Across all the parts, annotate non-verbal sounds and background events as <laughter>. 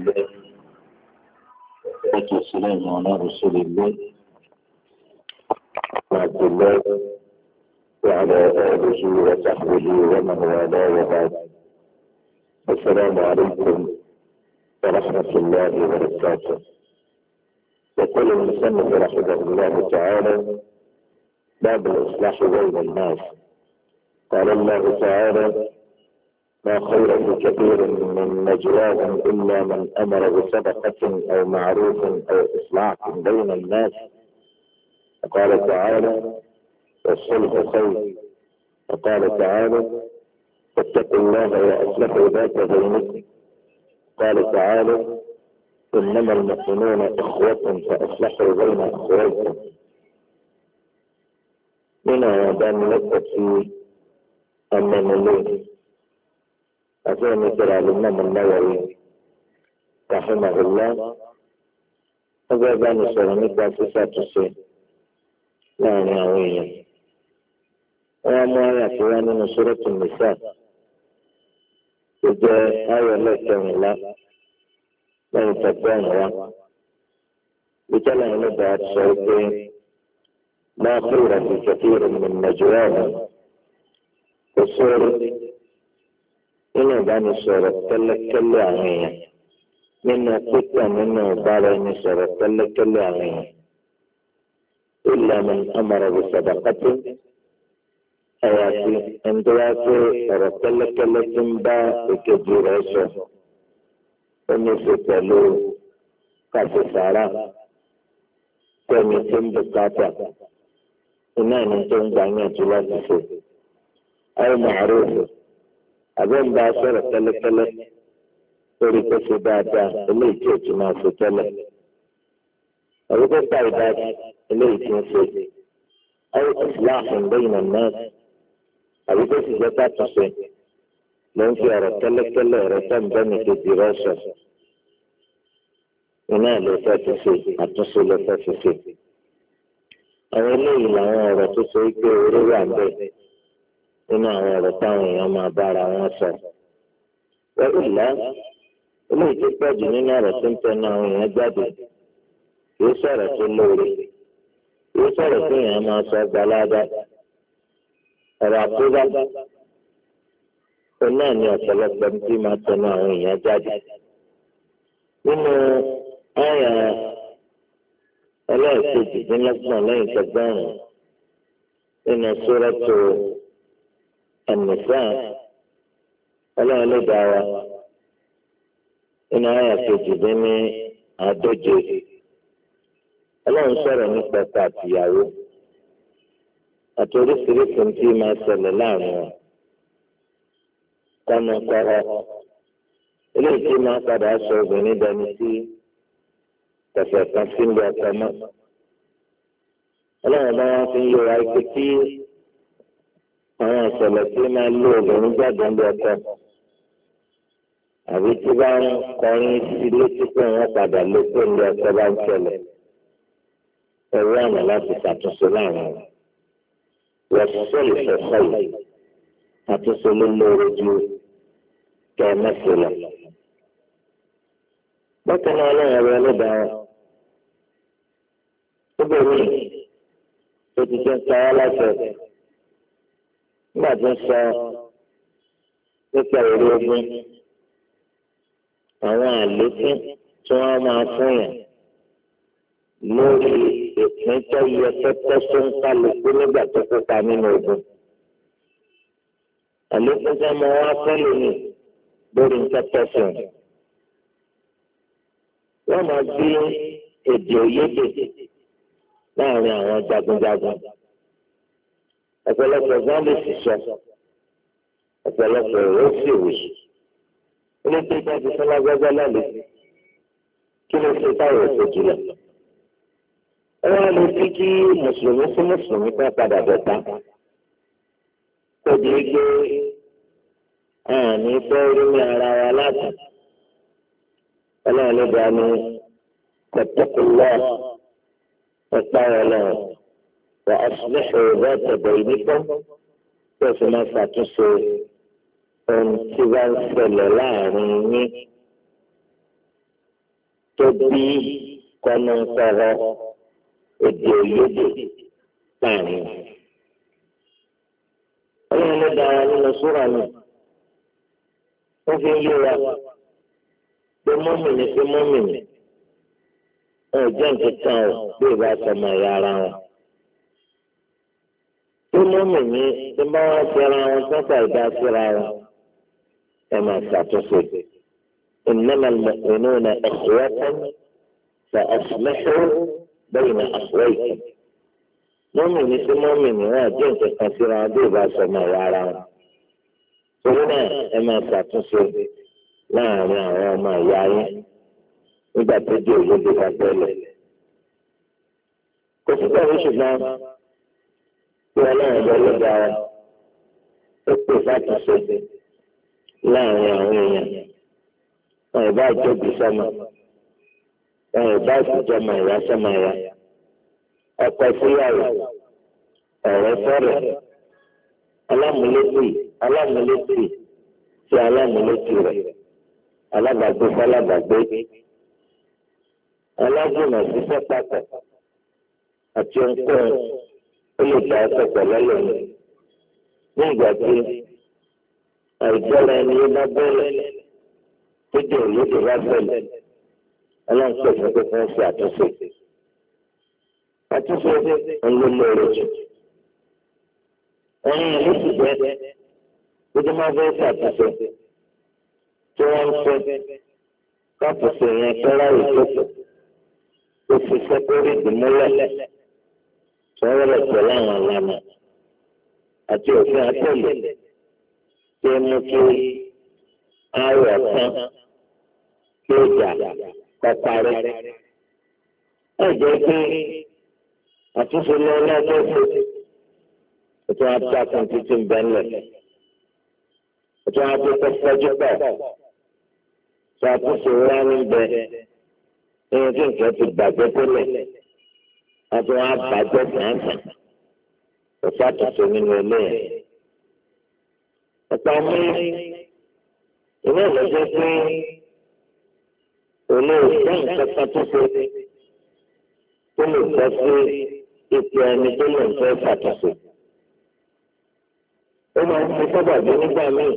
الله والسلام على رسول الله وعبد الله وعلى آله وصحبه ومن والاه وبعد السلام عليكم ورحمة الله وبركاته يقول المسلم رحمه الله تعالى باب الإصلاح بين الناس قال الله تعالى ما خير كثير من نجواهم الا من امر بصدقه او معروف او اصلاح بين الناس وقال تعالى والصلح خير وقال تعالى فاتقوا الله واصلحوا ذات بينكم قال تعالى انما المؤمنون اخوة فاصلحوا بين اخواتكم هنا بان لك في أمام الليل أقول مثل الإمام النووي رحمه الله أقول بأن سرمي كافي ساتسي لا نعوية وما يكون من سورة النساء إذا آية لا تكون لا لا تكون لا بتلا نبعت صوتي ما خير في كثير من نجوانا قصور إلا بان سورت كلا كلا عمية منا كتا منا بالا من سورت كلا كلا عمية إلا من أمر بصدقة أياتي اندواتي سورت كلا كلا تنبا بكجير عشو ونسي تلو قاسي سارا تومي تنب قاتا إنا نتنب عمية جلاسي أي معروف àbẹ̀ ń bá a sọ̀rọ̀ tẹ́lẹ̀tẹ́lẹ̀ lórí pẹ̀sẹ̀ dáadáa eléyìí tí o ti máa ṣe tẹ́lẹ̀ àbí kó ta ìdájọ́ eléyìí tí ń ṣe ayé ìsìlá àfẹnbẹ́yìn náà àbí kó sì jẹ́ ká tún ṣe ló ń fi ọ̀rọ̀ tẹ́lẹ̀tẹ́lẹ̀ rẹ tẹ́ǹbẹ́ mi kejì rẹ sọ iná ló fẹ́ ti ṣe àtúnṣe ló fẹ́ ti ṣe àwọn eléyìí làwọn ọ̀rọ̀ tó ṣe é gbé orí wà ń bẹ́ẹ̀. nínú àwọn ọ̀rọ̀ táwọn èèyàn máa bára wọn sọ. Wọ́n lọ eléyìí tó pọ̀ jù nínú ọ̀rọ̀ tó ń tẹnu àwọn èèyàn jáde kìí sọ̀rọ̀ tó lóore kìí sọ̀rọ̀ tó èèyàn máa sọ gbalága ọ̀rọ̀ àkóbá òun náà ni ọ̀pọ̀lọpọ̀ tí máa tẹnu àwọn èèyàn jáde. Nínú àyà ẹlẹ́ẹ̀kejì dín lẹ́yìn tẹgbọ́n nínú sórẹ́tò ànìsá ọlọ́run ló dá wa nínú àyà kejì dín ní àádóje ọlọ́run sọ̀rọ̀ nípa ọkọ àtìyàwó àti oríṣiríṣi tí máa ṣẹlẹ̀ láàrin wọn kọ́nà kọ́rọ́ eléyìí tí máa padà sọ obìnrin dání sí tẹ̀sẹ̀ kan sí ilé ọkọ mọ́ ọlọ́run bá wọn fi ń yọra ike tí àwọn ìṣẹ̀lẹ̀ tí máa lé obìnrin jáde ń bẹ ọkọ àbí tí bá ń kọrin sí létí pé wọ́n padà lé pé ń bẹ ọkọ bá ń ṣẹlẹ̀ ẹ̀rọ àná láti ṣàtúnṣe láàrin wọn. wọ́n sọ̀rọ̀ ìfẹ̀fọ́ yìí àtúnṣe ló lóore ju kẹ́ ẹ mẹ́sẹ̀ lọ. bákan náà ọlọ́run ẹ̀rọ ẹlẹ́dàá ó bẹ̀rù ó ti jẹ́ ń ta wá láti ọ̀dọ̀ nígbà tó ń sọ nípa èrè ogun àwọn àlékún tí wọ́n máa fún yàn lórí ìpín tó yẹ pẹ́pẹ́ tó ń kálukú nígbà tó kópa nínú ogun. àlékún tí wọ́n wá fún lónìí lórí nǹkan fún un. wọ́n máa gbé èdè òyédè láàrin àwọn jagunjagun ọ̀pọ̀lọpọ̀ gan lè sì sọ ọ̀pọ̀lọpọ̀ ó sì wì ilé tó bá ti sọ́lá gbọ́gbọ́ náà lè kí ló ṣe táwọn èso jùlọ. wọ́n lè fi kí mùsùlùmí sí mùsùlùmí kan padà dọ̀tá kó di àní fẹ́ rí ara wa láti ọlọ́run ló dá ní kọ̀tọ́kùlọ́ ẹ̀pá فأصلحوا ذات بينكم ثم ستسوا انتبا سللان تبي كما ترى الديود ثاني ọlọ́run ló dára nínú súra náà wọ́n fi ń yíra pé mọ́mìnì sí mọ́mìnì wọn ò jẹ́ nǹkan kan ò bí ìbá sọmọ ìyá ara wọn pé mọ́mì mi ti bá wá síra wọn sọ́kà ìdá síra wọn ẹ máa ṣàtúnṣe إنما المؤمنون إخوة فأصلحوا بين أخويكم mọ́mìnì sí mọ́mìnì náà jẹ́ nǹkan kan síra bí ìbá sọ ọmọ ìyá ara wọn. torí náà ẹ máa ṣàtúnṣe láàárín àwọn ọmọ ìyá yín nígbà tó jẹ́ òye bí wọ́n tẹ́lẹ̀. kò sí tí ọlọ́run bá ló dára ó pè láti ṣègbè láàrin àwọn èèyàn wọn ì bá jóbi sọmọ wọn ì bá ìfújọ mọ ìyá sọmọ ìyá ọkọ síyàwó ọ̀rẹ́ sọ̀rọ̀ alámúlétì alámúlétì tí alámúlétì rẹ̀ alábàgbé fọlábàgbé alágbèmọ̀ sísẹ́ pàtàkì àti ohunkóhun ó lè bá ọ̀pọ̀ lọ́lọ́mù ní ìgbà tí àìjọ́ra ẹni ó bá bẹ́ẹ̀rẹ̀ tó jẹ́ òlódò bá bẹ̀rẹ̀ ọlọ́run pè fún pé fún ṣe àtúnṣe. àtúnṣe ń ló lóore jù. ẹ̀yin ìlú sì jẹ́ gbogbo máa fẹ́ ṣàtúnṣe tí wọ́n ń fẹ́ káàpù sí ìyẹn kẹ́rọ ìjókòó ó fi sẹ́kórì dì múlẹ̀ sọ̀rọ̀ pẹ̀lú àwọn ìlànà àti òfin àtẹ̀lẹ̀ tí ó mú kí àárọ̀ kan kí ó jà kọparí. ẹ jẹ́ pé àtúnṣe lọ lọ́dọ̀ ṣe ètò àtàkùn títí ń bẹ́ńlẹ̀ ètò àtúnṣe fẹ́jú pọ̀ tó àtúnṣe wá níbẹ̀ ẹni tí nǹkan ti gbàgbé tẹ́lẹ̀ àti wọn àbájọ gbàǹgbà ọ̀pá tuntun nínú ẹlẹ́yà. ọ̀pá mi ìwé ìlọ́jọ́ pé òun ò gbọ́ nǹkan kan tó ṣe tó lè gbọ́ sí ipò ẹni tó lè fẹ́ ṣàtúnṣe. ó máa ń fi sábà bí nígbà míì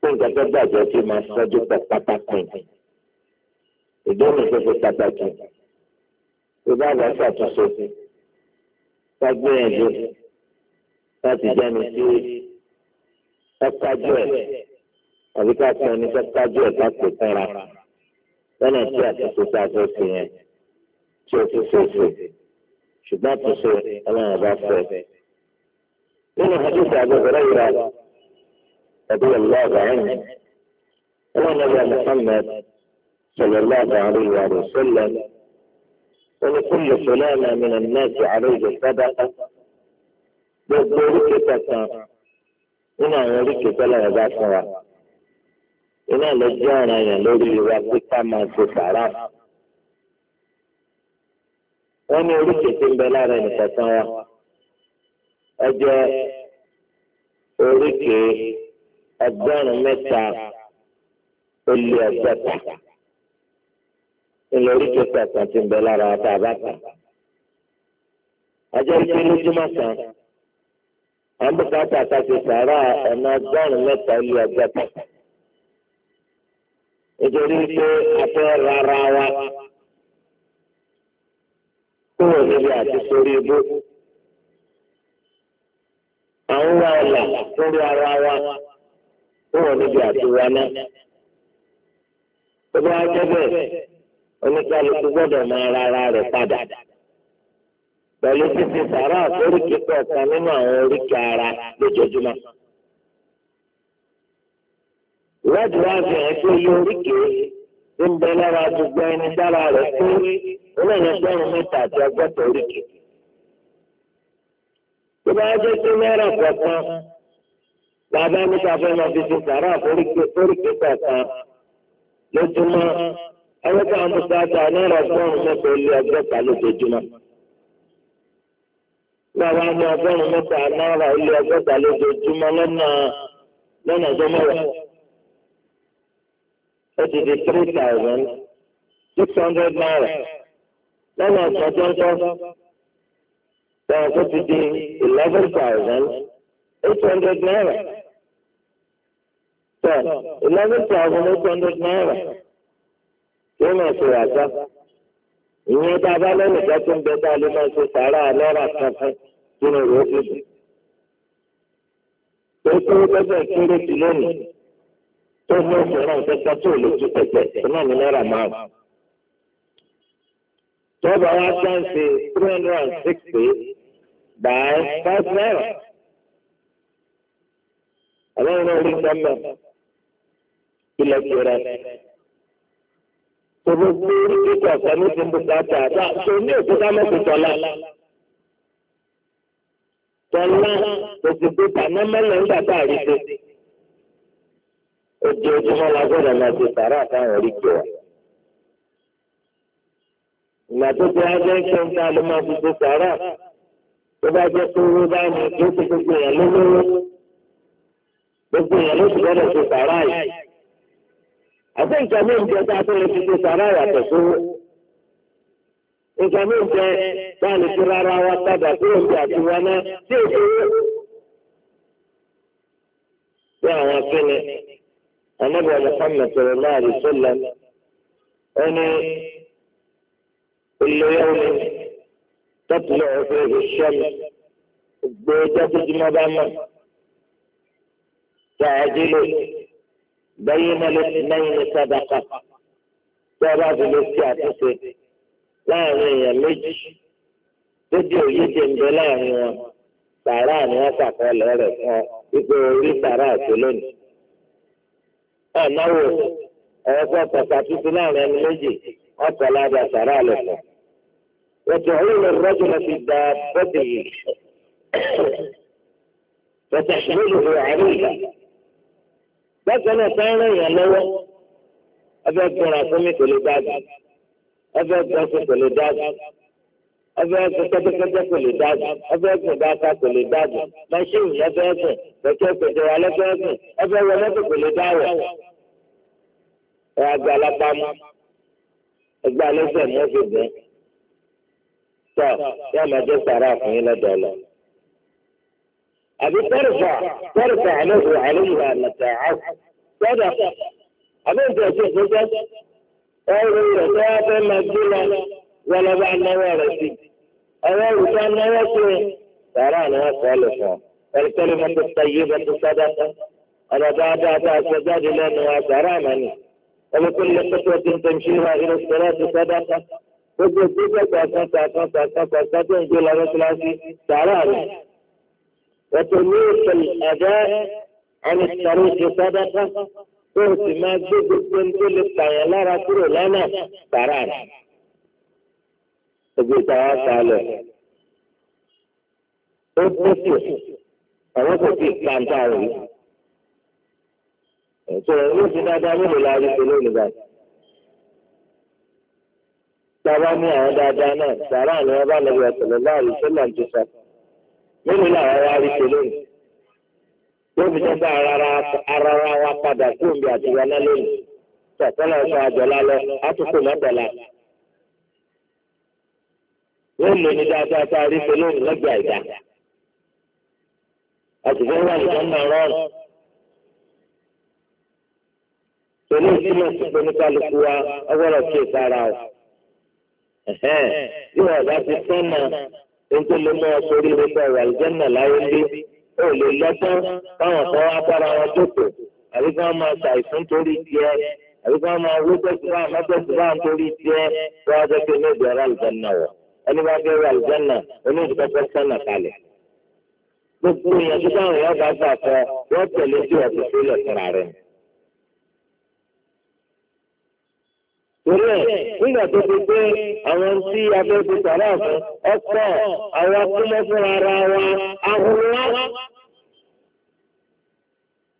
tó nǹkan tó gbàjọ́ tí máa ṣẹ́jú pọ̀ pátákùn. ìdóhùn tó pàtàkì tó bá bá ṣàtúnṣe sí gbàgbéyànjú láti jẹni tí ọkájú ẹ àbí ká sọ ní ọkájú ẹ kápò tẹra lọ́nà tí àtúnṣe tá a fẹ́ sí yẹn tí o ti fèsì ṣùgbọ́n àtúnṣe ọlọ́run bá fẹ́. nínú àdúgbò àgbẹ̀bẹ̀rẹ̀ yìí rà ọdún ìlú àgbàáyìn ọlọ́run ọba Muhammad sọlọ́lá àgbàáyìn rẹ̀ sọ́lẹ̀. ولكل سلالة من الناس عليه سبق بوريك تسا إنا وريك تلا وزاك نوا إنا لجانا يا لوري وقفتا ما تسارا وني وريك تنبلا رين تسا أجا وريك أجانا متا اللي أزاك ńlọ orí kẹta àtàtì ń bẹ lára àtà àbáta ajá ìṣe lójúmọ́ kan àwọn bùkátà àtàtì sàárà ọ̀nà ọgọ́rùn-ún mẹ́ta ilé ọgbẹ́ta nítorí pé afẹ́ rárá wa kúrò níbi àti sórí ibú àwọn wa ọ̀là lórí ara wa kúrò níbi àti wa náà. Gbogbo ajẹ́ bẹ́ẹ̀ oníkálukú gbọ́dọ̀ máa ra ara rẹ̀ padà pẹ̀lú títí sàrà àforíkì kọ̀ọ̀kan nínú àwọn oríkì ara lójoojúmọ́. ìwádìí wa fi hàn pé iye oríkì ń bẹ lára gbogbo ẹni dára rẹ̀ pé olóyìnbẹ́rún mẹ́ta àti ọgọ́ta oríkì. tó bá jẹ́ pé náírà kọ̀ọ̀kan bàbá mi ta fẹ́ máa fi ti sàrà àforíkì kọ̀ọ̀kan lójúmọ́ ẹni tí wọn bùkún àtà náírà ọgọ́rùn mẹ́ta ó lé ọgọ́ta lójoojúmọ́ bí wọn bá mú ọgọ́rùn mẹ́ta náírà ó lé ọgọ́ta lójoojúmọ́ lọ́nà lọ́nà ọjọ́ mẹ́wàá ó ti di three thousand six hundred naira lọ́nà ọjọ́ ńkọ́ lọ́nà tó ti di eleven thousand eight hundred naira. So, eleven thousand eight hundred naira yóò máa ṣe wàásà ìyẹn tá a bá lẹ́nìkan tó ń bẹ tá a lè máa ṣe sàárà náírà kan fún nínú ìwé òfìsì. tó tó gbẹ́gbẹ́ kéré ti lónìí tó ní ìṣòro ìṣẹ́ta tó lè ju pẹ̀pẹ̀ náà ní náírà márùn. tọ́ba wa dáǹsì three hundred and sixty by five naira. àwọn ìrìn orí sọ́mọ̀ ilẹ̀ kúrẹ́ gbogbo oríkèéké ọ̀sán ní ti ń bùkátà àbá tó ní òkúta mẹ́sàn-án tọ́lá. tọ́lá òsìkò tàná mẹ́lẹ̀ ń gbàtà àríṣe. ojoojúmọ́ la gbọ́dọ̀ máa ṣe tààrà àtàwọn oríkèé wa. ìgbà tó ti wá jẹ́ kí n ta ló máa fi ṣe tààrà tó bá jẹ́ pé owó bá ní tó ti gbogbo èèyàn lólówó gbogbo èèyàn ló ti gbọ́dọ̀ ṣe tààrà yìí. àti nǹkan mi ń jẹ tá a tó lè fi ṣe sàrà yàtọ̀ sówó. nǹkan mi ń jẹ tá a lè fi rárá wa tábà tó lè fi àtiwá náà tí ò sówó. bí àwọn akíni anábọ̀ Muhammad sallallahu alaihi wasallam ẹni olóyún tọ́tùlọ̀ ọ̀fẹ́ ìṣẹ́mi gbé jáde jùmọ̀ bá mọ̀ tààdílé. bẹ́yìn lẹ́yìn sábàkà tí a bá fi lè ṣe àtúnṣe láàrin èèyàn méjì tó di òyìnbó ń bẹ láàrin wọn sàrà ni wọ́n ṣàkọọ́lẹ̀ rẹ̀ fún ọ wípé orí sàrà àti lónìí. ọ̀nàwó ẹ̀rọ fún ọ̀pọ̀ta tuntun láàrin ẹni méjì ọ̀pọ̀ ládàá sàrà lẹ̀ fún. wọ́tò ọ̀hún lè rọ́jò lọ fi gba bọ́ọ̀dì yìí. wọ́tò ìṣòro lè wọ àárín ìgbà. bákan náà ká ràn yàn lọ́wọ́ ọbẹ̀ gbọ́ra fún mi kò lè dáàbò ọbẹ̀ gbọ́ra fún kò lè dáàbò ọbẹ̀ gbọ́ra kẹ́tẹ́kẹ́tẹ́ kò lè dáàbò ọbẹ̀ gbọ́ra bàtà kò lè dáàbò máṣíìnì lọ́fẹ́ ẹ̀sìn kẹ̀kẹ́ kẹ̀kẹ́ wà kò lè dáàbò lápámú bẹ́ẹ̀ tọ́ sàrà fún yín lọ́dọ̀ أبي ترفع ترفع له عليها متاعه صدق أبنت أشوف نجد أولي رتاب مجدلا ولا بعد نوارتي أولي كان نوارتي ترى نوارتي الكلمة الطيبة صدقة أنا بعد أداء سداد لأنها كرامني ولكل خطوة تمشيها إلى الصلاة صدقة وجدت أساسا أساسا أساسا تنزل على ثلاثة كرامني وتميك الأداء عن الطريق صدقة قلت ما جبت تنزل الطيارة كله لنا ترانا تقول تعالى أبوكي أبوكي كان تعالى sọ̀rọ̀ ní ìdílé adámúlò la rí pé lónìí báyìí. Tábà ní àwọn dáadáa náà, sàrà ni wọ́n bá lọ bí ọ̀sẹ̀ lọ́wọ́ àlùfẹ́ náà ti sọ nínú làwọn wá rí ṣe lónìí yóò fi sọ́gbà ara wa padà kúròmí àti wọn lónìí tọ̀tọ́lá ọ̀sán àjọlá lọ àtúkò mọ́tọ̀lá yóò lò ní dáadáa tá a rí ṣe lónìí lọ́gbà ìdá àtúkò wà nìkan náà rọrùn. pẹ̀lú ìdílé ìsìnkú oníkálukú wa ọgbọ́dọ̀ kí ìsára o. bí wọ́n bá ti nítorí lè mú ọ sórí rẹ pé ọ̀rọ̀ àlùjẹ́nà láyé lé ó lè lọ́gbọ́n báwọn kan wá bára wọn jókòó àbí kí wọ́n máa ṣàìsùn torí tiẹ̀ àbí kí wọ́n máa wó tẹ̀síwáà má tẹ̀síwáà torí tiẹ̀ kí wọ́n jẹ́ pé ní ìdí ọ̀rọ̀ àlùjẹ́nà wọ̀ ẹni bá fẹ́ rọ àlùjẹ́nà onídìkọ́kọ́ sánà gbogbo ìyànjú báwọn yóò bá gbà fọ wọ́n tẹ̀lé tí wọ́n ti fúnra rẹ̀ torí ẹ̀ nígbà tó ti pé àwọn tí abẹ́bí sàrà fún ọ̀pọ̀ àwọn akúmọ̀ fún ara wa ahùnwá.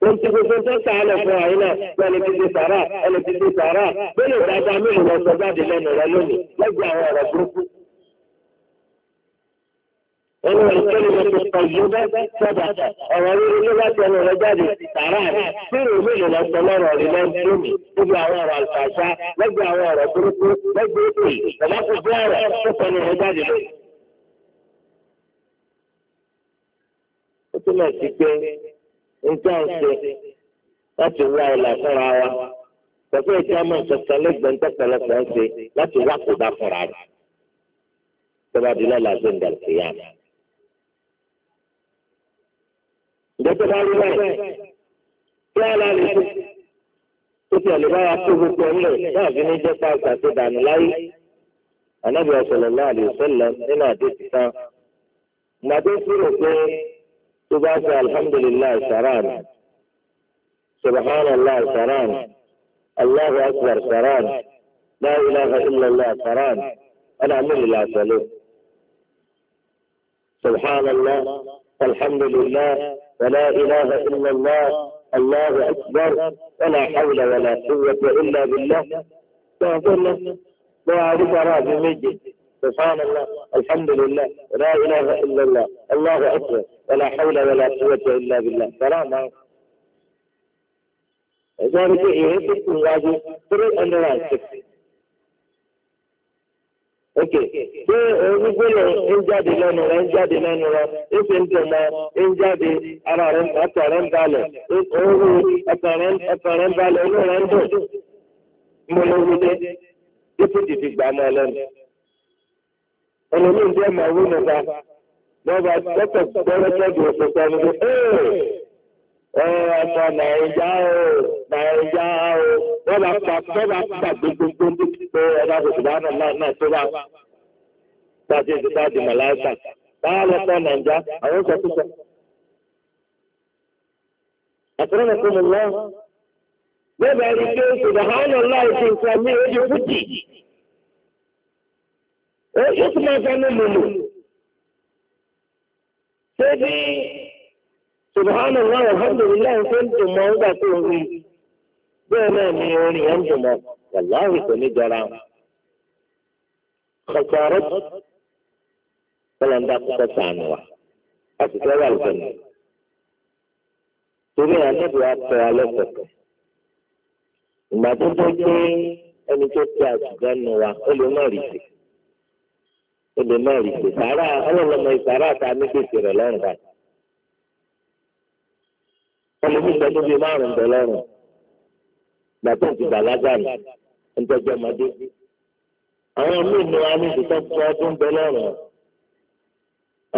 Wọ́n ti gbogbo tó sàálẹ̀ fún àyín náà pé ẹni ti ti sàrà ẹni ti ti sàrà bẹ́ẹ̀ ni mi ìwọ̀n sọ jáde lẹ́nu rẹ lónìí lẹ́gbẹ̀ẹ́ àwọn ọ̀rọ̀ burúkú nínú ìkẹ́lẹ̀ tó tọ́jú sọ́dà ọ̀rọ̀ orí ilé láti ẹnu rẹ̀ jáde tààrà rẹ̀ fírò mélòó lọ sọ lọ́rọ̀ rẹ̀ lẹ́yìn lónìí níbi àwọn ọ̀rọ̀ àlùfàṣà lẹ́gbẹ̀ẹ́ àwọn ọ̀rọ̀ burúkú lẹ́gbẹ̀ẹ́ ètò ìtọ́lákùn bí ọ̀rọ̀ tó sọ ẹnu rẹ̀ jáde lọ. ó túmọ̀ sí pé nǹkan ọ̀sẹ̀ láti wá ìlà fúnra wa pẹ̀lú ìjà mọ̀ kankan ìdẹ́gbẹ́dáwó báyìí kí á lálẹ́ tó tó ti àlùbá wa tó gbogbo ọ̀lẹ́ láàfin ní jẹ́pá àgbàdo dànù láyé anábì sallallahu alaihi wasallam nínú àdéhùn kan gbàdé sírò pé tó bá sọ alhamdulilayi sàrán subhanallah sàrán allahu akbar sàrán la ilaha illallah sàrán alhamdulilayi sàlẹ subhanallah alhamdulilayi. فلا إله إلا الله الله أكبر ولا حول ولا قوة إلا بالله لا لا أعرف راس المجد سبحان الله الحمد لله لا إله إلا الله الله أكبر ولا حول ولا قوة إلا بالله سلام لذلك إيه تكون الواجب ترى أن لا تكفي ok ṣé gbígbélé ń jáde lẹ́nu rẹ̀ ń jáde lẹ́nu rẹ̀ ẹsẹ̀ ń dùn mọ́ ń jáde ara rẹ̀ ọkàn rẹ̀ ń balẹ̀ ooru ọkàn rẹ̀ ọkàn rẹ̀ ń balẹ̀ inú rẹ̀ ń dùn mo lè wí dé títí dìbì gbà mọ́ lẹ́nu. ẹlòmíì ń jẹ́ màá wí nípa lọ́ba lọ́kọ̀ gbọ́rọ́ tọ́jú ọ̀sẹ̀ sọ́ni ee ọmọ nàìjà o nàìjà o wọ́n bá pa wọ́n bá pa gbogbo pé ọba òṣùpá náà náà tó bá gbàdé ìdíjáde màláìka báwa lọ pọ nàìjà àwọn ìṣẹ́ tuntun. àtúrò náà fún mi lọ rí pé ìdáhánà láì fi nǹkan mi yẹ fújì ó yẹ kí fẹ́ mi ṣé bí. سبحان الله والحمد لله كنتم موضع كوري دائما ميوني أنتم والله كوني جرام خسارت فلن دعك تسانوا أكتوى الجنة تبعي أنا دعا تعالوا ما تبعي أنا كنت أتجنوا أولي مريسي أولي مريسي سارا أولي مريسي سارا تعمل كثير لأنه ẹlòmíì gbẹdọ bíi márùn bẹ lọrùn gbàtọ ti bàlágà ní ntọjọ ọmọdé àwọn míì ní wa ní ìdíkọ fún ọdún bẹ lọrùn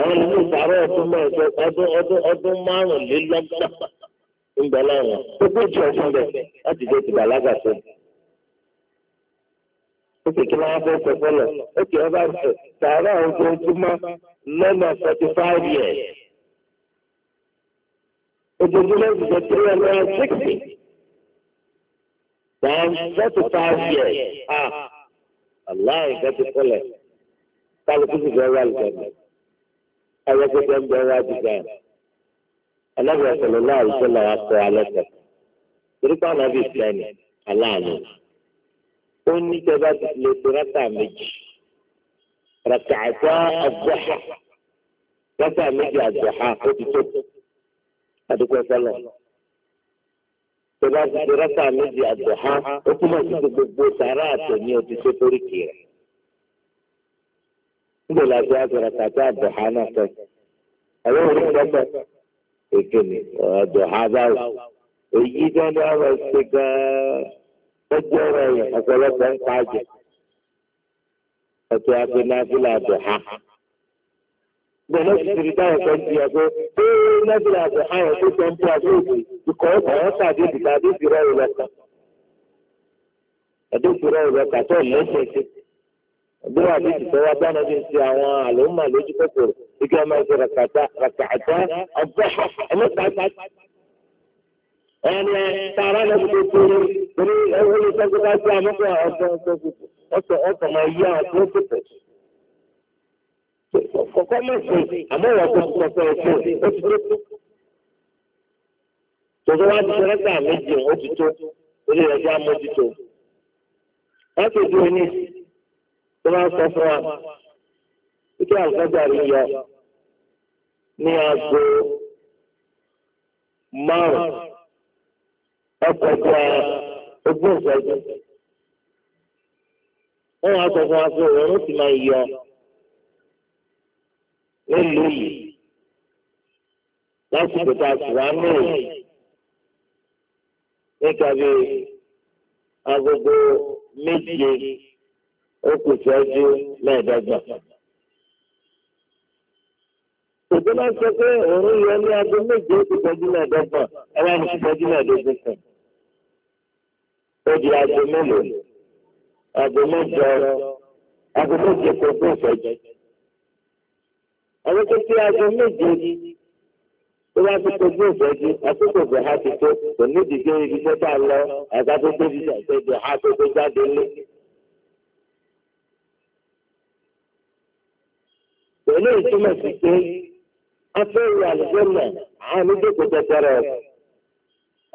àwọn ìlú ìsàrọ ọdún mẹ́ẹ̀ẹ́dọ́ ọdún ọdún ọdún márùnlélọ́gbà ń bẹ lọrùn gbogbo ìjọ ọdún bẹ láti dé ti bàlágà tó ó sì kí wọn bẹ sọ fọlọ ó kì í ọba sàrà ọdún ojúmọ́ lọ́nà forty five years ojoojúmọ́ ìṣiṣẹ́ three hundred and sixty times thirty five years ah aláì gẹ́tù kọlẹ̀ kálukú sì bẹ́ẹ̀ wá lùdẹ́nu ẹ̀rọ pípẹ́ ń bẹ́ẹ̀ wá dùgbà ẹlẹ́gbẹ̀ẹ́ ọ̀sẹ̀ náà ìṣe náà kọ́ alẹ́ tẹ̀ torípa náà bí ìsẹ́ni aláàánú ó ní tẹ́lá ti lè pe rákà méjì rákà àgbà àgbà rákà méjì àgbà ó ti tó àdúgbò ẹ̀fọ́lọ̀. tó bá ti ṣe rákà méjì àdùhá ó túmọ̀ sí pé gbogbo sàrà àtẹ̀mí o ti ṣe foríkì rẹ̀. níbo la ti àgbẹ̀rẹ̀ kàtà àdùhá náà fẹ́? àwọn òní gbọ́dọ̀ èké ni àdùhá báwo. èyí dáná ọ̀rọ̀ ṣe gan-an gbogbo ọ̀rọ̀ yẹn ọ̀pọ̀lọpọ̀ ń pàjẹ́. ọ̀tún àgbẹ̀ náà fi là àdùhá. Bọ̀dọ̀ ti di dáhùn kan ti ẹ̀fọ́. Ṣé Nàìjíríà bọ̀ àwọn tó sọ ń bọ̀ àti òkè ikọ̀ ọ̀sán wọn tàbí ìdìbò àdéhùn rẹ̀ lọ́kàn. Àdéhùn rẹ̀ lọ́kàn tó lọ́sẹ̀ sí. Ọdún àdéhùn tó wá dáná bí ti àwọn lójú Ike ọmọ ẹgbẹ́ ràkàtà ràkàtà ọgbà ẹ̀mẹ́ta. Ẹni tààrà lọ́sọ̀ tó tóó lórí ẹ̀wọ́n ní sí kọ̀kọ́ mọ̀ sí àmọ́ ìwà tó ti kọ̀kọ́ ẹ̀ fún ó ti tó. Tòtò wá ti sẹ́lẹ́tà méjì ó ti tó ilé ẹ̀jẹ̀ amójútó. Wọ́n ti dúró ní tó máa ń sọ fún wa. Títí àgbàgbà rí yọ ní aago márùn-ún ọkọ̀ gba ogún ìṣẹ́jú. Wọ́n wá sọ fún wa pé òun ti máa yọ nílùú yìí lásìkò tá a sì wá náà yìí níka bí agogo méje ó kù sẹ́jú mẹ́ẹ̀ẹ́dọ́gbọ̀n. Òjò máa ń sọ pé òun yọ ní aago méje ó kù sẹ́jú mẹ́ẹ̀ẹ́dọ́gbọ̀n ẹ ní sẹ́jú mẹ́ẹ̀ẹ́dógún Ó di aago mélòó? Aago mẹ́jọ aago méje kò kú ìfẹ́jẹ́ àwọn tó ti aago méje tó bá ti kojú ìfẹ́jú àkókò ìfẹ́ ha ti tó kò ní ìdíje ibi tó bá lọ ẹ̀ka tó débi ìṣàkóso ha tó tó jáde lé. pẹ̀lú ìtumọ̀ sí pé afẹ́rù àlùfẹ́nà àwọn oníjókòó tẹ̀tẹ̀rẹ̀ ọ̀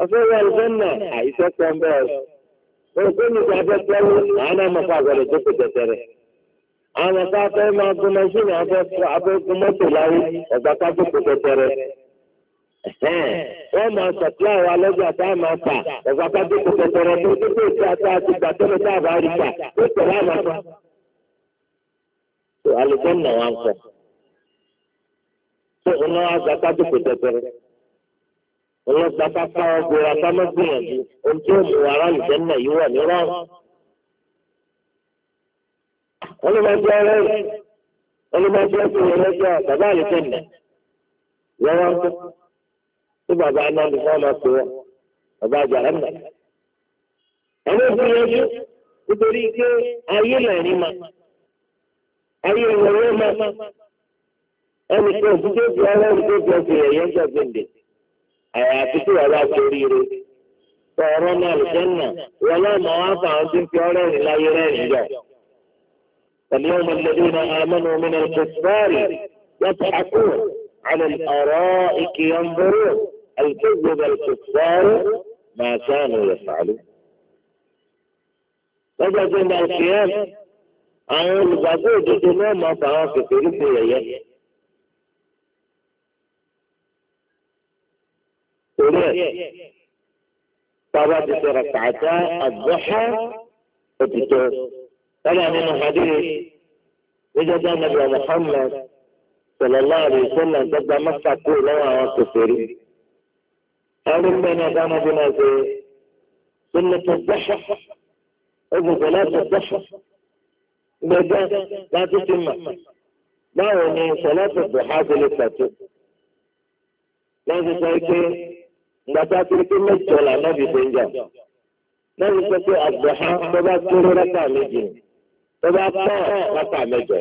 afẹ́rù àlùfẹ́nà àìsẹ́kọ̀ọ́ bẹ́ẹ̀ ọ̀ òkú nìkan abẹ́tẹ́wọ́ àwọn àmọ́fà àgbẹ̀rẹ̀ jókòó tẹ̀tẹ̀rẹ̀ àwọn tá a fẹ́ máa gun mẹ́ṣíìnì abẹ́gun mọ́tò láyé ọ̀gá kájọpọ̀ tẹ́tẹ́rẹ́ wọ́n máa sọ̀tún àwọn alẹ́gbẹ̀ àti àmà ta ọ̀gá kájọpọ̀ tẹ́tẹ́rẹ́ tó tó tó ti ata àti gbàtẹ́rẹ́ tá a bá rí ta tó tẹ̀lé àmà ta. tó alùpùpù náà wà ń kọ́ tó iná àgbà kájọpọ̀ tẹ́tẹ́rẹ́ ọlọ́gbà ká fáwọn àtàmọ́gbìyànjú ohun tí ó náà yíwọ̀ ní wọ́n ló máa ń jẹ́ ọ̀rẹ́ rẹ̀ wọ́n ló máa ń jẹ́ ọ̀rẹ́ rẹ̀ lọ́jọ́ bàbá àlùfẹ́ nà wọ́n wá ń kọ́ tí bàbá náà ní fọ́ọ̀mù ọkọ̀ wọn bàbá àjàrà nà. àwọn òfin yanjú nítorí pé ayé lẹ́rìn ma ayé ìwọ̀rẹ́ ma ẹnì kan òfin tó di ọ̀rẹ́ òfin tó di ọ̀sẹ̀ ẹ̀yẹ́ ń jọ̀gbìndè àyàfi tí wàá bá torí rẹ̀ tọ̀ọ̀rọ̀ náà lùfẹ́ nà wọ́n náà mọ̀ wá fà á ti fi ọ̀rẹ́ rìn láyé rẹ̀ rìn فاليوم الذين امنوا من الكفار يضحكون على الارائك ينظرون الكذب الكفار ما كانوا يفعلون وجد من الكيان اول بابود الامام طواف في طواف الضحى طلع من إذا وجد النبي محمد صلى الله عليه وسلم تبدا مكه كل لها وكفر قال بين أدام بنا زي سنة الضحى أبو ثلاثة الضحى بدا لا تتم لا يعني صلاة الضحى lè لا lọ́sí لا pé gbàtà kìrìkì mẹ́jọ là nábì tó ń jà lọ́sí sọ pé àbùhá tó tó bá pọ̀ lápá mẹ́jọ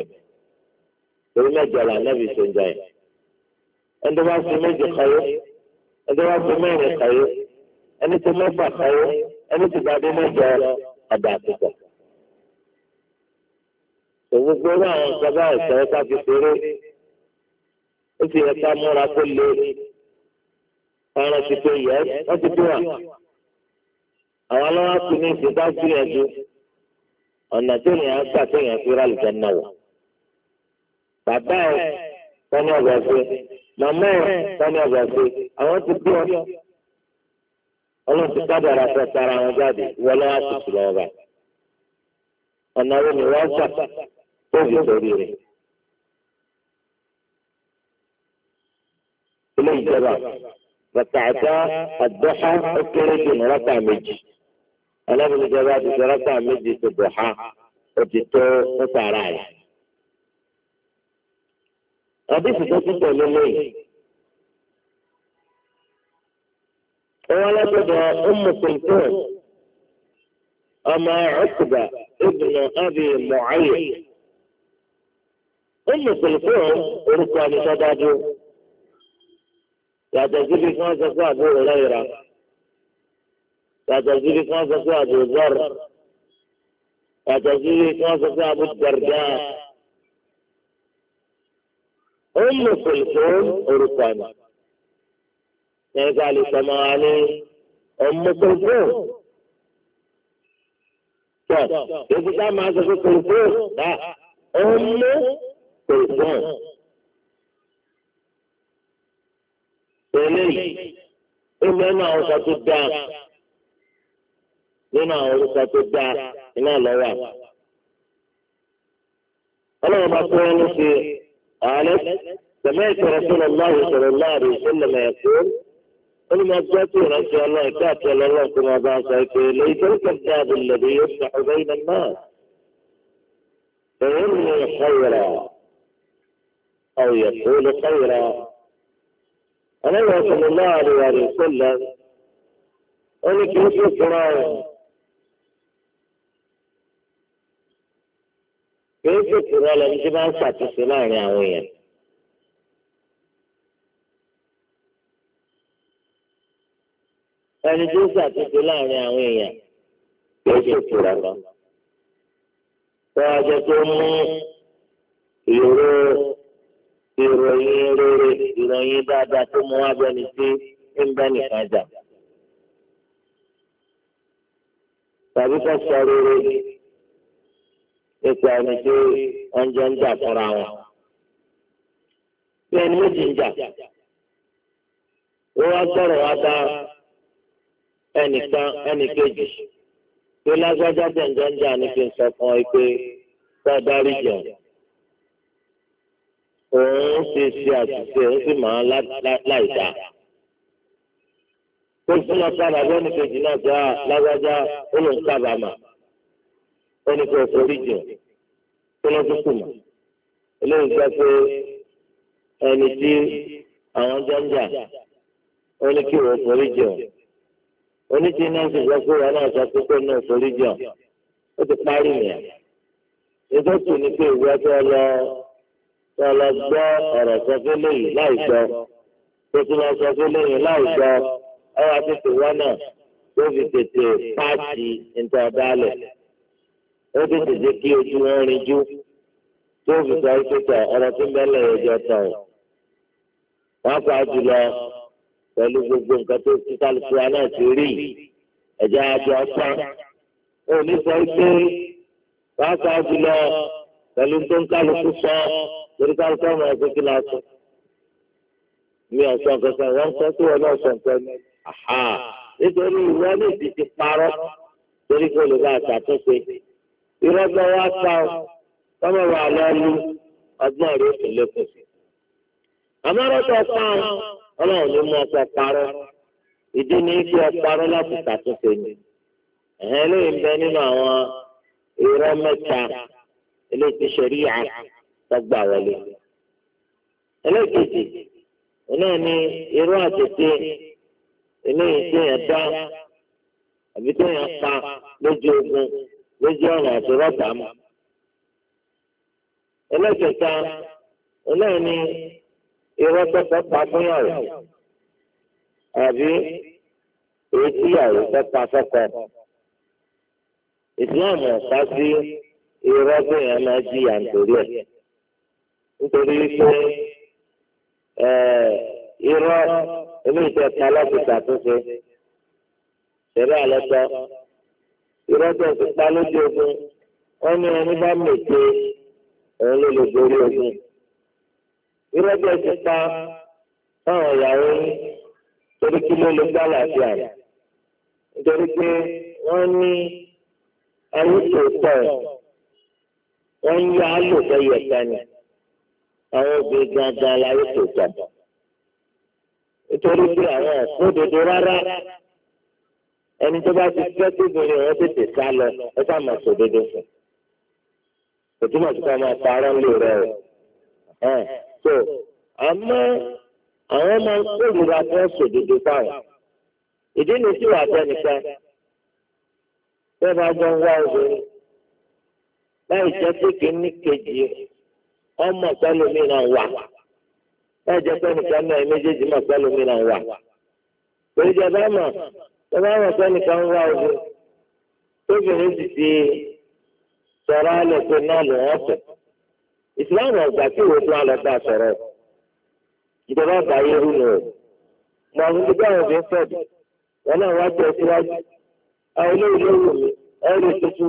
torí mẹ́jọ là nẹ́bí ṣe ń jẹ yẹn ẹni tó bá fi méje kọ́yó ẹni tó bá fi mẹ́rin ẹni tó mẹ́fà kọ́yó ẹni tó bá dé mẹ́jọ ọ̀dà àtúntò. ògbógbó náà àwọn sábà fi ó sì yẹ ká múra kó lé ọ̀rọ̀ ti pé yẹ ti pé ọ̀nà tó yẹn á gbà tó yẹn fi rà lùjẹ́ náà wọ̀. bàbá ẹ tani ọ̀gá ṣe màmá ẹ tani ọ̀gá ṣe àwọn ti bí ọ. ọlọ́run ti dábàá ra fẹ́ tara wọn jáde wọlé wá sí ìṣúná ọba. ọ̀nà wo ni wọ́n gbà tó fi sórí rẹ̀. ilé ìjọba bàtà àtà àdọ́sá ó kéré jù ní rákà méjì alábìnrin jọba ti sọ rákà méjì tó bọ̀ ha ó ti tó sọ́sàrà rẹ̀. àdìsí tó ti tẹ̀lé lẹ́yìn. wọ́n lọ́dọ̀dọ̀ ọmọ kòtò ọmọ ọ̀kùdà ibùnà àbí mọ̀ọ́yì. ọmọ kòtò orúkọ àdìsọ́dájú yàtọ̀ síbi kí wọ́n fún àbúrò lẹ́yìn rà yàtọ̀ sí bí wọ́n sọ pé àbùzọ́r yàtọ̀ sí bí wọ́n sọ pé àbùdàrdà ó ń lò pèlú orúkọ àná ẹ̀ka lè sọmọ wa ní ọmọ pèlú tọ èyí ká máa sọ pé pèlú náà ọmọ pèlú pèlú ìlú ẹ̀ka náà ọkọ̀ tó dáa. nínú àwọn orúkọ tó dáa iná lọ́wọ́ ọlọ́run bá tó wọn ní ṣe àálẹ́ سمعت رسول الله صلى الله عليه وسلم يقول قل ما جاءتي رسول الله كاتب الله كما بعثك ليس الكذاب الذي يفتح بين الناس فيرمي خيرا او يقول خيرا النبي صلى الله عليه وسلم ó ní kí ó tó fúnra ẹ̀ kìí ṣe tìrọ lẹni tí máa ń ṣàtúnṣe láàrin àwọn èèyàn. ẹni tí ó ṣàtúnṣe láàrin àwọn èèyàn kìí ṣe ọ lọ. tó a jẹ tó mú ìró ìròyìn rere ìròyìn dáadáa tó mú wá bẹni tí ń bẹ tàbí pípa ẹni tí wọ́n jọ ń jà fúnra wọn. bí ẹni méjì ń jà ó wá sọ̀rọ̀ wá bá ẹnìkan ẹnìkejì pé lágbájá jẹ̀ǹjọ́ ń jà ní kí n sọ fún ọ pé kọ́ dárí jẹun òun ti ṣe àṣìṣe òun sì máa láì dáa. Kó sínú ọ̀kadà bẹ́ẹ̀ ni kejì náà gbá ah, lágbájá ó lòún kábàámà ó ní kó forí jìn kí ló tún kù mọ́ eléyìí gbà pé ẹni tí àwọn jọ́njà ó ní kí wọ́n forí jìn oníṣe náà sì gbọ́ pé wọn náà sọ pé kó náà forí ó ti parí nìyẹn ìtọ́sí ni pé ìwé tó lọ tó lọ gbọ́ ọ̀rọ̀ sọ pé lẹ́yìn láì gbọ́ tó tún lọ sọ pé lẹ́yìn láì gbọ́ ọ̀rọ̀ àti tìwọ́n náà tó fi tètè páàkì nítorí ọ̀dálẹ̀ ó tètè jẹ́ kí ojú wọn rinjú tó fi sọ ìpèsè ọ̀rọ̀ tó mẹ́lẹ̀ ẹ̀jẹ̀ tán o. wọ́n pa jùlọ pẹ̀lú gbogbo nǹkan tó ti kálukú wa náà ti rí ẹ̀jẹ̀ àjọ ọ̀sán. ó ní sọ pé wọ́n pa jùlọ pẹ̀lú tó ń kálukú sọ lórí kálukú ọmọ ẹgbẹ́ kí náà sọ. mi ò sọ nǹkan kan wọ́n sọ sí wọn náà sọ nǹkan mi. nítorí ìwọ ní ìdí ti parọ́ torí kó lè bá àtàtúnṣe. ìrọ́jọ́ wá pa ọ́ tọ́mọ̀ wà lọ́lú ọgbọ́n rẹ̀ sì lékún sí. àmọ́ pa ọ́ ọlọ́run ló mú ọkọ̀ parọ́ ìdí ní kí ọ láti ṣàtúnṣe ni. ẹ̀hẹ́n lóyún bẹ nínú àwọn mẹ́ta ni àtẹ̀tẹ̀ àbí ogun. lójú ọ̀nà àti rọ́bà mu. ẹlẹ́kẹta ọlọ́run ní irọ́ tọ́kọ pa fúnyàwó àbí èyí tíyàwó tọ́pa fọ́kọ. ìsìláàmù ọ̀pá sí irọ́ tó yẹn máa jìyà nítorí ẹ̀ nítorí pé irọ́ eléyìí tẹ̀ ká láti ṣàtúnṣe ṣẹlẹ̀ àlọ́tọ́. ìrọ́jọ́ ti pa lójú ogun wọ́n ní ẹni bá òun ló lè borí ogun. ìrọ́jọ́ ti pa fáwọn ìyàwó yín torí kí ló lè gbá làásìá rẹ̀. nítorí pé wọ́n ní tó tọ̀ wọ́n yá ni àwọn gangan láyé tó tọ̀. nítorí pé àwọn ẹni tó bá ti fẹ́ tó bẹ̀rẹ̀ rẹ tètè sá lọ ẹ sá máa sọ òdodo fún kò túmọ̀ sí ká máa parọ́ ńlò rẹ o so àmọ́ àwọn máa ń kórìíra fún sòdodo fáwọn ìdí ni tí wàá tẹ́ nìkan tẹ́ bá jọ ń wá obìnrin láì jẹ́ pé kìíní kejì ọmọ pẹ́lúmíràn wà láì jẹ́ pé nìkan náà méjèèjì mọ̀ pẹ́lúmíràn wà. Torí bá mọ̀ tọ́lá àwọn sẹ́nìkan wá ojú tóbìnrin sì ti sọ̀rọ̀ alẹ́ pé náà lò wọ́n tẹ̀. ìsìláàmù ọ̀gbà tí ìwé tó wà lọ bá sọ̀rọ̀ ìjọba àgbáyé rú nù àwọn ibi báwọn wọn náà wá tẹ̀ síwájú. àwọn lè tí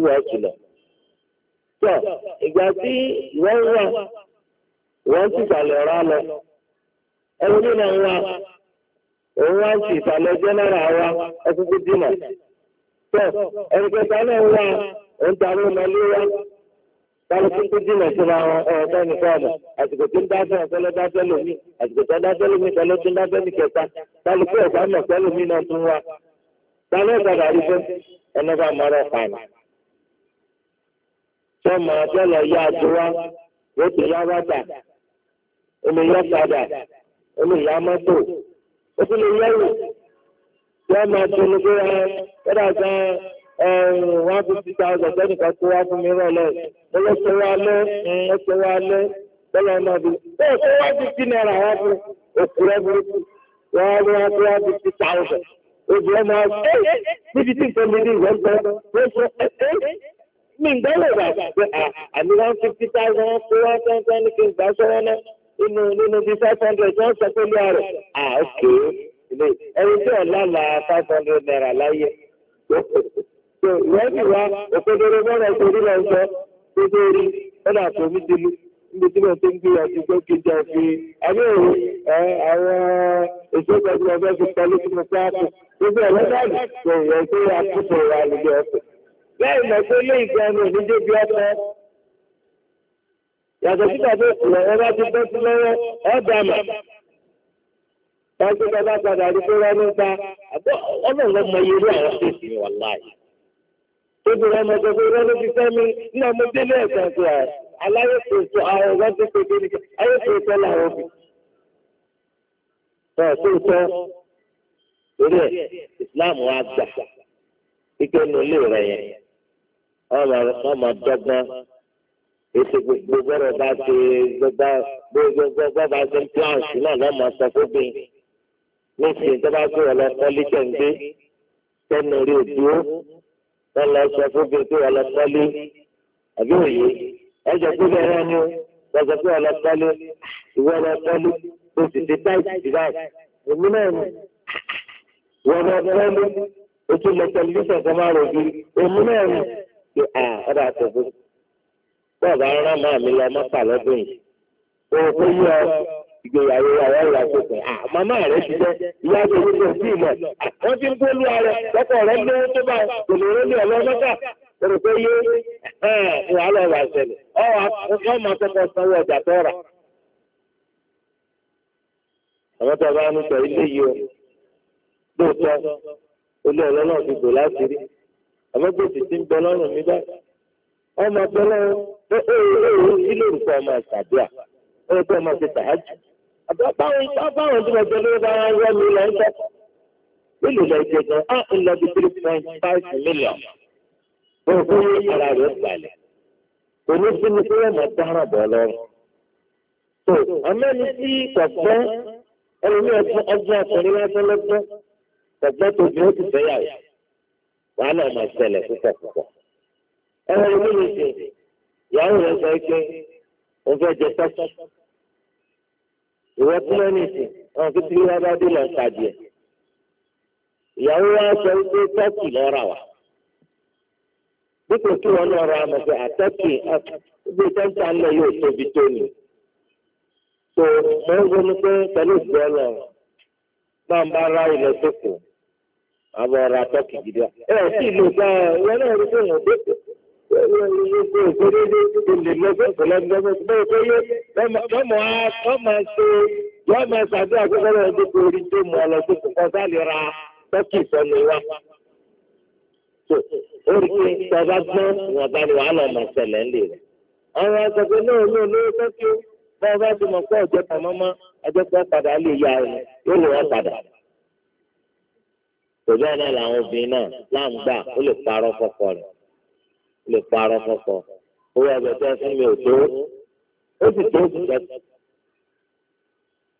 wà wọ́n alọ òun wá sí ìsàlẹ̀ jẹ́nẹ́rà wa ẹkún tó dínà. tó ẹnì kẹta náà wá òun darí ọmọlé wa kálukú tó dínà síra wọn ọ̀ọ́dọ́ nìkan ọ̀nà àsìkò tó ń dáfẹ́ ọ̀fẹ́lẹ́ dáfẹ́ lómi àsìkò tó ń dáfẹ́ lómi kẹlẹ́ tó ń dáfẹ́ nìkẹta kálukú ẹ̀fọ́ náà pẹ́lúmi náà tún wá. kálẹ̀ ìgbàgbà rí fún ẹnì bá mọ́rọ̀ pààlà. sọ́mọ àtẹ́lẹ̀ yá àdúrà wọ́n ó tún lè yẹ̀wò yóò máa tó ní pé kódà ah, gan eh, one fifty thousand tẹ́nì kan kó wá fún mi rọ̀lẹ́ mo lọ sọ wá lẹ́ mo eh, sọ wá lẹ́ bọ́lá ọmọ mi bẹ́ẹ̀ kó wá fifty naira wá fún òkúrẹ́ burúkú wọ́n á lọ́wọ́ kó wá fifty thousand ojú ọmọ ẹ eh, níbi tí nǹkan mi ní ìwé ń bẹ ló sọ ẹ mi ń gbọ́ lè àmì one fifty thousand kó wá tán ní kí n gbà sọ́wọ́ náà inú nínú bíi five hundred wọ́n sọ pé lóyún rẹ̀ à ok ẹni tí ọ̀la la five hundred naira láyé so wọ́n sì wá òkèdèrè bọ́ọ̀rọ̀ torí lọ sọ tó tó rí ọ̀dà tó mi ti lu níbi tí mo ti ń gbé ọtí tó kí jẹ fi àbí òru ẹ àwọn èso ìtọ́jú ọgbẹ́ fi pẹ̀lú tí mo fẹ́ àpò gbogbo ẹ̀rọ báyìí kò yẹ kó àkókò wa lè ọkọ̀ lẹ́yìn mọ̀ pé lóyún gan-an ò débi ọkọ̀ yàtọ̀ síta tó kùnà ẹ bá ti bẹ́ sí lọ́wọ́ ọ̀dàmà báńkì bá bá padà rí pé wọ́n ń gba ọlọ́run mọ iye irú àwọn ṣèṣì ní wàláì tó bí wọn mọ sọ pé wọn ló fi fẹ́ mi nígbà mo délé ẹ̀sán tó ẹ̀ aláyé kòtò àwọn ọ̀gá tó kòtò ní ayé kòtò làwọn òbí. ọ̀ tó tọ́ ẹ̀ ìsìláàmù wa gbà pípẹ́ nulẹ̀ rẹ̀ yẹn ọmọ ọmọ dọ́gbọ́n èsì gbogbo bọ́rọ̀ bá ṣe gbogbo bá ṣe plan sí náà lọ́mọ sọ fóbin nísìnyí tó bá pè ọlọ kọ́lí tẹ̀gbé tẹ́nu rí òdúró wọn lọ sọ fóbin pé ọlọ kọ́lí àbí òye ẹjọ pé bẹ́ẹ̀ rẹ ni ó lọ́sọ pé ọlọ kọ́lí ìwọ ọlọ kọ́lí o ti táìsì sí báyìí èmi náà ni wọn lọ o tún lọ tẹlifíṣàn kan máa rò bí èmi náà ni ọ̀dà àtẹ̀gbẹ́ bọ́ọ̀bù ará máa mi lọ mọ́kà lọ́dún yìí o kò yí ọ ìgbéyàwó àwọn ìyá tó kàn á màmá rẹ ti dẹ ìyá tó ní kò sí ìmọ̀ wọ́n ti ń gbólú ara lọ́kọ̀ rẹ lówó tó bá kòlóró ní ọlọ́mọ́kà o kò yí ìwà lọ wà sẹlẹ̀ ọ máa tọkọ sanwó ọjà tó rà. àwọn tó bá ń sọ ilé yìí o lóòótọ́ olú ọlọ́run ti gbò láti rí àwọn gbèsè ti ń bẹ lọ́rùn mi báyìí. Ọ ọgbẹ́lẹ́ ẹ̀ẹ́dẹ́gbẹ̀rún sí lórúkọ ọmọ ìsàdúrà ẹ̀ẹ́dẹ́gbẹ́ ọmọ ti tàájú. àbáwọn ìbáwọn tí mo jẹ lórí bá wọn rẹ mi lọ ń ẹ̀rọ ilé mi sè ìyàwó rẹ̀ sọ pé òun fẹ́ jẹ tọ́kì ìwọ tí wọ́n ní sìn àwọn kí tí wọ́n bá dé lọ ta díẹ̀ ìyàwó wa sọ pé tọ́kì lọ́ra wa dípò kí wọ́n lọ ra àmọ̀ pé àtọ́kì gbé tẹ́ńtà lọ yóò tóbi tó ni tó mọ̀ ń ronú pé pẹ̀lú ìgbọ́ lọ máa ń bá ara ilẹ̀ tó kù àbọ̀ ra tọ́kì gidi wa ẹ̀ sì lè gba ẹ̀ wọ́n náà rí pé òun dé kù òṣèré lè lọ́gbẹ́ pẹ̀lẹ́gbẹ́gbẹ́ bẹ́ẹ̀ tó yé lọ́mọ ọmọ ṣe yọ́ máa ṣàdúrà gbọ́dọ̀ lọ́dún tó orí tó mọ̀ lọ sí kòkó sálẹ̀ ra tọ́kì sọnù wa. orí kí tọ́ba gbọ́n ìwọ̀nba ni wàhálà ọmọ ṣẹlẹ̀ ńlẹ̀ rẹ̀. àwọn àgbẹ̀gbẹ̀ náà ló lówó tọ́kì ó bá ọba ti mọ̀ pé ọ̀jẹ̀ pàmọ́mọ́ ọjọ́ pé padà lè ya rẹ̀ yóò lè obìnrin náà láǹgbà ó lè parọ́ fọ́kọ rẹ̀ lè parọ́ fọ́fọ́ owó ẹgbẹ́ tẹ́ fún mi ò tó ó sì tó sì tẹ́tí.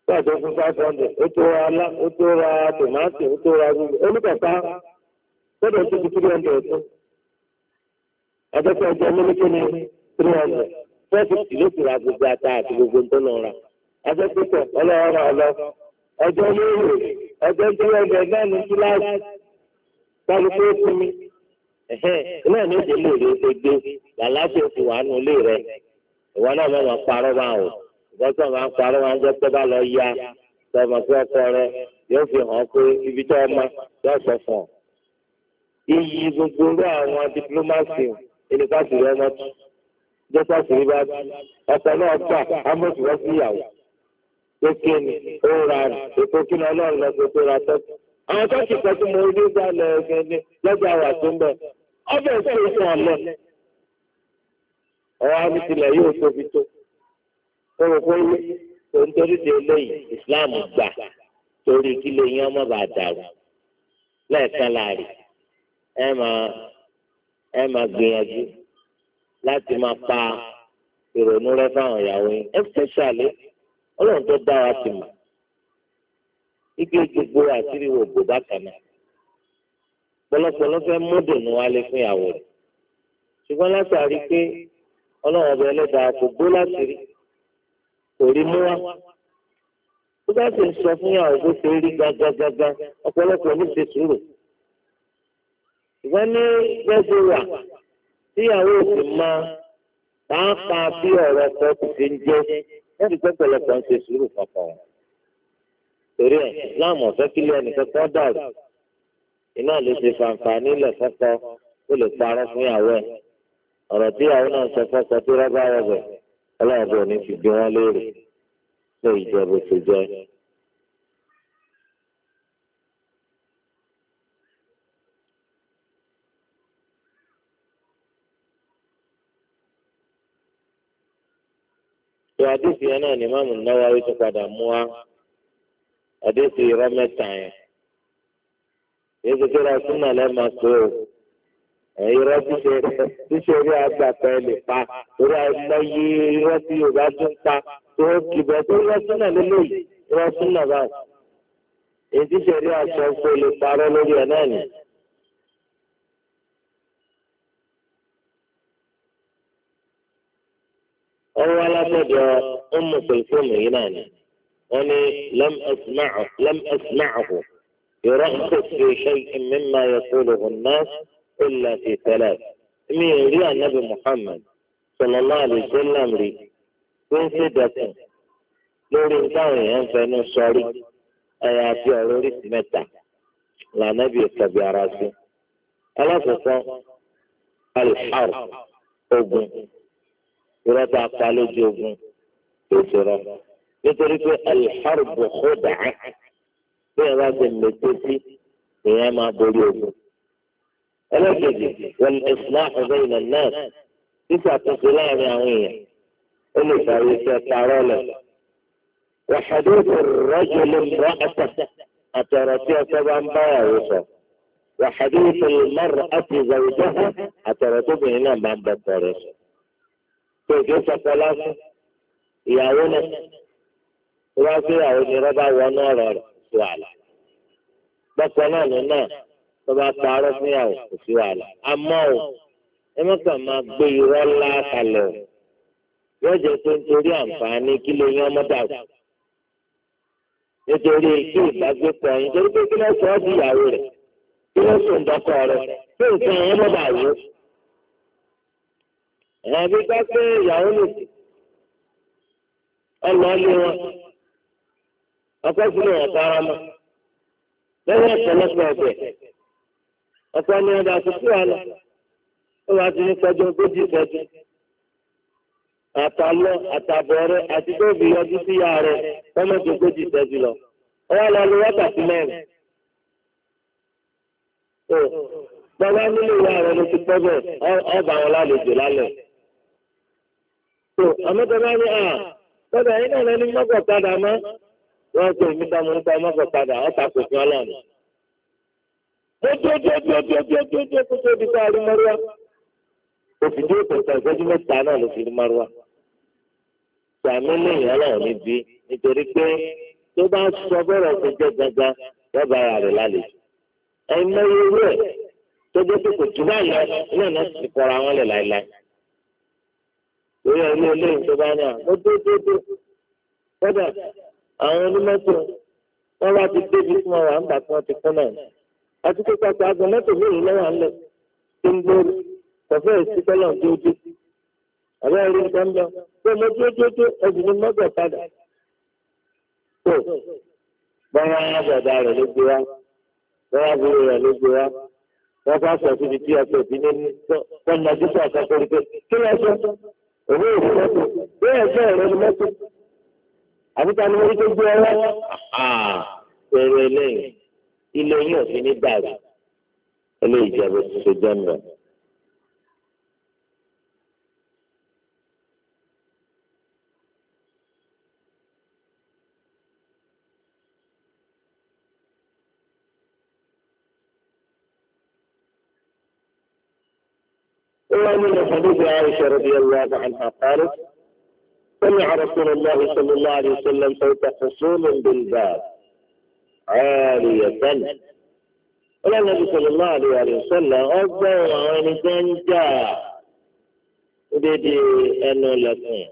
Bẹ́ẹ̀ tó fún five hundred ó tó ra alá ó tó ra tòmátì ó tó ra gbogbo olùkọ́ta gbọ́dọ̀ tó fi three hundred tó. Ẹgbẹ́ta ẹjẹ́ mílíkì ní three hundred four fifty ló ti ra gbogbo ata àti gbogbo tó lọ ra. Ẹgbẹ́ta ọlọ́ọ̀rọ̀ ọlọ ọjọ́ lóòrè ọjọ́ three hundred náà ní kíláàsì. Báyìí pé ó ti mi náà ní ìdí ilé rẹ ṣe gbé làlàáfíà ti wà nù ilé rẹ ìwọ náà mọ̀ máa parọ́ máa o ìwọ tó máa parọ́ máa jẹ́ pé bá lọ ya tó máa fi ọkọ rẹ yóò fi hàn pé ibi tó ọmọ yóò sọ fún ọ. iyì gbogbo rẹ àwọn dipulomasi ìlúkàsì rẹ mọ tù jẹ́sà sí rí ọkọ náà gbà ámọ̀tì wọ́n sí ìyàwó kékeré ni ó ra ètò kí ni ọlọ́run lọ sí ètò ra tọ́tù. àwọn tọ́tù kan tí mo rí gbà lọ ẹgbẹ́ ni lọ́jà wà tó ń bẹ̀ ọbẹ̀ tó fún ọlọ ọwọ́ abitilẹ̀ yóò tóbi tó kóró kóró tó ń torí de eléyìí Islam gbà torí kí lóyún ọmọ bá dàrú lẹ́ẹ̀kan láàrin ẹ máa ẹ máa gbìyànjú láti máa pa ìrònú rẹ fáwọn ìyàwó yín especially ọlọ́run tó dá wa ti mọ̀ igi gbogbo àti ìwò gbòdá kan náà pọlọpọlọ fẹ́ mọdùnú wálé fún ìyàwó rẹ̀ ṣùgbọ́n látàrí pé Ọlọ́run ọbẹ Ẹlẹ́dàá kò gbó láti rí kò rí mú wá tó bá sì ń sọ fún ìyàwó bó ṣe rí gágágágá ọ̀pọ̀lọpọ̀ ní ṣe sùúrù ṣùgbọ́n ní gbẹgbẹ wà tíyàwó sì máa pàápàá bí ọ̀rọ̀ ọkọ ti ṣe ń jẹ wọ́n ti pẹ́ ń ṣe sùúrù kankan torí ẹ̀ Islam ọ̀fẹ́ kílẹ̀ nìkan dàrú iná ló ṣe fàǹfààní lẹ̀ fọ́kọ ó lè parọ́ fún ìyàwó ẹ̀ ọ̀rọ̀ tí ìyàwó náà sọ fọ́kọ tó rọ́bà rọ̀bẹ̀ ọlọ́ọ̀bẹ̀ ní fi bí wọ́n léèrè pé ìjọba tó jẹ́. tó adéfìyàn náà ni Imam Nawawi tó padà mú wa adéfìyàn rọ́mẹ́ta yẹn èyí ti kíra súnà lẹ́ẹ̀ma pé o irọ́ ṣíṣe orí agbàpẹ́ lè pa orí àìmọye irọ́ tí yorùbá tún pa tó kìbọ̀ tó irọ́ súnà lélẹ́yìí irọ́ súnà báyìí èyí ti ṣe orí aṣọ fún olè parọ́ lórí ẹ̀ náà nìyẹn. هو لقد أم كلثوم هنا ولم أسمعه لم أسمعه يرغب في شيء مما يقوله الناس إلا في ثلاث من يريد النبي محمد صلى الله عليه وسلم من وانفدت لوري انتاوي ينفعنا صاري أياتي أولوري سمتا لا نبي كبير راسي ألا الحرب ogun ورد tá a pa lójú الحرب خدعه bí ẹ bá ṣe tó sí ìyẹn máa borí ogun. ẹlẹ́kẹ̀dì wọn ìsìlá ọ̀gbẹ́ ilẹ̀ náà sísàtúnṣe láàrin àwọn èèyàn ó lè ọ̀gá ìlà àtọ̀rọ̀ tí ọkọ bá ń bá ìyàwó sọ. wàhálà ìmọ̀ràn àti ìzàwùjọ́ àtọ̀rọ̀ tóbìnrin náà bá ń bẹ tọ̀rẹ̀ sọ. tó o kì wahala ń bọ́ ẹ̀tẹ̀ àti ọ̀rọ̀ tí ọ̀sẹ̀ sọpọ lásán ìyàwó náà wọ́n á gbé ìyàwó ni rọ́bà wọnú ọ̀rọ̀ rẹ̀. sí wàhálà bákan náà lọ́nà tó bá parọ́ fún yàwó kò sí wàhálà àmọ́ ò ẹ mọ́kàn máa gbé irọ́ ńlá kalẹ̀ ò yóò jẹ́ pé nítorí àǹfààní kí ló yán mọ́tà kù nítorí kí ìbágbépọ̀ yín torí pé kí ló sọ ọ́ di ìyàwó rẹ̀ kí ló sùn dọ́kọ̀ rẹ̀ kí nǹkan yẹn mọ́ bà wó. ẹ̀hìn àbí ká pé ìyàwó lòdì ọlọ́ọ̀lẹ́ wọn. ọ̀pọ̀ ìfúnná ọ̀pọ̀ ara mọ́ lẹ́yìn ọ̀pọ̀lọpọ̀ ọ̀bẹ ọ̀pọ̀ ni ọ̀dà àtúntò àlọ́ ó wàá ti ní ya lọ lọ mẹ́rin ló ti bẹ́ẹ̀ wọn lálejò lálẹ́ àmọ́tọ́ bá ní à náà lẹ́ni padà wọ́n tó ní ká mú nípa ọmọ padà wọ́n ta kò fún ọlọ́run. ó dé dé dé dé dé dé dé kó tó di ká rí mọ́rúwá. òfin tó tẹ̀sán ìṣẹ́jú mẹ́ta náà ló fi rí mọ́rúwá. sàmì lẹ́yìn ọlọ́run níbi nítorí pé tó bá sọ bọ́rọ̀ ṣe jẹ́ gangan wọ́n bá ara rẹ̀ lálejò. ẹ̀yin mẹ́rin owó ẹ̀ tó dé pé kò tún bá lọ ilé náà ti kọ́ra wọn lẹ̀ láéláé. lórí ẹ̀rí olóyìn tó bá ní à àwọn onímọ́tò wọn bá ti débi fún ọ̀rọ̀ àǹbà tí wọ́n ti kún náà àti pé pàtó aago mọ́tò mélòó lọ́wọ́ àlẹ́ tó ń gbóòrò kọ̀fẹ́ èsì tọ́lọ̀ déédéé àbẹ́ rí nǹkan lọ pé mo déédéé ẹ̀sìn ní mọ́tò padà tó bọ́wọ́ alábọ̀dá rẹ̀ ló gbé wa bọ́wọ́ àbúrò rẹ̀ ló gbé wa wọ́n bá sọ síbi tí a sọ ní kọ́ńdà dípò àkàkọ́rí pé kí àbí ta ni mo rí tó gbé ọwọ́ pẹ̀lú eléyìí ilé yìí ò fi ní dàrú eléyìí jẹ́ bó ti ṣe jẹ́ nù. ومن حديث عائشة رضي الله عنها قالت سمع رسول الله صلى الله عليه وسلم صوت خصوم بالباب عالية قال النبي صلى الله عليه وسلم أبا وعن جنجا ودي أنو لكم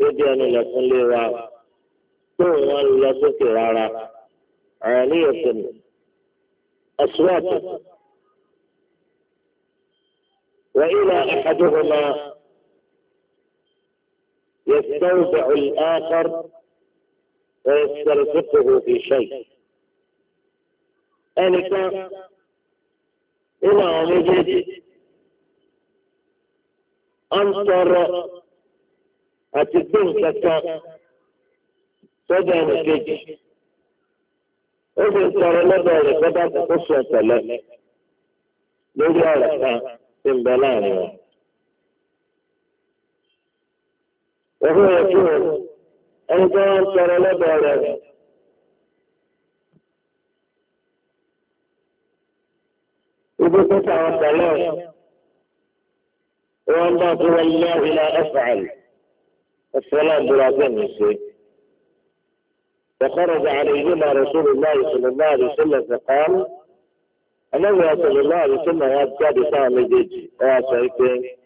ودي أنو لكم لرا ثم لسك رارا عالية أصوات وإلى أحدهما يستودع الآخر ويسترزقه في شيء أنت إلى مجد أنطر أتدنك تدعم كيجي أبنطر لدى لقد أتصلت له لدى لك تنبلاني وهو يقول أيضا ترى لبارا إذا تسعة وثلاث والله والله لا أفعل السلام بلاكم الشيء فخرج عليهما رسول الله صلى الله عليه وسلم فقال النبي صلى الله عليه وسلم يا بتاع بتاع مجيجي يا شيخي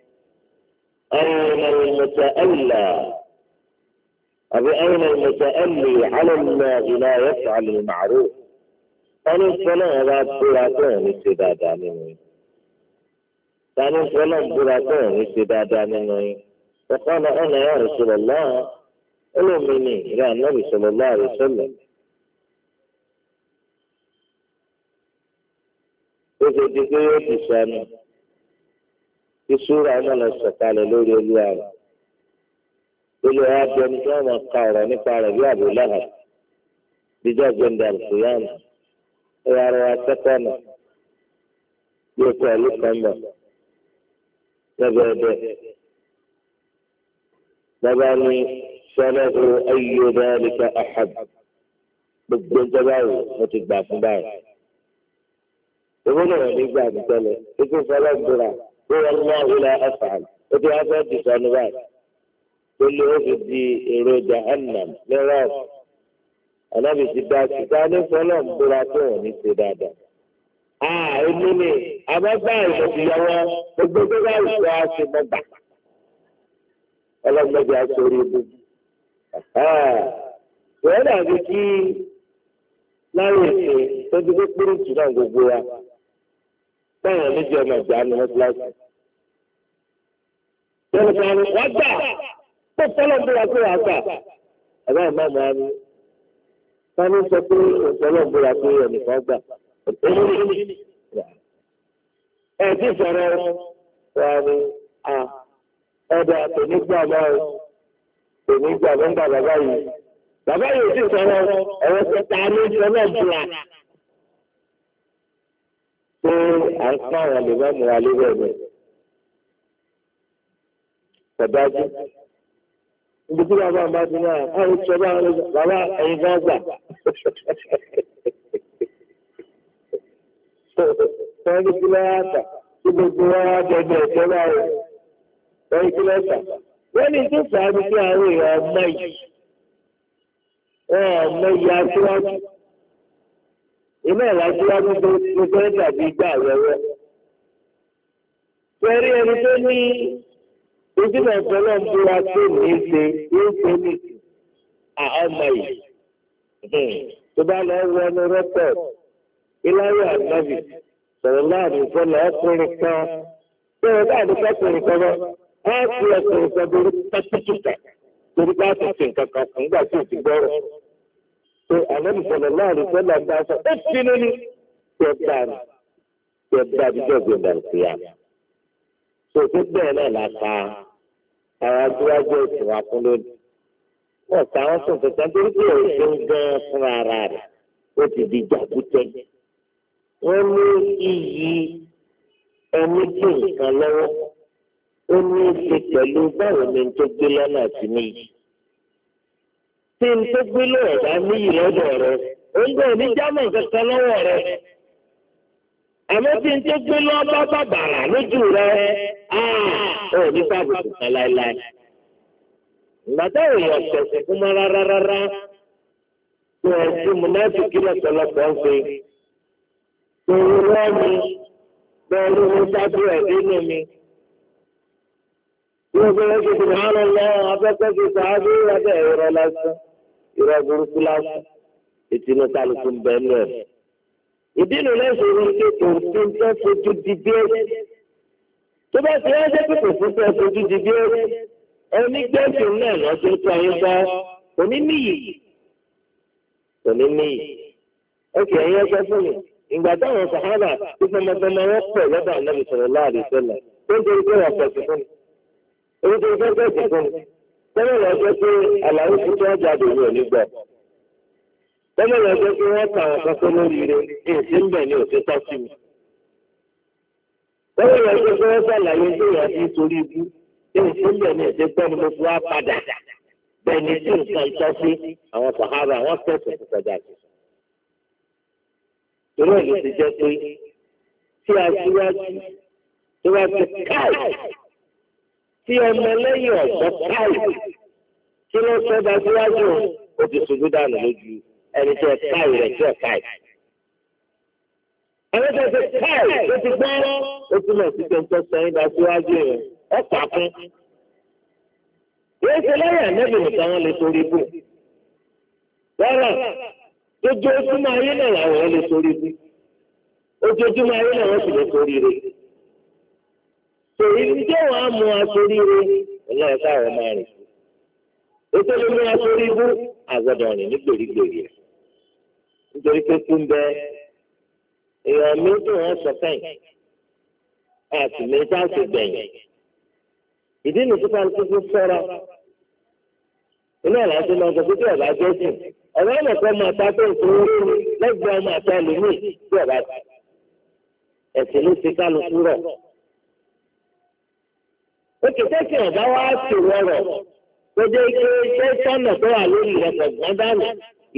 أين المتألى أبي أين المتألي على الله لا يفعل المعروف أنا فلان لا براتون استدادا منه أنا فلان براتون استدادا منه فقال أنا يا رسول الله ألومني إلى النبي صلى الله عليه وسلم وجدت يوتي سامي kí sóra náà lọ sọ̀kalẹ̀ lórí olúwa rẹ̀ olúwa bí ẹni tí wọ́n máa ka ọ̀rọ̀ nípa rẹ̀ bí àbò láhà dídá gbẹ̀ndà àlùkùyánà ó yà rọ asẹ́kọ̀nà bí okò ẹ̀lú kan bọ̀ lọ́bẹ̀ ẹ̀dẹ̀ bàbá mi sọ́lẹ́hu ayé dáríkà ahad gbogbo ìjọba rẹ̀ mo ti gbà fún báyìí. ìwé náà nígbà àbújá lọ ikú sọ́lẹ́ gbúra. wíwọ náà wíwọ ẹ̀fà ó ti wá fẹ́ di sọnù báyìí tó lé ó fi di èrò jahannam ní rọ́ọ̀f ànábì ti dá síta ní fọlọ́ ń bóra tó wọn ní ṣe dáadáa. a èmi ni àbábá ìṣòtìyàwó gbogbo tó bá ìṣó aṣọ mọ́gbà ọlọ́mọdé aṣọ orí wọ́n dàbí kí láyé ìṣe tó ti gbé pírìtì náà gbogbo wa táwọn méjì ọmọ ìjà ni wọ́n gíláàsì. Wọ́n gbà wọ́n gbà tó fọ́lọ́ bí wọ́n gbà gbà. Ẹ̀rọ ìmọ̀ mi á ní. Wọ́n ní sọ pé òṣèlú ọ̀gbọ́n àti ẹnìkan gbà. Ẹ ti sọ̀rọ̀ wọn ni a ọ̀dọ̀ àtẹ̀nígbà máa ń tẹ̀nígbà bàbá yìí. Bàbá yìí ò sì sọ̀rọ̀ ọ̀rọ̀ sọ̀tà ní ìṣẹ̀lẹ̀ ìjìyà pé à ń fún àwọn lè má mú wa lérò ẹ̀mí. Ọ̀dájú. Ibi tí bàbá bá ti náà, àwọn ìṣẹ́ bá ń bàbá ẹ̀yin gan gbà. <laughs> Wọ́n ní kí lọ́wọ́ àtà, kí gbogbo wọn á dẹ̀dẹ̀ ẹ̀ṣẹ́ báyìí. Wọ́n ní kí lọ́wọ́ àtà. Wọ́n ní tó fàá ní kí àwọn èèyàn ọmọ yìí. aṣíwájú iná ìlàjú wa ló fẹ́ dàbí gbà wẹ́wẹ́. Pẹ̀lú ẹni tó ní ojúmọ̀ ìfọlọ́ ń búra tó ní í ṣe ní ṣe ní ọmọ yìí. Tó bá lọ wọ ẹnu rẹ́pọ̀t, iláyé àgbàbì sọ̀rọ̀ láàrin ìfọlọ́ ọkùnrin kan. Ṣé o bá àdúgbò ọkùnrin kan lọ? Wọ́n á fi ọkùnrin kan borí pátákìtà torí bá ti ṣe nǹkan kan fún ìgbà tí ò ti gbọ́rọ̀ pé àlẹ́lù sọ̀rọ̀ láàrin sọ́là bá sọ ó pinnu ni tẹ bá mi tẹ bá mi bẹ́ẹ̀ náà la ka àwọn adúlájọ́ ìsìn wa fún lónìí. Wọ́n ta àwọn sùn kankan torí pé òun ṣe ń gan fúnra ara rẹ̀ ó ti di jàkútẹ́. Wọ́n ní iyì ẹni tí nǹkan lọ́wọ́ ó ní í pẹ̀lú báwo ni n tó gbé lọ́nà àti níyì tí n tó gbé ló ẹ̀dá níyì lọ́dọ̀ rẹ oúnjẹ òní jámọ̀ kankan lọ́wọ́ rẹ àmọ́ tí n tó gbé lọ́ bá bàbàrà lójú rẹ ó ní sábùkù kan láéláé. ìgbàdá èèyàn tẹ̀sí fún mọ́ rárá rárá tó ẹ̀ tí mùnáfíkì lọ́pọ̀lọpọ̀ ń pè é. Tòun lọ́ọ́ mi bẹ́ẹ̀ ló ń sábẹ́ ẹ̀ mi ìrọ̀gbọ́n ṣe sùgbọ́n lọ afẹ́fẹ́ ṣe sàájú abẹ́ ìrọ̀ lásán ìrọ̀ burúkú lásán ètò inú kálukú ń bẹ́ẹ̀ lọ. ìdí nu lẹ́sìn orí pé kò sí ń fẹ́ fojú di bí ẹ̀rẹ́. tó bá ti ránṣẹ́ pé kò sí fẹ́ fojú di bí ẹ̀rẹ́ onígbẹ́sìn náà lọ́sẹ̀ tó ayé bá oníníyì oníníyì. ó kì í yẹn sọ fún mi ìgbà orí tó fẹ́ bẹ́ẹ̀ ti fún un tẹ́lẹ̀ lọ jẹ́ pé àlàyé fún tó ń jáde yìí ò ní gbọ́ tẹ́lẹ̀ lọ jẹ́ pé wọ́n ta àwọn kan tó lóríire èsì ń bẹ̀ ní òsè tọ́ sí mi tẹ́lẹ̀ lọ jẹ́ pé wọ́n ṣàlàyé tó yà sí torí ibú èsì ń bẹ̀ ní òsè tọ́ ni mo fi padà bẹ́ẹ̀ ni tí nǹkan ìtọ́ sí àwọn sàhábà wọ́n tẹ̀sán tó kọjá sí. torí ẹ̀ ti jẹ́ pé tí aṣíwájú tó bá ti káì tí ọmọ ọ̀gbọ́n kí ló sọ o ti ṣubú dànù lójú ẹni tí ẹ káì rẹ̀ tí ẹ káì. ẹni tó ti káì tó ti gbọ́ ó túmọ̀ sí pé sẹ́yìn dájúwájú ẹ fún. ṣe lẹ́yìn ànẹ́bì nìkan wọn lè torí bù. ojoojúmọ́ ayé náà sòrí ìjọ wọn á mú asorí re ọlọ́run káwọn máa rìn ètò ló mú asorí bú àgbọ̀dọ̀ rìn ní gbèrígbèrí rẹ̀ nítorí pé kú ń bẹ èèyàn méjì wọn sọ kẹ́yìn àti méjì àti gbẹ̀yìn ìdí nìyí tó kàn kúkú sọ́ra ilé ọ̀la tó lọ sọ pé sùn ọ̀rọ̀ ẹ̀nà kan máa ta tó nǹkan orí mi lẹ́gbẹ̀ẹ́ ọmọ àti àlùmí tí ọ̀la ló ti kálukú rọ̀ òkè tẹ́sí ọ̀gá wa ti wọ̀rọ̀ gbogbo ike iṣẹ́ sọ́nà tó wà lórí rẹ̀ kò gbọ́n dànù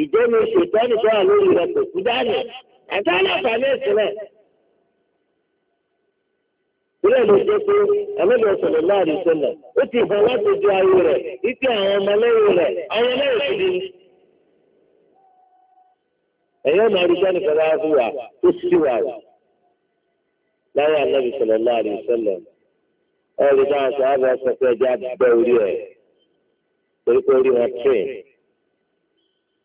ìjọ́nu ṣètọ́nì tó wà lórí rẹ̀ kò kú dànù àti aláǹfààní ìsìnlẹ̀. Ilé ìlú ṣe pé ẹlẹ́dọ̀ sọ̀rọ̀ láàrin sọ̀nà ó ti hàn láti ju ayé rẹ̀ wípé àwọn ọmọlẹ́yìn rẹ̀ àwọn ọmọlẹ́yìn ti di. Ẹ̀yọ́ máa rí sẹ́ni kan fún wa tó sí wa láyé àlẹ́bí ẹ̀rí táwọn sọ̀rọ̀ sọ pé ẹja bẹ orí ẹ̀ torí pé orí wọn tẹ̀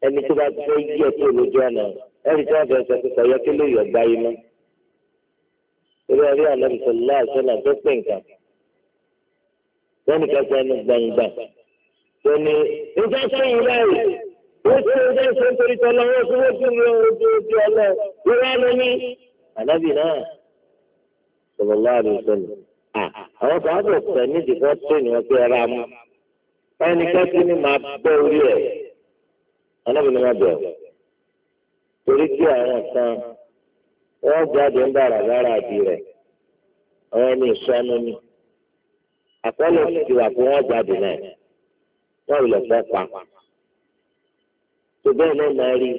ẹni tó bá fẹ́ yí ẹ̀ tó lójú ọ̀nà ẹ̀rí táwọn sọ̀rọ̀ sọ pé kọ̀yọ́ kí ló yọ̀ gbáyé mọ́ torí ẹ̀rí àlọ́bìsọ̀ láàṣọ́nà tó pè nǹkan lẹ́nu kẹsàn ẹnu gbangba tó ní ìjà sẹ́yìn báyìí ó ti ń jẹ́ ìṣe nítorí tọ́lá wọn fún wọn fún mi ojú ojú ọlọ ìwé ẹnu ní ànábì náà sọlọ́lá àdùnsọ́nù à àwọn kan á bọ̀ pẹ̀ nídìí fún tírénì wọn pé ara mu ẹni kẹ́kí ni máa bẹ́ orí ẹ̀ ọlọ́bìnrin máa bẹ̀ torí kí àwọn kan wọ́n jáde ń bára lára àdì rẹ̀ àwọn ẹni ìsọnù ni àkọọ́lẹ̀ ti wà pé wọ́n jáde náà wọ́n lè fẹ́ pa tó bẹ́ẹ̀ náà máa rí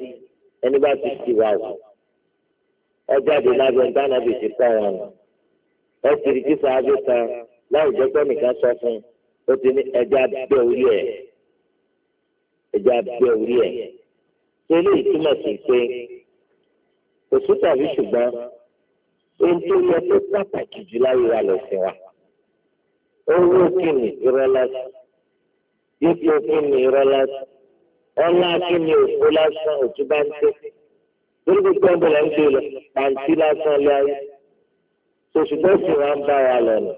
ẹni bá ti ti wà wọ́n jáde lábẹ́ ń dáná bìí ti kọ́ wọn ẹ ti rí kí sáájú kan láì jẹ́ pé nìkan sọ fún un ó ti ní ẹja bẹ́ orí ẹ̀ ẹja bẹ́ orí ẹ̀ tó lè túmọ̀ sí pé òsì tàbí ṣùgbọ́n ohun tó yẹ tó pàtàkì jù láyé wa lọ́sìn wa owó kìnnì ìrọ́lásì dípò kìnnì ìrọ́lásì ọlá kìnnì òfó lásán òtún bá ń tẹ́ torí gbogbo ọ̀bọ̀là ń gbé lọ pàǹtí lásán lé ayé ṣùgbọ́n ẹ̀sìn wa ń bá wa lọ nù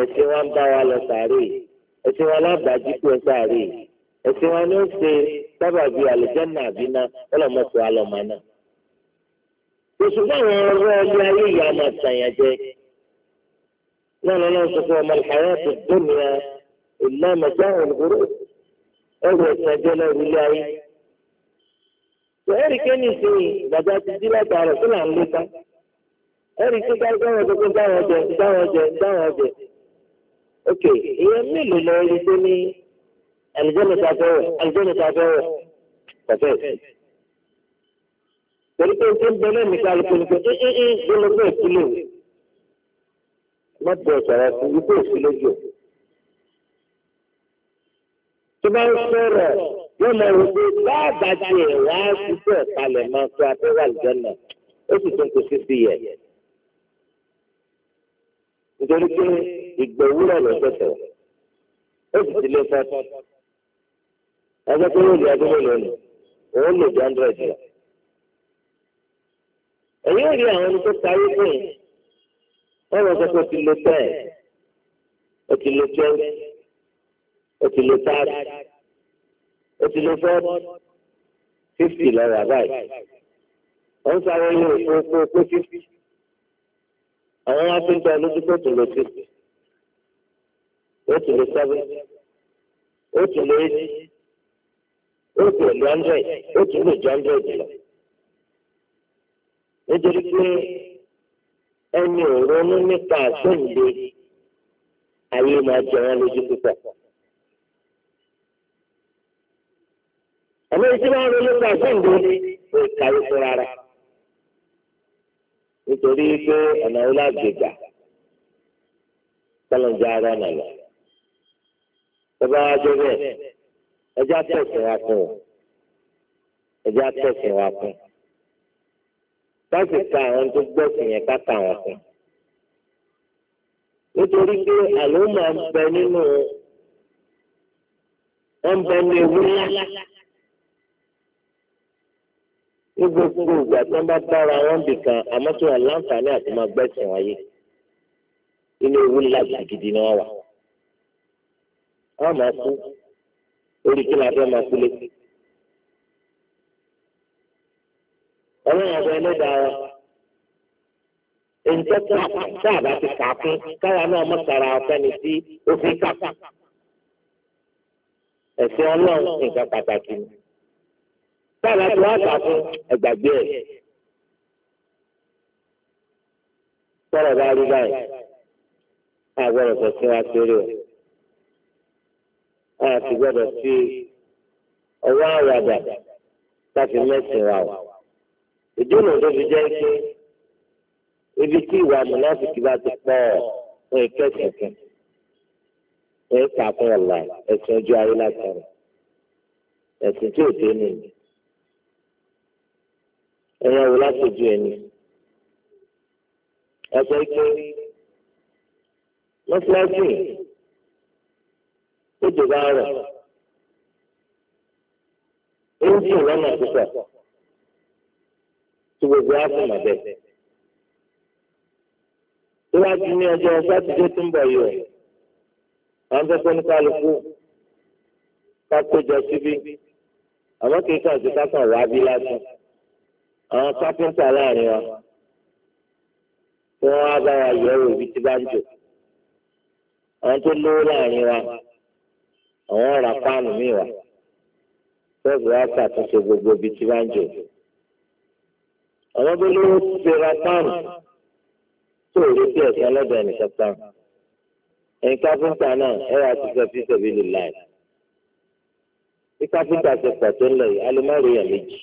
ẹ̀sìn wa ń bá wa lọ sàárè ẹ̀sìn wa lábàájí kú ẹ sàárè ẹ̀sìn wa ni ó ṣe sábàbí àlùjànnà àbíná ọlọ́mọṣẹ́ alọ́mọ náà. ṣùgbọ́n àwọn ọ̀rọ̀ ayé ìyá máa tàyàn jẹ náà lọ́nà sọ ọmọ ìhàrá tó dómìnira ìlà mẹ́ta òǹkúrò ẹ̀rù ẹ̀sìn ẹjọ́ náà wílé ayé. ẹ̀rì kẹ́ni ṣe ìgbàjá ti dí látara sí là ń lépa ẹ̀rí pé dáwọn jẹ pé dáwọn jẹ dáwọn jẹ dáwọn jẹ ok ìyẹn mélòó lọ rí pé ní àlùjẹ́nìta fẹ́rẹ̀ àlùjẹ́nìta fẹ́rẹ̀ kọ̀fẹ́ torí pé ṣé ń bẹ lẹ́nu ká lóko nípa ẹ ẹ ẹ gbọlọgbọ ìkúlẹ̀ o má bẹ ọ̀sàrà fún wípé òfin lójú ẹ̀ tó bá ń sọ̀rọ̀ yóò mọ wípé báàbà tiẹ̀ wá ṣiṣẹ́ ìpalẹ̀ máa tó abẹ́wà àlùjẹ́nà ó sì tún kó sí sí yẹ̀ nítorí pé ìgbà òwúrọ̀ ló tẹ̀sẹ̀ ó sì ti lé fẹ́ẹ́ ẹgbẹ́ tó lòdì ọdún mélòó ni òun lòdì hundred lọ. èyí ò rí àwọn ẹni tó parí fún un wọ́n lọ sọ pé ó ti lo ten ó ti lo twenty ó ti lo thirty ó ti lo forty fifty lọ́wọ́ àbáyé. wọ́n sáré ní òkú òkú fifty àwọn wá pín pẹ́ lójú tó tún lè fi ó tún lè sẹ́fẹ̀ ó tún lè éjì ó tún lè hundred ó tún lè ju hundred lọ. nítorí pé ẹni ò ronú nípa àgbẹ̀ǹde ayé máa jẹ wọn lójú púpọ̀. àmọ́ ìṣẹ́ ronú nípa àgbẹ̀ǹde kò kàwé fún rárá nítorí pé ọ̀nà wo lágbègbà kọ́lọ́njà ara nà lọ. Bàbá wa jẹ́ bẹ́ẹ̀ ẹjẹ́ àtẹ̀sìn wa kún ọ ẹjẹ́ àtẹ̀sìn wa kún. Láti ka àwọn tó gbẹ̀sìn yẹn káka wọn kún. Nítorí pé àlọ́ máa ń bẹ nínú wọ́n bẹ ní ewu ńlá ní gbogbo ìgbà tí wọ́n bá bára wọn bì kan àmọ́ tó wà láǹfààní àti máa gbẹ̀sìn wáyé inú ewu ńlá gidi ni wọ́n wà. wọ́n máa kú orí kí la fẹ́ máa kú létí. ọlọ́run ọ̀bẹ ẹlẹ́dàá wa ènìtọ́ tó tá a bá ti kà á fún káwa náà mọ̀ sára ọ̀fẹ́ni tí ó fi ẹ̀sìn ọlọ́run nǹkan pàtàkì ni táwọn àti wá kà fún ẹgbàgbé ẹ̀. sọ̀rọ̀ bá rí báyìí a gbọ́dọ̀ sọ sí wa kéré o a ti gbọ́dọ̀ sí ọwọ́ àwàdà láti mẹ́sìn wa o ìdúró tó fi jẹ́ pé ibi tí ìwà mùnáfíkì bá ti pọ̀ fún ìkẹ́sìn kan ẹ̀ ń kà fún ọ̀la ẹ̀sìn ojú ayé lásán ẹ̀sìn tí ò dé nìyí ẹ̀yà wò lápèjú ẹni. ẹ̀sẹ̀ ike mọ́sálásì òjò bá rọ̀ oúnjẹ ìlànà púpọ̀ tí gbogbo á fún màbẹ́. tó bá ti ní ọjọ́ sátidé tó ń bọ̀ yìí ọ̀ à ń fẹ́ fún kálukú ká péjọ síbí àmọ́ kí n kàn sí ká kàn wá bí lásán àwọn kápẹ́ńtà láàrin wa tí wọ́n á bá wa yẹ̀wò ibi tí bá ń jò àwọn tó lówó láàrin wa àwọn ọ̀rà páànù míì wà bẹ́ẹ̀ wá ṣàtúnṣe gbogbo ibi tí bá ń jò àwọn tó lówó ti ṣe ra páànù tó rí sí ẹ̀sán lọ́dọ̀ ẹnìkan pa ẹ̀yin kápẹ́ńtà náà ẹ̀ wá ti sọ fi sọ̀bí lè láì bí kápẹ́ńtà ṣe pọ̀ tó yìí alẹ́ má rí ẹ̀ méjì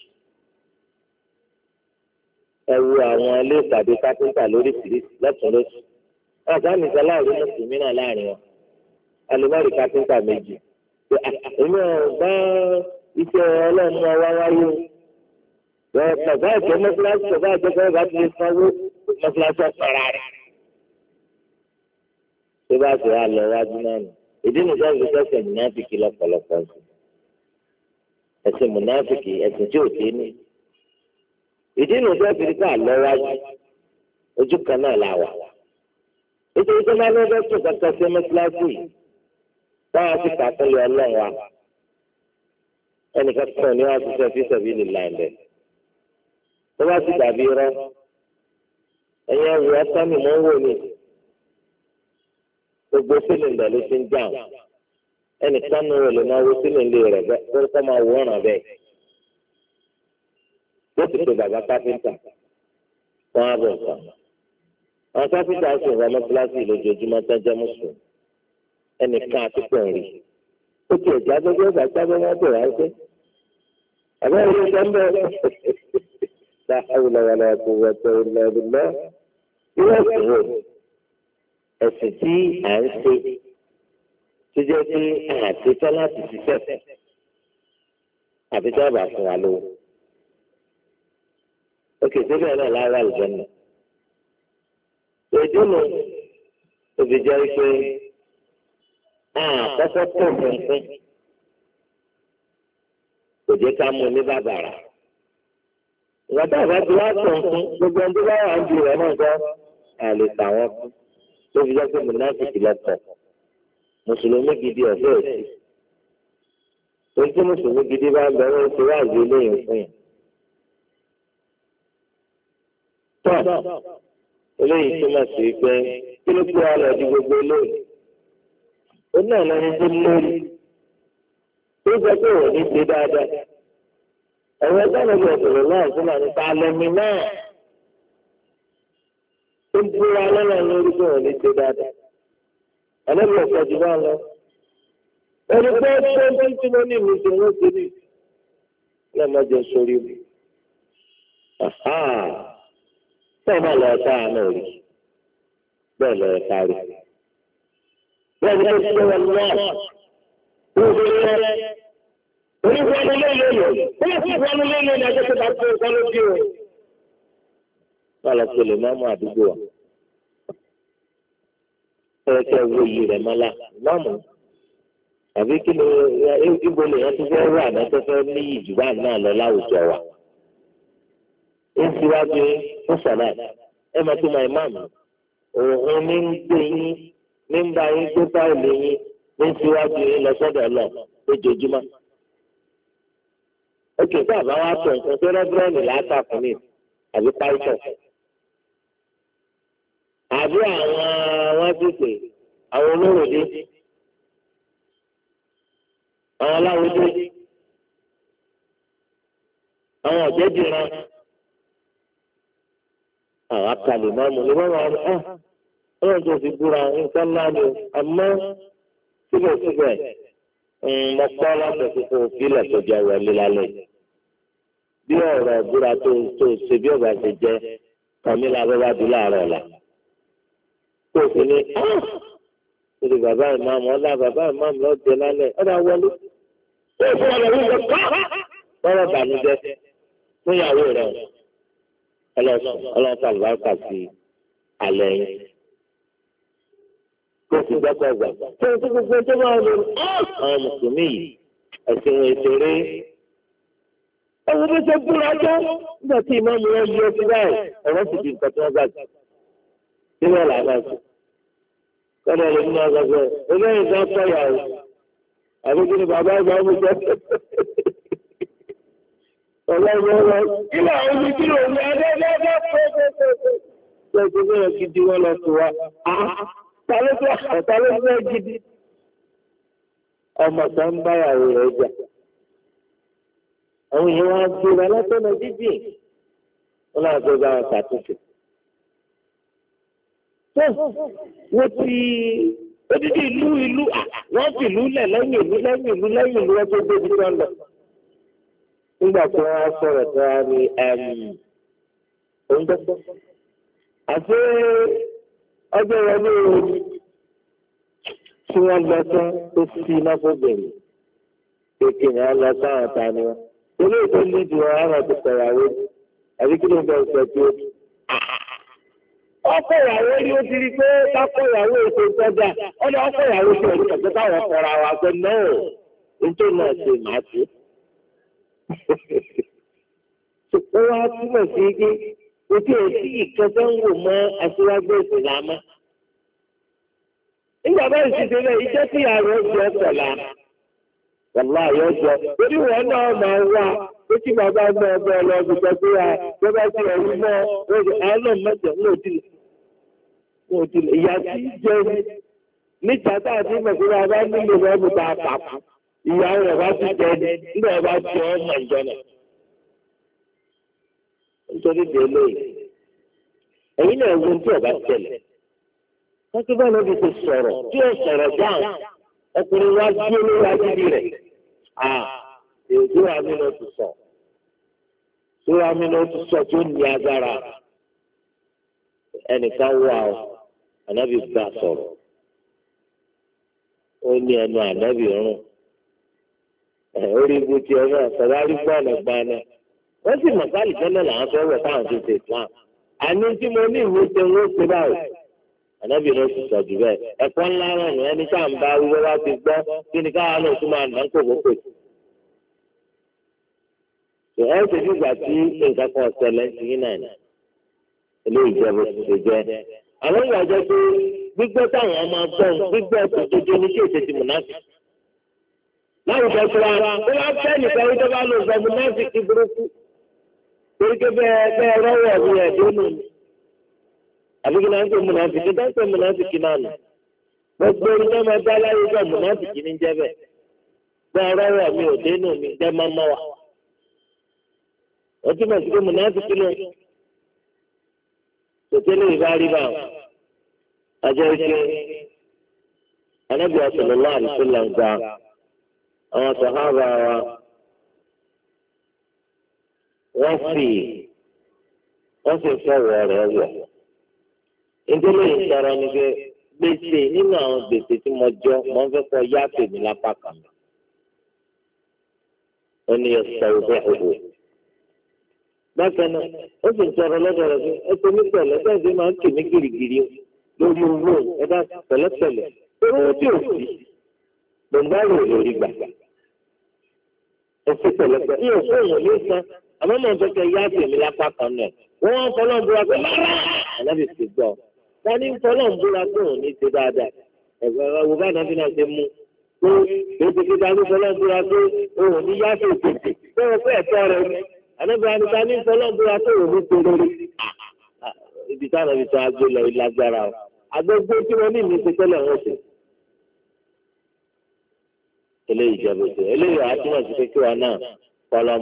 ẹ wo àwọn ilé ìtàgé kápẹ́ńtà lóríṣiríṣi lọ́tùnlọ́sì ọ̀gá mi sọ láàrin mùsùlùmí náà láàrin wọn alùmọ́rì kápẹ́ńtà méjì èmi ò bá iṣẹ́ ọlọ́run wa wá wáyé o bàbá àjọ mọ́sálásí bàbá àjọ bàbá ti lè sanwó mọ́sálásí ọ̀pára rẹ̀ tó bá ti wá lọ wájú náà nù ìdí nìkan ló sẹ́sẹ̀ mùnáfìkì lọ́pọ̀lọpọ̀ ẹ̀sìn mùnáfìkì ẹ̀sìn tí ò dé ìdí inú tó fi ká lọ́wájú ojú kan náà la wà. nítorí tó máa ń lọ́dọ̀ tó kankan sí mọ́síláṣí yìí báwa ti kà fún ilé ọlọ́run wa ẹnìkan kan ní wàá ṣiṣẹ́ fi sọ̀bí lè la ẹ̀ tó bá ti dàbí rọ ẹ̀yin ẹ̀rù ọ̀sán mi mọ́ ń wò mí gbogbo sílìndà ló ti ń dáhùn ẹnìkan nù lè máa wo sílìndà rẹ̀ bẹ́ẹ̀ kó máa wọ́ràn bẹ́ẹ̀ ó ti pe bàbá káfíńtà wọn á bọ̀ nǹkan àwọn káfíńtà sì ń wọ mọ́tíláṣí lójoojúmọ́ tán jẹ́ mùsùlùmí ẹnìkan àti pọ̀nrì ó ti ẹ̀já gbẹ́gbẹ́ ìgbà jábọ́ wọn bọ̀ wá sí àbẹ́rẹ́ ìṣẹ́ ń bẹ̀rẹ̀ la hawla wa la quwwata illa billah ìwé ìṣòro ẹ̀sìn tí à ń ṣe tó jẹ́ àtẹ́tọ́ láti ṣiṣẹ́ àbí fún wa lówó òkè síbẹ̀ náà lára àlùjẹ́nà. èdè mi òbí jẹ́ pé àkọ́kọ́ tó fúnfún kò jẹ́ ká mú ní bàbàrà. ìgbà tá a bá ti wá fúnfún gbogbo ẹni tó bá wà ń di rẹ̀ náà gbọ́ àlè tàwọn kú tó fi jẹ́ pé mùnáfíìkì lọ́pọ̀ mùsùlùmí gidi ọ̀fẹ́ òsì. ojú mùsùlùmí gidi bá ń bẹ̀rẹ̀ oṣù wáàzì eléyìí fún yìí. náà eléyìí túmọ̀ sí pé kí ló gbé ara ẹ̀dí gbogbo eléyìí ó náà lẹ́ni tó lórí tó sọ pé òun ní ṣe dáadáa ẹ̀rọ ẹgbẹ́ ìlú ọ̀sọ̀rọ̀ náà tó máa ní ta lẹ́mi náà tó ń búra lọ́nà lórí pé òun ní ṣe dáadáa ẹlẹ́mi ọ̀sọ̀ jù náà lọ ẹni pé tó ń tí mo ní mi ṣe wọ́n ṣe lẹ́ẹ̀mọ́jọ sórí mi sẹ́yìn náà lọ́ọ́ táyà náà rí bẹ́ẹ̀ lọ́ọ́ kárí. Bẹ́ẹ̀ ni ó ti wọ náà ó ti rẹ́ onífọ́nù lélẹ̀ lò ó yẹ kí ìfọ́nù lélẹ̀ ní ajọ́ tó bá tó ìfọ́nù bí o. Wọ́n lọ pẹ̀lú mọ́mú àdúgbò wa. Ẹ kẹ́ wo iyì rẹ̀ mọ́lá mọ́mú àbí kí ni ibo lèèyàn ti fẹ́ rà náà tó fẹ́ níyì jù báyìí náà lọ láwùjọ wa ń síwájú ń sọ̀lá ẹ máa tó máa ìmáàmù òun ní ń gbé yín ní ń bá yín gbé báyìí yín ní ń síwájú yín lọ sọ́dọ̀ lọ lójoojúmọ́. ó kì í sáà bá wá tó nǹkan tó rẹ́bírẹ́nì látàkùn ní àbí páìtọ̀. àbí àwọn wọn ti pè àwọn olóròdé àwọn aláwòdé àwọn ọ̀jẹ̀dìran àwọn akalè máa mú lè má wà ní ẹ ọlọ́run tó búra nǹkan náà ni àmọ́ síbẹ̀síbẹ̀ mo kọ́ láti fífún òfìlẹ̀ tó jẹ́ wọlé lálẹ́ bí ọ̀rọ̀ ìbúra tó tó ṣe bí ọ̀gá ṣe jẹ́ kàmílà bàbá bí láàárọ̀ ọ̀la tó fi ní ṣèlè ah, bàbá ìmáàmù ọ̀la bàbá ìmáàmù lọ́jọ́ lálẹ́ ọ̀dà wọlé tó fi ọ̀rọ̀ yìí ah, lọ kọ́ ọ̀rọ̀ bànújẹ́ fún ìyàwó rẹ̀ ọlọ́ọ̀tà àlùbáríkà sí alẹ́ yẹn. Kó o gbọ́kọ̀ gbà. Kí o tó gbogbo ẹjọ́ máa lò ó. Àwọn mùsùlùmí yìí ẹ̀sìn wọn ìṣeré. Ẹ̀wọ̀n bó ṣe búra jẹ́ nígbà tí ìmáàmù wọn yọ sí báyìí ọ̀rọ̀ sì di nǹkan tí wọ́n gbà jù. Nínú ọ̀la náà Kọ́dọ̀ lè nínú ọgbà sọ, olóyìn kan kọ́ ìyàwó. Àbíkí ni bàbá ìgbà mú jẹ́ ọlọ́wọ́wọ́ ilẹ̀ orí tí ó ní ẹgbẹ́gbẹ́ pẹ́gbẹ́gbẹ́ gidi wọ́n lọ tó wá tàlẹ́gbẹ́ gidi ọmọ tó ń báyàwó rẹ̀ jà àwọn èèyàn wá gbéra látọ̀nà jíjì wọn náà tó bá wọn ṣàtúnṣe tó wọ́n ti odidi ìlú ìlú wọ́n fi ìlú lẹ̀ lẹ́yìn ìlú lẹ́yìn ìlú lẹ́yìn ìlú wọn tó gbé ibi tó ń lọ nígbà tí wọ́n á sọ̀rọ̀ tó wá ní oúnjẹ. àti ọjọ́ ìwọlé orí tí wọ́n lọ tán tó sí iná fóbìnrin kéèké ni wọ́n lọ sáwọn ta ni wọ́n. ilé ìtọ́ lídìí wọn á máa ti sọ̀yàwó àbí kí ló ń bẹ ìfẹ́ tí ó dùn. ọkọ̀yàwó ni ó ti rí pé kákọ̀yàwó èso sọ́jà ọ̀nà ọkọ̀yàwó ti rí pẹ̀lú káwọn fọra wa pé náà nítorí náà ṣe màá ṣe ó wá túmọ̀ sí pé ojú ẹ̀ sí ìkẹsẹ̀ ń wò mọ́ aṣíwájú ìsìlámà. nígbà bá ìṣiṣẹ́ náà iṣẹ́ tí ààrẹ ọjọ́ ọ̀tọ̀lá wàlá ààrẹ ọjọ́ ó ní wọn náà máa wá ó ti bàbá gbọ́ ọgbẹ́ ọlọ́ọ̀dún sọ pé à tó bá ti ẹ̀rú mọ́ ọjọ́ àálọ̀ mẹ́jọ ń lò dìlẹ̀ ìyá tí jẹ́ níta tá a ti mọ̀ pé bàbá nílò rẹ̀ mú ta pàpà ìyá rẹ̀ bá ti jẹ nígbà yẹn bá jẹ ọmọ ìjọ náà nítorí dé lóyè ẹ̀yin náà wo tí ọba tẹ̀lé kákí bá lọ́bi ti sọ̀rọ̀ tí ó sọ̀rọ̀ dáhùn ọkùnrin wa dúró lórí adébí rẹ̀ à èdè àmínà ti sọ èdè àmínà ti sọ tó ní agbára ẹnìkan wà ó ànábì gbà sọ̀rọ̀ ó ní ẹnu ànábì rún orí ibu tí ọ náà sọ̀rọ̀ arígbọ́nà gbaná wọ́n sì mọ̀ sáàlì jẹ́ náà làwọn sọ̀rọ̀ táwọn ti ṣe Islam àní tí mo ní ìwé ṣe wọ́n ṣe báwò ànábì ló sì sọ jù bẹ́ẹ̀ ẹ̀kọ́ ńlá rẹ̀ ní ẹni tá à ń bá wíwọ́ wá ti gbọ́ kí ni káwa náà tún máa nà ń kòkó pè sí. ṣe ṣe fìgbà tí nǹkan kan ṣẹlẹ̀ sí yín náà ni ilé ti ṣe jẹ́ àwọn ìwà jẹ́ pé gbígbẹ́ táwọn ọmọ láwùjọ tó wa ó wá fẹ́ nìkan wíjọ́ bá lò sọ fún nọ́ọ̀sì kí burúkú torí pé bẹ́ẹ̀ bẹ́ẹ̀ rọ́wọ́ mi tó nù náà ń náà ń náà nù gbogbo náà máa láyé ní mi ò máa wa sí pé kò tẹ́lẹ̀ ìbá rí bá wọn àjẹ́ ìṣe anábìyà sọ̀rọ̀ àwọn sàhábà wa wọ́n sì wọ́n sì fọwọ́ rẹ̀ wọ̀. ìdílé ìtara ni pé gbèsè nínú àwọn gbèsè tí mo jọ mo ń fẹ́ kọ́ yá tèmi lápá kan mi. ó ní ọ̀sẹ̀ òbẹ́ òbò. bákan náà ó sì ń tọrọ lọ́dọ̀ rẹ̀ pé ẹ tẹ́lẹ̀ pẹ̀lẹ́ bẹ́ẹ̀ sì máa ń kì mí gìrìgìrì lórí owó ẹ̀dá pẹ̀lẹ́pẹ̀lẹ́ owó tí ò sí gbọ̀ngbàrò lórí gbàgbà òsì pẹ̀lẹ́pẹ̀ ní òkú òun yóò san àmọ́ mọ̀ nípa kẹ yá tèmi lápá kan náà wọ́n ń fọlọ́ ń búra pé rárá ànábì sì gbọ́ wọ́n ní fọlọ́ ń búra pé òun ní ti dáadáa ẹ̀gbọ́n wo bá ànábì náà ṣe mú pé ètò ìdá ní fọlọ́ ń búra pé òun ní yá sí òkèkè pé wọ́n fẹ́ ẹ̀tọ́ rẹ̀ ní ànábì àníta ní fọlọ́ ń búra pé òun ní ah, ah, ah. ti rere ibi táwọn ibi tó agbélé lágbára o agbègbè tí wọ́n ní ìmísí tẹ́lẹ̀ wọ́n ṣe eléyìí jẹ́bi tó eléyìí àtúmọ̀ sí pé kí wa náà kọlọ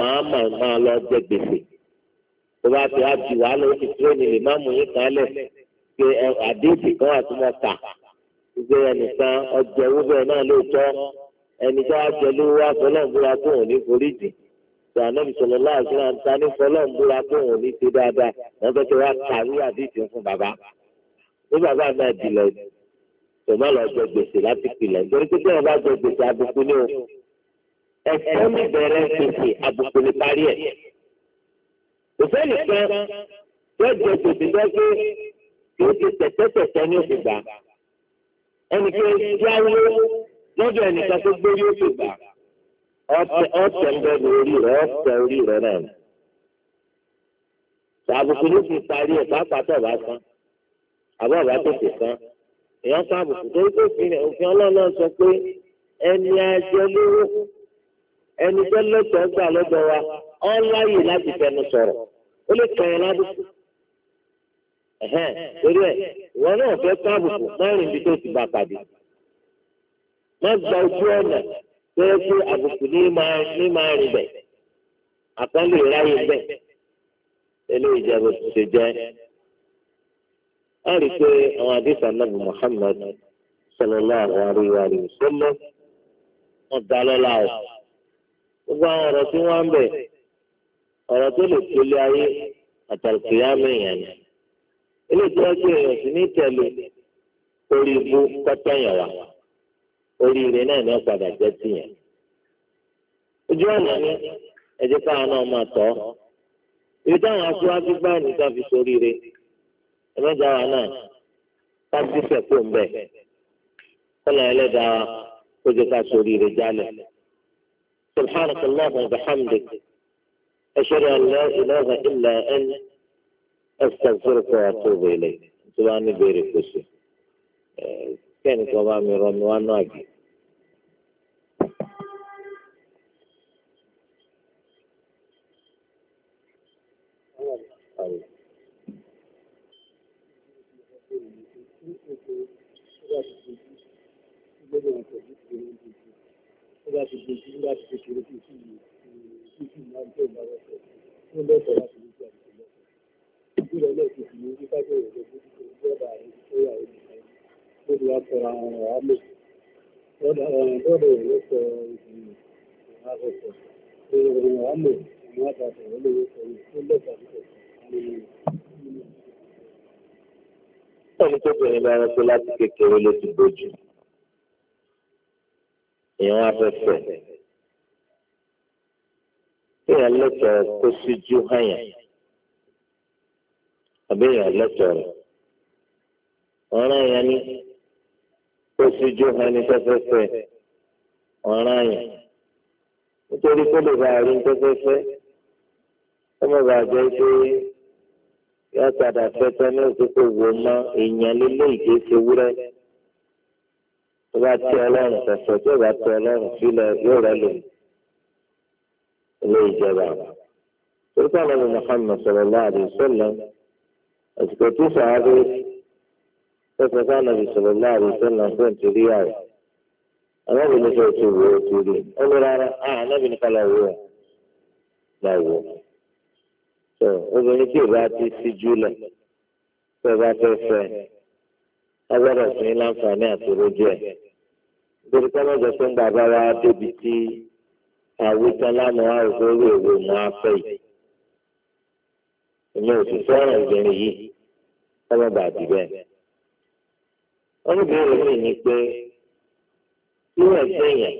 máa máa lọ jẹ gbèsè tó bá ti wá ju wàhálà ó ti tírénì lè má mú yín kan lẹ̀ pé àdéhùn kan wà tó mọ̀ kà gbé ẹnìkan ọjọ́ owó bẹ́ẹ̀ náà lóòótọ́ ẹni tó wá jẹ lówó wá fọlọ́ǹbúra tó òun ní forí jì tó ànábì sọ̀rọ̀ láàzú náà ta ní fọlọ́ǹbúra tó òun ní ti dáadáa wọ́n fẹ́ tó wá kàwé àdéhùn fún bàbá ní bàbá náà dì lọ́dún tó má lọ jẹ gbèsè láti pilẹ̀ nítorí pé tí wọ́n bá jẹ gbèsè àbùkù ni o ẹ̀fọ́ mi bẹ̀rẹ̀ gbèsè àbùkù ni parí ẹ̀ òfé nìkan yóò jẹ gbèsè lọ́gbé yóò ti tẹ̀tẹ̀tẹ̀tẹ̀ ní oṣù gbà ẹnìkan yáwó lọ́dọ̀ ẹnìkan tó gbé yóò ti gbà ọ̀tẹ̀ ń bẹ̀rù orí rẹ̀ ọ̀tẹ̀ orí rẹ̀ náà àbùkù ló fi parí ẹ̀ pápá tó ọ̀bá san àbọ̀ ọ̀bá tètè san èèyàn sọ àbùkù torí pé òfin òfin ọlọ́run náà sọ pé ẹni ajẹ́ lówó ẹni tó lẹ́tọ̀ọ́ gbà lọ́dọ̀ wa ọ́ láyè láti fẹnu sọ̀rọ̀ ó lè kàn yẹn lábùkù ẹ̀hẹ́n torí ẹ̀ ìwọ náà fẹ́ sọ àbùkù mẹ́rin bí tó ti bá pàdé má gba ojú ọ̀nà tó yẹ pé àbùkù ní máa rìn bẹ̀ àpọ́nlé ráyè bẹ̀ eléyìí jẹ́ bó ti ṣe jẹ́ a rí i pé àwọn àdìsí anábì Muhammad sallallahu alaihi wa sallam wọn dá lọ́la o gbogbo àwọn ọ̀rọ̀ tí wọ́n ń bẹ̀ ọ̀rọ̀ tó lè tó lé ayé àtàlùkìyà mẹ́yàn ni eléyìí wọ́n gbé èèyàn sí ní tẹ̀lé orí ibú kọ́tẹ́yàn wa orí ire náà ní ọ̀padà jẹ́ tìyàn ojú ọ̀nà ni ẹ káwọn náà máa tọ́ ibi táwọn aṣáájú báyìí nígbà fi sóríire. ẹlẹ́jà wa náà tábísẹ̀ kó ń bẹ̀ kọ́lá ẹlẹ́jà wa kó jẹ́ ká sórí rẹ̀ jálẹ̀. سبحانك اللهم وبحمدك أشهد أن لا إله إلا أنت أستغفرك وأتوب إليك سبحان بيري كسي كان كما ميرون وانو أجي Thank you. láti kékeré kí sì kí sì máa ń tẹ̀ máa rọ̀ṣẹ̀ fún lẹ́sọ̀ láti lè ṣe àdìsí lọ́sẹ̀. ìbílẹ̀ lẹ́ẹ̀kejì ni nípa bẹ̀rẹ̀ lọ sí ìjọba àwọn ìṣẹ́yà olùkọ́ lórí àtọ̀rọ̀ àwọn ọ̀rọ̀ àmì lọ́dọ̀ rẹ̀ sọ ìdìbò àròsọ lórí ọ̀rọ̀ àmì àwọn àtàtà olówó sọ fún lẹ́sọ̀ àdìsọ̀ Ẹni tó bẹ̀rẹ̀ bá rántí láti kékeré ló ti bójú. Èèyàn á fẹ́ fẹ́ èèyàn lẹ́tọ̀ọ́ kó síjú hàyàn àbí èèyàn lẹ́tọ̀ọ́ rẹ̀ ọ̀ràn èèyàn ní kó síjú hàní fẹ́fẹ́fẹ́ ọ̀ràn èèyàn nítorí kó lè bá rí fẹ́fẹ́fẹ́ ọmọ bàjẹ́ pé yàtàdà fẹ́fẹ́ ní òkúkú wò mọ́ èèyàn lílé ìdè ṣe wúrẹ́ tó bá tẹ ọlọ́run fẹ́fẹ́ tó bá tẹ ọlọ́run sílẹ̀ yóò rẹ́ lòun ilé ìjọba orúkọ àlọ́ Muhammad sallallahu alaihi wasallam àsìkò tó sàádé tẹsán sáà nàbì sallallahu alaihi wasallam fún ìtìrí àwọ àwọn obìnrin fẹẹ ti wò ó tìrí ó ní rárá ah, àwọn anábìnrin kan lọ wò ó lọ wò ó tó obìnrin tí ìbá ti sí júlẹ tó bá fẹẹ fẹ agbára òfin láǹfààní àti rojú ẹ nítorí pé wọn jọ débi tí àwùjọ lámọ àrùkórè òwò mọ afẹ yìí èmi ò sì fẹ́ràn obìnrin yìí ọmọ bàbí bẹ́ẹ̀. oníbèrè mi ni pé tí ẹgbẹ́ yẹn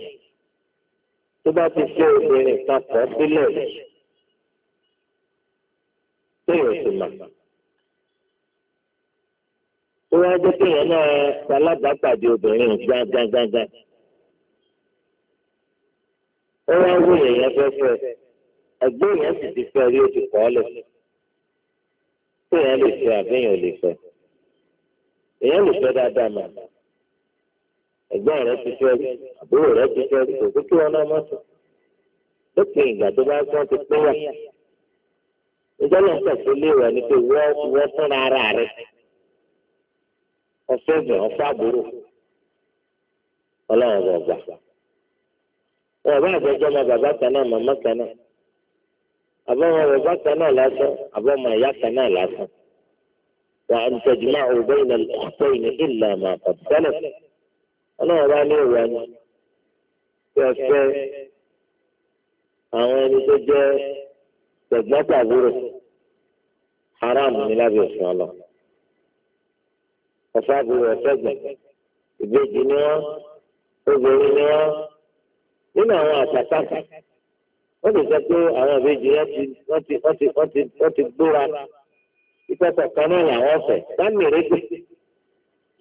tó bá ti fẹ́ obìnrin kan kọ́ sílẹ̀ yìí téèyàn sì mà tó wá jẹ́ kéèyàn náà ṣalábàápàdé obìnrin gbángángángán ó wá wí èèyàn fẹ́fẹ́ ẹgbẹ́ èèyàn sì ti fẹ́ rí oṣù kọ́ lẹ̀ tí èèyàn lè fẹ́ àbẹ́yàn lè fẹ́ èèyàn lè fẹ́ dáadáa mà ẹgbẹ́ rẹ ti fẹ́ rí àbúrò rẹ ti fẹ́ rí kò kí wọn náà mọ̀ sọ lópin ìgbà tó bá sọ ti pín wà ìjọ náà tẹ̀sí lé wà ní pé wọ́n wọ́n fúnra ara rẹ ọ̀fẹ́ bẹ̀ ọ̀fẹ́ àbúrò ọlọ́run bọ̀ ọba bá àjọjọ ọmọ bàbá kan náà màmá kan náà àbọ ọmọ bàbá kan náà lásán àbọ ọmọ ìyá kan náà lásán wà á tẹ̀jú máa ò bẹ́ẹ̀ ní ọ̀pọ̀ ìní ìlà máa kọ̀ tẹ́lẹ̀ ọlọ́run bá ní ìwà ni tí ẹ fẹ́ àwọn ẹni tó jẹ́ tẹ̀gbọ́n tàbúrò haram ní lábẹ́ òfin ọlọ ọ̀fọ̀ àbúrò ọ̀fẹ́gbẹ̀ ìbejì ni wọ́n obìnrin ni ti e fe awon eni to je tegbon taburo haram ni labe ofin olo ofo aburo gbe ibeji ni won obinrin ni won nínú àwọn àtàtà wọ́n lè sọ pé àwọn ìbejì wọ́n ti wọ́n ti wọ́n ti wọ́n ti gbóra ìpẹ́tọ̀ kan náà làwọn ọ̀fẹ́ sáàmì rẹ́gbẹ́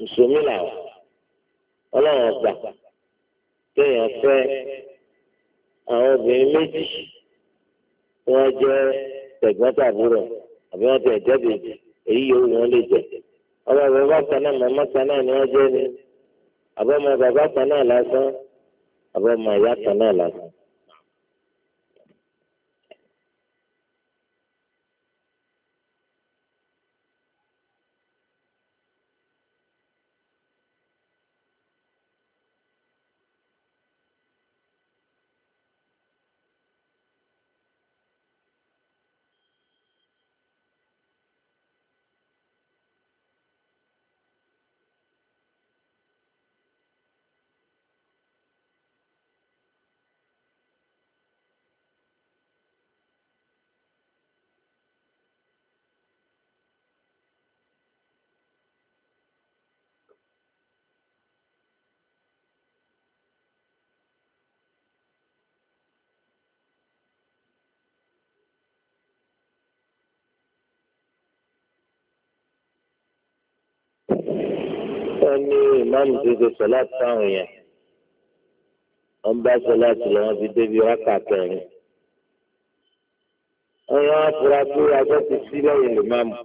ìṣòmí làwọn ọlọ́run ọgbà kéèyàn fẹ́ àwọn obìnrin méjì wọ́n jẹ́ tẹ̀gbọ́ntàbúrò àbí wọ́n ti ẹ̀jẹ̀ bèjì èyí yòówù wọ́n lè jẹ ọmọ bàbá kan náà màmá kan náà ni wọ́n jẹ́ ni àbọ̀mọ bàbá kan náà lásán àbọ̀mọ̀ ìyá kan náà làwọn. kan ní ìmáàmù tó ṣe sọlá táwọn yẹn wọn bá sọlá tí wọn fi débi rákà kẹrin wọn yọ afura tó ajọ ti sí lẹ́yìn ìmáàmù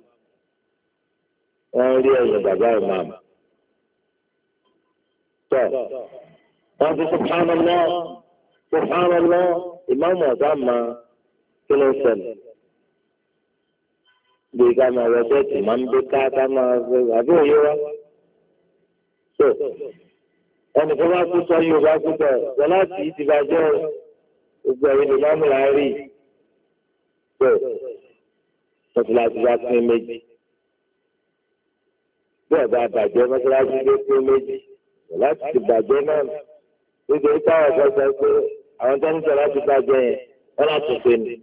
wọn rí ẹ̀yìn bàbá ìmáàmù tọ wọn fi subhanallah subhanallah ìmáàmù ọ̀gá ma kí ló ń ṣẹlẹ̀ bẹ́ẹ̀ tì máa ń bí ká ká máa fẹ́ àbí òye wa tó ẹnì kan bá kú sọ yóò bá kú tọ̀ sọ láti ti bàjẹ́ gbogbo ẹ̀rí lè máa mú la rí tó mọ́tíláṣí bá pín méjì bí ọ̀gá bàjẹ́ mọ́tíláṣí ló pín méjì sọ láti ti bàjẹ́ náà nítorí táwọn ọ̀gá sọ pé àwọn tó ń sọ láti bàjẹ́ yẹn wọ́n láti pè ní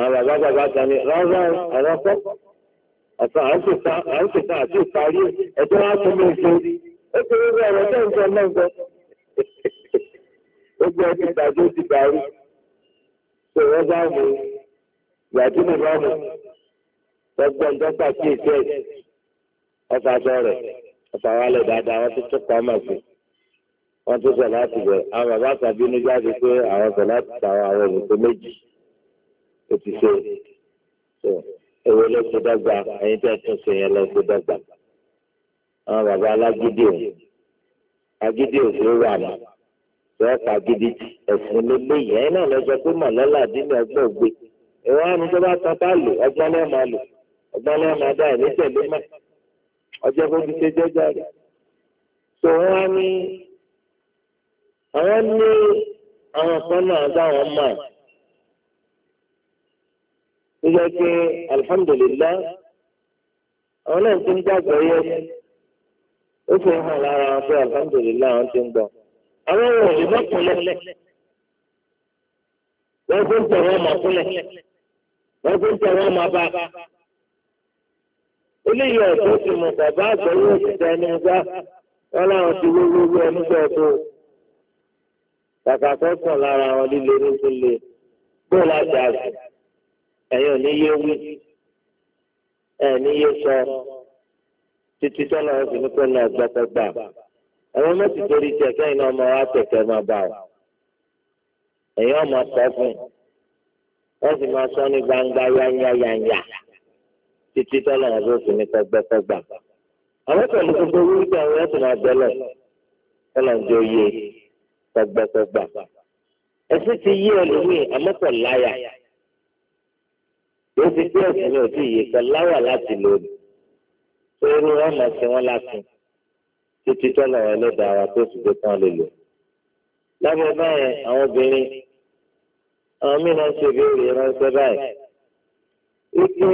àwọn bàbá bàbá kan ní rárá àwọn kọ́kọ́ ọ̀sán à ń ṣètàn àti ìparí ẹ̀jẹ̀ wá tó mú ìṣe ó ti rí bẹ́ẹ̀ rẹ̀ tẹ́ǹtì ọlọ́gbọ́n ó gbé ẹni ìgbàgbé ti darí tó wọ́n bá mú ìyàtí mi bá mú lọ́gbọ́n dọ́gba sí ìṣe ọ̀fà sọ̀rọ̀ ọ̀fà wálẹ̀ dáadáa wọ́n ti tún pa ọmọ sí wọ́n tún sọ láti bẹ̀ àwọn bàbá sàbínú jáde pé àwọn sọ láti tàwọn àwọn òmùtò méjì ó ti ṣe èwo ló ti dọ́gba ẹ̀yin tẹ́ tún ṣe yẹn lọ sí dọ́gba àwọn bàbá alágídí ò agídí ò sí wà mọ́ lọ́ọ́ pa gidi ẹ̀sìn lélẹ́yìn ẹ̀yin náà lọ́jọ́ pé mọ̀lẹ́lá dín ní ọgbọ́n ògbé ìwọ́n á ní tó bá tán bá lò ọgbọ́n náà máa lò ọgbọ́n náà máa dá ẹ̀mí tẹ̀lé mọ́ ọjọ́ bó ṣe jẹ́jà rẹ̀ tó wọ́n á àwọn ní àwọn kan náà dá wọn mọ́ ẹ̀ tó jẹ́ pé alhamdulillah àwọn náà ti ń gbàgbọ́ yẹ ó fi hàn lára wọn pé alhamdulillah àwọn ti ń gbọ́ àwọn ohun èlò mọ́kànlẹ̀ wọ́n fi ń tẹ̀ wọ́n mọ́kúnlẹ̀ wọ́n fi ń tẹ̀ wọ́n mọ́ bá eléyìí ọ̀dọ́ ti mọ̀ bàbá àgbẹ̀wò òṣìṣẹ́ ẹni gbá wọn láwọn ti wó wúwo ẹni bẹ́ẹ̀ tó kàkà kọ́kàn lára wọn líle ní sílé bóòlù àti àgbẹ̀ ẹ̀yin ò ní yé wí ẹ̀ ní yé sọ títí sọ́nà ọ̀sìn ní pẹ̀lú àgbàtàgbà ẹ̀wọ̀n mẹ́sì torí tiẹ̀ kẹ́yìn náà ọmọ wa tẹ̀kẹ́ máa bà ọ́ ẹ̀yin ọmọ sọ fún wọ́n sì máa sọ ní gbangba yányáyányá títí sọ́nà ọ̀sìn ní pẹ̀gbẹ́pẹ̀gbà àwọn pẹ̀lú gbogbo wíwíjà àwọn ẹ̀sìn máa bẹ̀lẹ̀ sọ́nà ọ̀jọ́ yé pẹ̀gbẹ́pẹ̀gbà ẹ̀sìn ti yé ẹlòmíì àmọ́pọ̀ láyà kìí ṣe pé ẹ̀sìn mi ò tí ì yé kan láwà láti lò ní pé irú wọn máa ṣe wọn láti títí tọ́lọ̀ wọn lẹ́dàá wa tó sì dé kán lè lò. lábẹ́ báyẹn àwọn obìnrin àwọn mìíràn ṣe ìbéèrè ránṣẹ́ báyìí wípé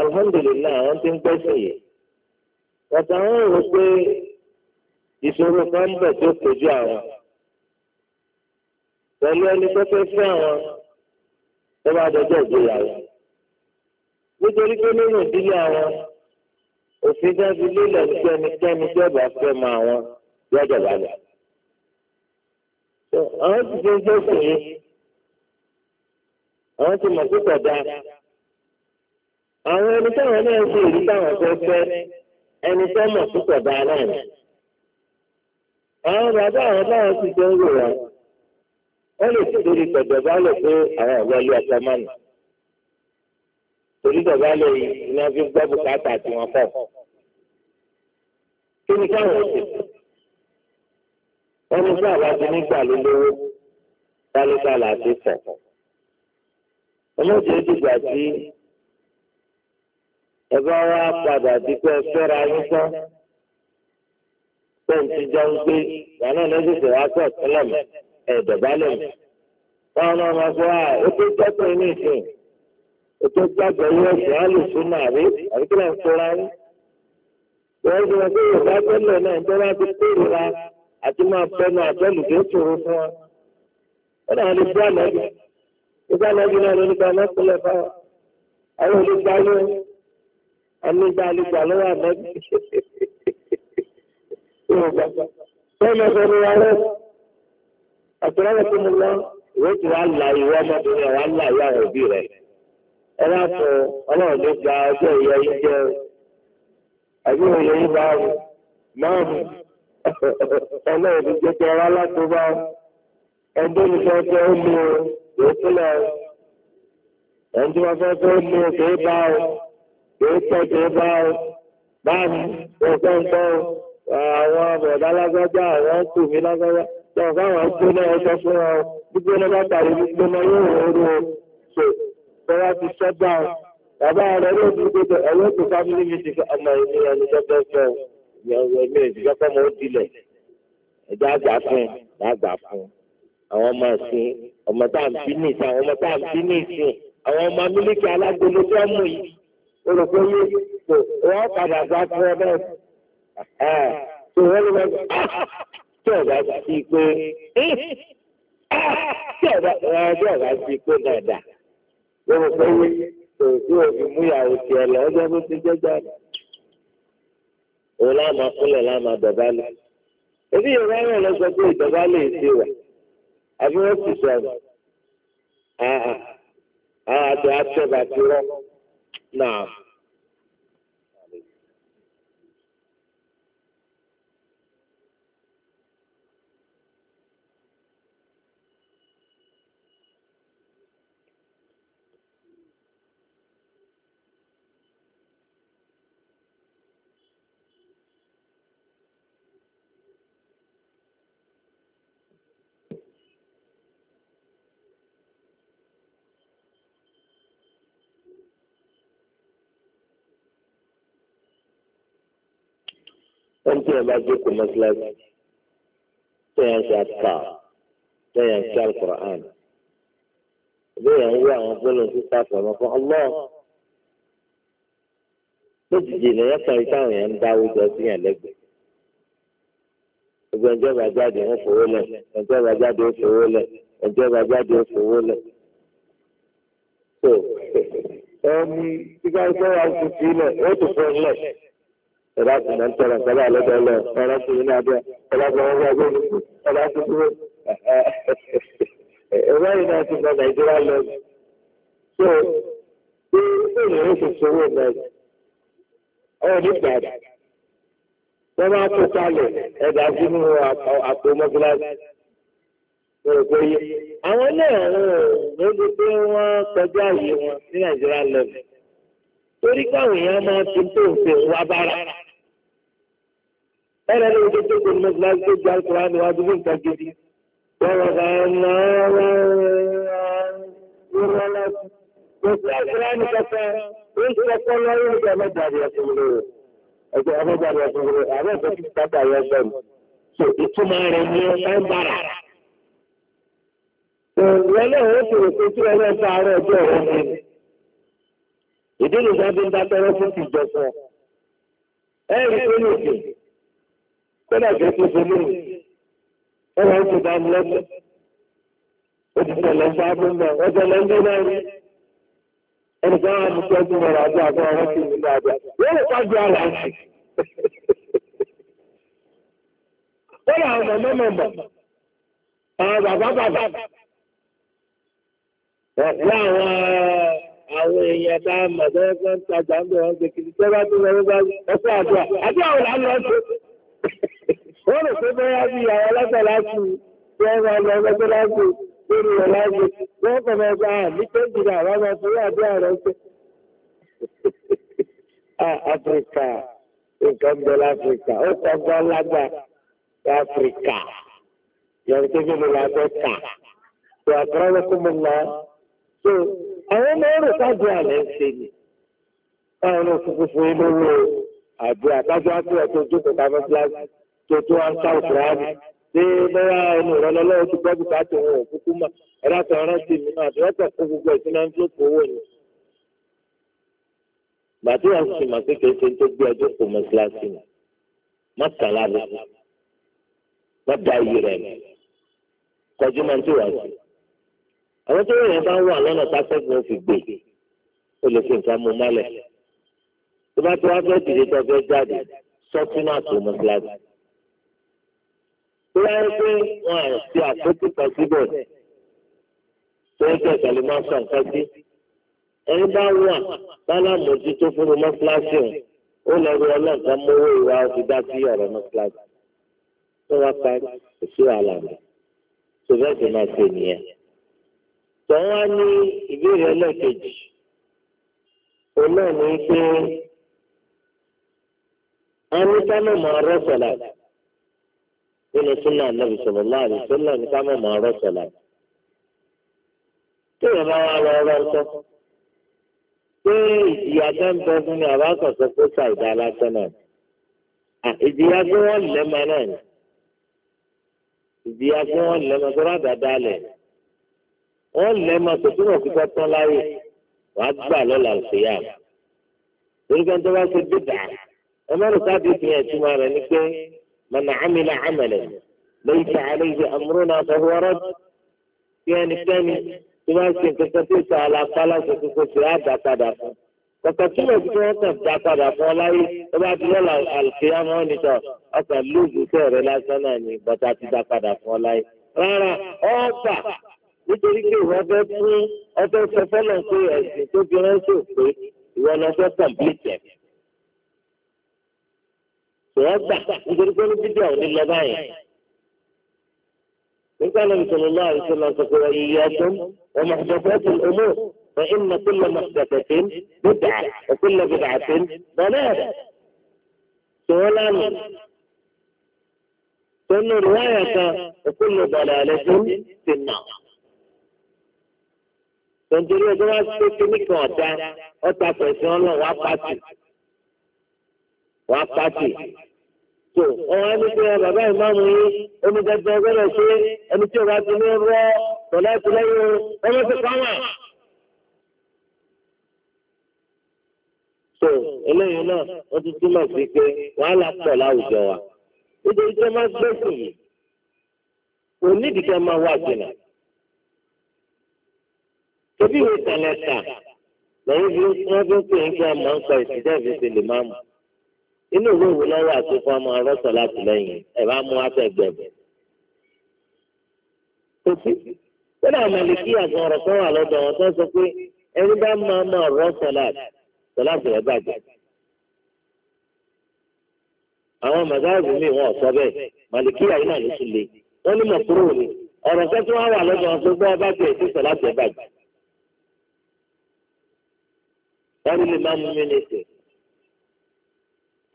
alhamdulilayi àwọn ti ń gbẹ́sìn yìí bàtà wọn rò pé ìṣòro kan bẹ̀ tó kojú àwọn pẹ̀lú ẹni pẹ́pẹ́ fún àwọn tó bá dọjọ́ ìgbéyàwó nítorí pé nínú ìdílé àwọn òfin dájú lílẹ̀ nípa ẹnikẹ́ni tí ọba fẹ́ mọ àwọn yọjọ balẹ̀. àwọn ti fi ń gbé òfin yìí àwọn ti mọ̀ púpọ̀ dá àwọn ẹni táwọn náà ṣe èyí táwọn fẹ́ fẹ́ ẹni tó mọ̀ púpọ̀ dá náà àwọn bàbá àwọn báwọn ti jẹ́ ń wò wọn wọ́n lè ti torí pẹ̀jọba lọ pé àwọn ọ̀gá ilé ọkọ̀ máa nù torí dọ̀bálẹ̀ yìí iná fi gbọ́ bùkátà tiwọn pọ̀. kí ni káwọn ṣe? wọ́n ní fún àbájú nígbà lólówó tálíkà láti pọ̀. ọlọ́dẹ dìgbà tí ẹ bá wá padà dípẹ́ fẹ́ra yín tán pẹ́ǹtì jọ ń gbé ìgbà náà lẹ́sẹ̀sẹ̀ wá pọ̀ sílẹ̀ mọ́ ẹ̀ẹ́dọ̀bálẹ̀ mọ́. wọ́n náà máa fọ́ à ó tó tọ́kùn ní ìsìn ètò gbàgbọ́ yẹ ẹ̀sìn alùsùn náà rí àbí kí lóun tóra rí. wọ́n ti wọ́n pé yorùbá tẹ́lẹ̀ náà tó bá ti kórìíra àti máa fẹnu àtẹ́lùdé tòrò fún wa. wọ́n náà lè bí ànábì nígbà ànábì náà lórí ká náà kúlẹ̀ fáwọn. àwọn olùgbà yóò ànígbà àlùgbà lọ́wọ́ ànábì. yorùbá sọ́nà sọ́nà wa rẹ̀ àtúrà wọ́n ti mú lọ ìwé tí wàá la ìwé ọmọbìnrin wàá la ìyá òbí ẹlẹ́kọ̀ọ́ ọlọ́run ló gba ọjọ́ ìyá yín jẹ́ àbí òye yín bá wù máa mú ọlọ́run ló jẹ́ jẹ́ ọlá tó bá ẹgbẹ́ olùkọ́ jẹ́ ó mú o kò sílẹ̀ ẹni tí wọ́n fẹ́ tó mú o kò àwọn bọ̀dá lágbájá àwọn kù mí lágbájá lọ́wọ́ báwọn gbóná ẹjọ́ fún wọn gbígbóná bá tàbí yóò wọ́n rú tọ́wọ́ ti ṣọ́gbà bàbá rẹ̀ ló ti gbogbo ẹ̀wọ́ tó fámìlì mi ti fi ọmọ ìní ẹni gbọ́dọ̀ sọ ìyàwó ẹ̀mí ìdíjọ́ pé mo dilẹ̀ ẹ̀dá àgbà fún àgbà fún àwọn ọmọ ìsìn ọmọ tá à ń bí ní ìsìn àwọn ọmọ tá à ń bí ní ìsìn àwọn ọmọ mílíkì alágbèlè tó mú yìí olùkọ́ yìí tó wọ́n padà bá fún ọ bẹ́ẹ̀ tó wọ́n lè wọ́n ah, tí ọ̀gá sí pé hm, ah, tí ọ̀gá sí pé dáadáa yóò mọ̀ pé kò sí òfin mú ìyàwó tiẹ̀ lọ ọjọ́ bó ti jẹ́jà rẹ̀. òun láàmà kúnlẹ̀ láàmà dọ̀bálẹ̀. ebi yorùbá rẹ̀ lọ sọ pé ìdọ̀bálẹ̀ ti wà àbí wọ́n ti sọ̀rọ̀ àà àà àti àtẹ̀bàtì rọ̀ náà. ń tẹ̀ bá jókòó mọ́sálásí tẹ̀yàn ṣe àtà tẹ̀yàn ṣe alukur'an bẹ́ẹ̀ ń wí àwọn gbọ́dọ̀ tó ta fọ̀mọ́ fún ọlọ́ lójijì lèyàn kan yìí táwọn èèyàn ń dáwó jọ sí yàn lẹ́gbẹ̀ẹ́ gbogbo ẹjọ́ bá jáde ń fowó lẹ̀ ẹjọ́ bá jáde ń fowó lẹ̀ ẹjọ́ bá jáde ń fowó lẹ̀ tó <laughs> ẹni tí ká ń sọ́wọ́ àti tìlẹ̀ ó tún fọ́ lẹ̀ ẹ̀rọ àtúnṣe ń tọrọ nǹkan báyìí lọ́dọ̀ ọlọ́ ẹ̀rọ tó ní abẹ́ ẹ̀rọ tó wọ́n gbàgbé ẹ̀rọ tó dúró <laughs> ẹ̀rọ yìí náà ti mọ nàìjíríà lọ so bí ènìyàn ṣe sọ̀rọ̀ náà ọ̀rọ̀ nígbà wọ́n máa kó kalẹ̀ ẹ̀dá sínú àpò mọ́gíláàsì òkè yìí àwọn náà lójú pé wọ́n kọjá àyè wọn ní nàìjíríà lọ torí káwọn èèyàn máa ti tó òfin wá bára ẹ̀rẹ́ ló dé tó kòrò mẹ́sìlá tó gbé àkùrá níwájú fún nǹkan gidi wọ́n rọ̀ ẹ̀nà wọ́n rọ̀ kò sí àkùrá ní kẹfẹ́ ń sọkọ́ lọ́rùn nígbà mẹ́jáde ẹ̀fún mi lóore ẹ̀jẹ̀ mẹ́jáde ẹ̀fún mi lóore àwọn ẹ̀fẹ́ ìtumọ̀ rẹ̀ ní ẹ̀ ń bára. ìrọ̀lẹ́ òun pé kí ẹ ta àárọ̀ ọjọ́ rẹ̀ ní ìdí nìkan ń bá tẹ́rẹ́ fún ìjọ fún ẹ ní òkè kódà tó tó ṣe lóyún ó wọ́n ti dá mi lọ́sẹ̀ ó ti tẹ̀lé ṣá fún mi ó tẹ̀lé ń dúró rí ẹni kan wà ní tọ́jú mọ̀rọ̀ àti àbọ̀ ọ̀rọ̀ sí mi dáadáa yóò lè tọ́jú àlà sí. kódà àwọn mọ̀mọ́ mọ̀mọ́ àwọn bàbá bàbá láwọn àwọn èèyàn tá a mọ̀ tẹ́lẹ̀ fẹ́ ń tajà ń bẹ̀ wọ́n gbé kiri tẹ́lẹ̀ tó lọ́wọ́ bá ọkọ̀ àdúrà àdúrà wọn là ń lọ sí wọ́n rò pé bẹ́ẹ̀ bí àwọn alágbà láti wọ́n máa lọ ọgbẹ́ láti lórí rẹ̀ láti wọ́n kọ̀ máa gba àmì kéjì rẹ̀ àwọn ọmọ fún àbí àrẹ ṣe. Áfíríkà nǹkan ń bẹ láfíríkà ó kọ́ gbọ́ lágbà láfíríkà yẹn tó gbé lọ abẹ́ kà tó àkàrà ló kún mi lọ. So àwọn ọmọ rò kájú àlẹ́ ń ṣe ni báwọn ọmọ òfurufú inú wo àbí àkájọ àti ọ̀tún ojú kò ká mọ́ kíláàsì tó tó wá ń ká òkúránì ṣé bóyá ẹnu rẹ lọ́lọ́wọ́ ti gbọ́ bùkátà òun òkúkú mọ̀ ẹ̀rọ kan rántí mi náà àti ọ̀pọ̀ kó gbogbo ẹ̀ sí náà ń tó kó owó ni. gbàtí wọn sì mọ̀ sí kéṣe tó gbé ọjọ́ kò mọ̀ síláṣí mi má kàn lábẹ́ má da iyì rẹ̀ mi kọjú máa ń tó wá sí. àwọn tó yẹn bá wà lọ́nà pásẹ́gun fi gbé o lè fi nǹkan mú mọ́lẹ̀ tó bá tó wá fẹ́ dìde tó fẹ́ jáde sọ́tún náà tó mọ̀ síláṣí tó wáyé pé wọn à ti àpótí kan síbẹ̀ tó ń tẹ̀sán lè máa sàn ká sí. ẹni bá wà lálàmójú tó fún mi mọ́síláṣí ọ̀ ó lọ rí ọlọ́ọ̀ká mówó ìwà ọtí dá sí ọ̀rọ̀ mọ́síláṣí. tó wá pa èsì àlàmì tó bẹ́ẹ̀ ṣe nìyẹn. tọ́ wá ní ìbéèrè ẹlẹ́ẹ̀kejì òun náà ní pé a ní ká máa rọ́ sọ̀lá nínú súnà nàbì sọ̀rọ̀ láàrin súnà ní ká mọ̀ mọ́ ọ̀rọ̀ sọ̀lá. tí ìyẹn bá wà lọ ọ̀rọ̀ ńkọ́ pé ìjìyà tó ń bẹ fún mi àbá kan sọ pé ṣàìdá lásán náà ìjìyà tí wọ́n lẹ́ mọ náà ni ìjìyà tí wọ́n lẹ́ mọ tó rábà dálẹ̀ wọ́n lẹ́ mọ tó túnbọ̀ kíkọ́ tán láyè wàá gbà lọ́la òṣèyà torí pé bá ṣe dídà ẹ má من عمل عملا ليس عليه أمرنا فهو رد يعني كان تماسك كتبت على فلا ستكون هذا كذا kọkàtúmọ̀ tí wọ́n kàn dá padà fún ọ láyé tó bá ti lọ́la àlùkìyàmọ́ nìjọ ọkàn lóògùn iṣẹ́ rẹ lásán náà ni bọ́tà ti dá padà fún ọ láyé. rárá ọ̀ọ́bà nítorí pé ìwọ fẹ́ fún ọfẹ́ sọ fọ́nà pé ẹ̀sìn tó fi ránṣẹ́ òpè ìwọ lọ fẹ́ kọ̀m̀pìlìtì ẹ̀. wọ́n gbà nítorí pé ní bíbí àwọn onílọ báyìí. nígbà náà فإن كل محدثة بدعة وكل بدعة ضلالة سؤال كل رواية وكل ضلالة في النار تنتظر جواز تكنيك ودا وتعطي سؤال وعطاتي wàá pàṣẹ. tó ọ̀hún ẹni pé bàbá ìmáàmù yìí onídàájọ́ gbọ́dọ̀ ṣe ẹni tí òun ti ní rọ tọ̀lá ìpínlẹ̀ yìí ọmọ ti pàmà. tó eléyìí náà wọ́n ti túmọ̀ sí pé wàhálà pọ̀ láwùjọ wa. nítorí tí wọ́n máa gbé fún yìí kò nídìí kí wọ́n máa wá jìnnà. tòbí ìwé tẹ̀lẹ̀ ta lẹ́yìn bí wọ́n fi ń pè é kí wọ́n máa ń sọ ìsìdẹ́ẹ̀fì ṣe lè máa mú inú ìwé ìwé lọ́wọ́ àti fún ọmọ arọ́sọ̀ láti lẹ́yìn ẹ̀ bá mú afẹ́gbẹ́ bẹ̀. kò sí kódà màlìkí àti ọ̀rọ̀ kan wà lọ́dọ̀ wọn tó sọ pé ẹni bá máa ma ọ̀rọ̀ sọ̀láàtì sọ̀láàtì rẹ̀ bàjẹ́. àwọn màgáàzì mi wọn sọ bẹ́ẹ̀ màlìkí àyè náà ló tún le wọ́n ní mọ̀ kúrò ní ọ̀rọ̀ kan tí wọ́n wà lọ́dọ̀ wọn tó gbọ́ ọba tẹ̀ sí sọ̀láàtì rẹ̀ bàjẹ́.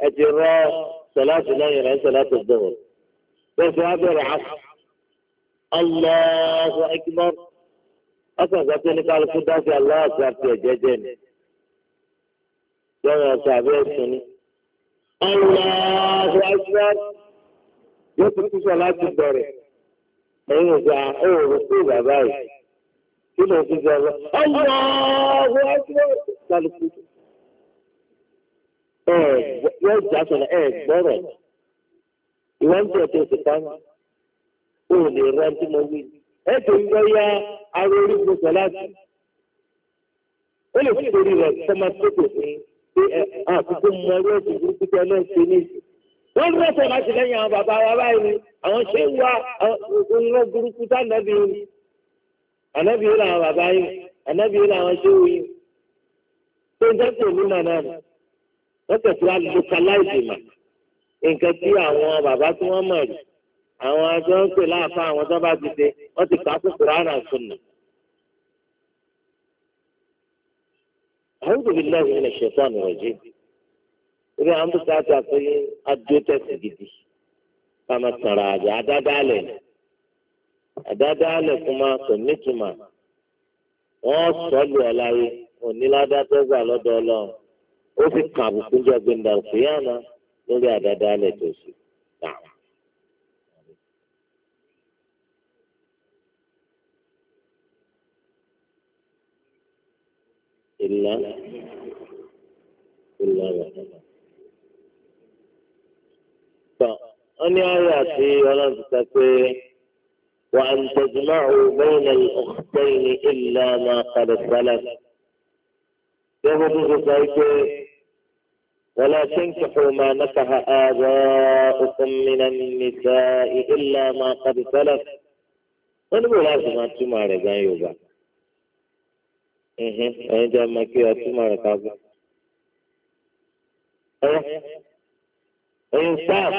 اجراء ثلاث ليلة ثلاث الظهر بس العصر الله اكبر اصلا قال قالوا الله اكبر يا جدين يا سابقني الله اكبر يترك صلاة الظهر الله كله الله أكبر ẹ yóò já sọ̀rọ̀ ẹ gbọ́rọ̀ ìwọ́n tí o ti ti pa mọ́ o lè rán tí mo wí ẹ tó ń gbọ́yà ara orí gbogbo láti ó lè fi torí rẹ̀ sọ́mà tó kò sí pé ẹ àkókò mọ ọdún ẹ̀sìn burúkú tí ọlọ́run ṣe ní ìsìn wọ́n ń rẹ́pọ̀ láti lẹ́yìn àwọn bàbá wa báyìí àwọn ṣé wà ọ̀rọ̀ burúkú sànàbí yìí ànábì yìí làwọn bàbá yìí ànábì yìí làwọn ṣé wù yìí tó ń dẹ́kun ní màná nù wọ́n tẹ̀sí wá localize mà nǹkan tí àwọn bàbá tí wọ́n mọ̀ rí àwọn àjọ ń pè láàfáà àwọn tó bá ti dé wọ́n ti kà á fún kùránà sunna. A'udhu billahi minash shaitani rajim orí àwọn bùkátà pé adó tẹ̀sí gidi ká máa tàrà àdádálẹ̀ àdádálẹ̀ kó máa kò nítumà wọ́n sọ lù ọ́ òní ládàá tẹ́gbà lọ́dọ̀ ó sì kan àbùkù jẹ́ gbẹ̀ndà òkúyàmà lórí àdáda alẹ́ tó sì tà. إلا إلا وحده أني آياتي ولم تكن وأن تجمعوا بين الأختين إلا ما قد سلف ولا تنكحوا ما نكح آباؤكم من النساء إلا ما قد سلف ونبو لازم أتما رجع يوبا أها أنا جاي ما كي أتما رجع أبو أيه أيه سام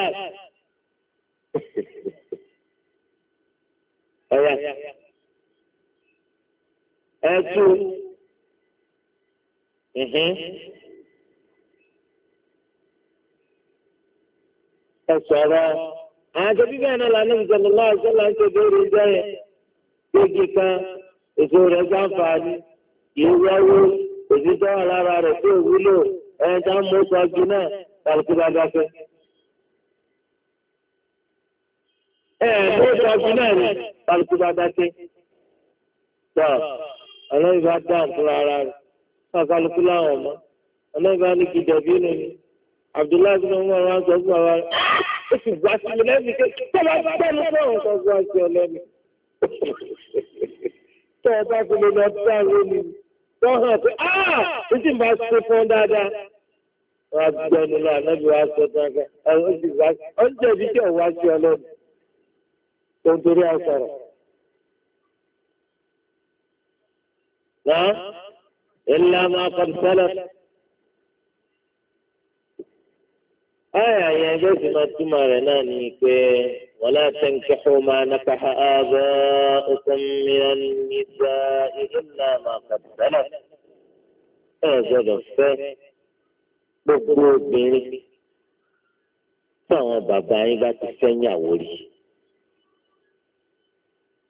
أيه أيه Mm-hmm. ẹ sọ̀rọ̀ àjọ bíbí àná lànà ìjọba àjọlá ń tẹ̀lé orí ìjọ yẹn lójú kan èso rẹ̀ gbàǹfààní ìwáwó òjijọ́ alára rẹ̀ tó wúlò ẹ̀ dá mú sọ́jú náà kálukú bá dákẹ́. ẹ̀ mú sọ́jú náà ni kálukú bá dákẹ́. tọ́ ọlọ́run bá dáhùn fúnra ara rẹ̀ kálukú láwọn ọmọ ọlọ́ba ní kí dẹ̀bí nù ní abdullahi bin umar wọn sọ fún wa ó sì gbà sí mi lẹ́nu pé tó bá gbẹ́ mi fún òun sọ fún wa sí ọ lẹ́nu tó o bá fi lè lọ sí àwọn ẹni tó hàn pé áà ah, ó sì máa ṣe fún dáadáa wọn gbẹnu lọ ànábi wa sọ dáadáa ó sì gbà ó jẹ̀bi tí ò wá sí ọ tó ń torí àṣàrò. Náà. إلا ما قد سلف آية يا جوزنا تمارا ناني ولا تنكحوا ما نكح آباؤكم من النساء إلا ما قد سلف ẹ gbọ́dọ̀ fẹ́ gbogbo obìnrin بابا bàbá yín bá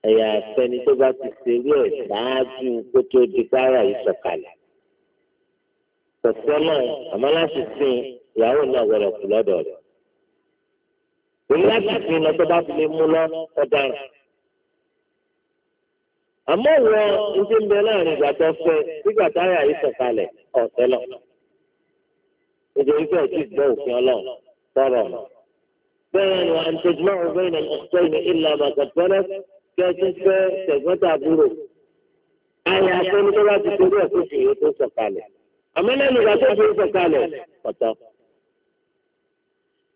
ẹ̀yà àfẹni tó bá ti ṣerú ẹ̀ dáájú kó tó di kára yìí sọ̀kalẹ̀. Tọ̀sẹ́lẹ̀ àmọ́ láti sin ìyàwó náà gbọdọ̀ kù lọ́dọ̀ rẹ̀. Èyí láti sin lọ tó bá fi lè mú lọ ọ̀daràn. Àmọ́ wọ ndí ń bẹ láàrin ìgbà tó fẹ́ nígbà táyà yìí sọ̀kalẹ̀ ọ̀tẹ́lọ̀. Nítorí pé ọtí gbọ́ òfin ọlọ́run tọrọ ọ̀nà. Bẹ́ẹ̀ ni àǹtẹ̀jùmọ́ ọ̀gbẹ́ni ọ̀gbẹ́ni ìlànà àgbàgbọ́nà kẹ́sí fẹ́ tẹ̀gbọ́ntàbúrò àyà àtẹni tó bá ti torí ẹ̀ tó sì yé tó sọ̀kalẹ̀ àmọ́ lẹ́nu ìgbà tó fi sọ̀kalẹ̀ ọ̀tọ̀.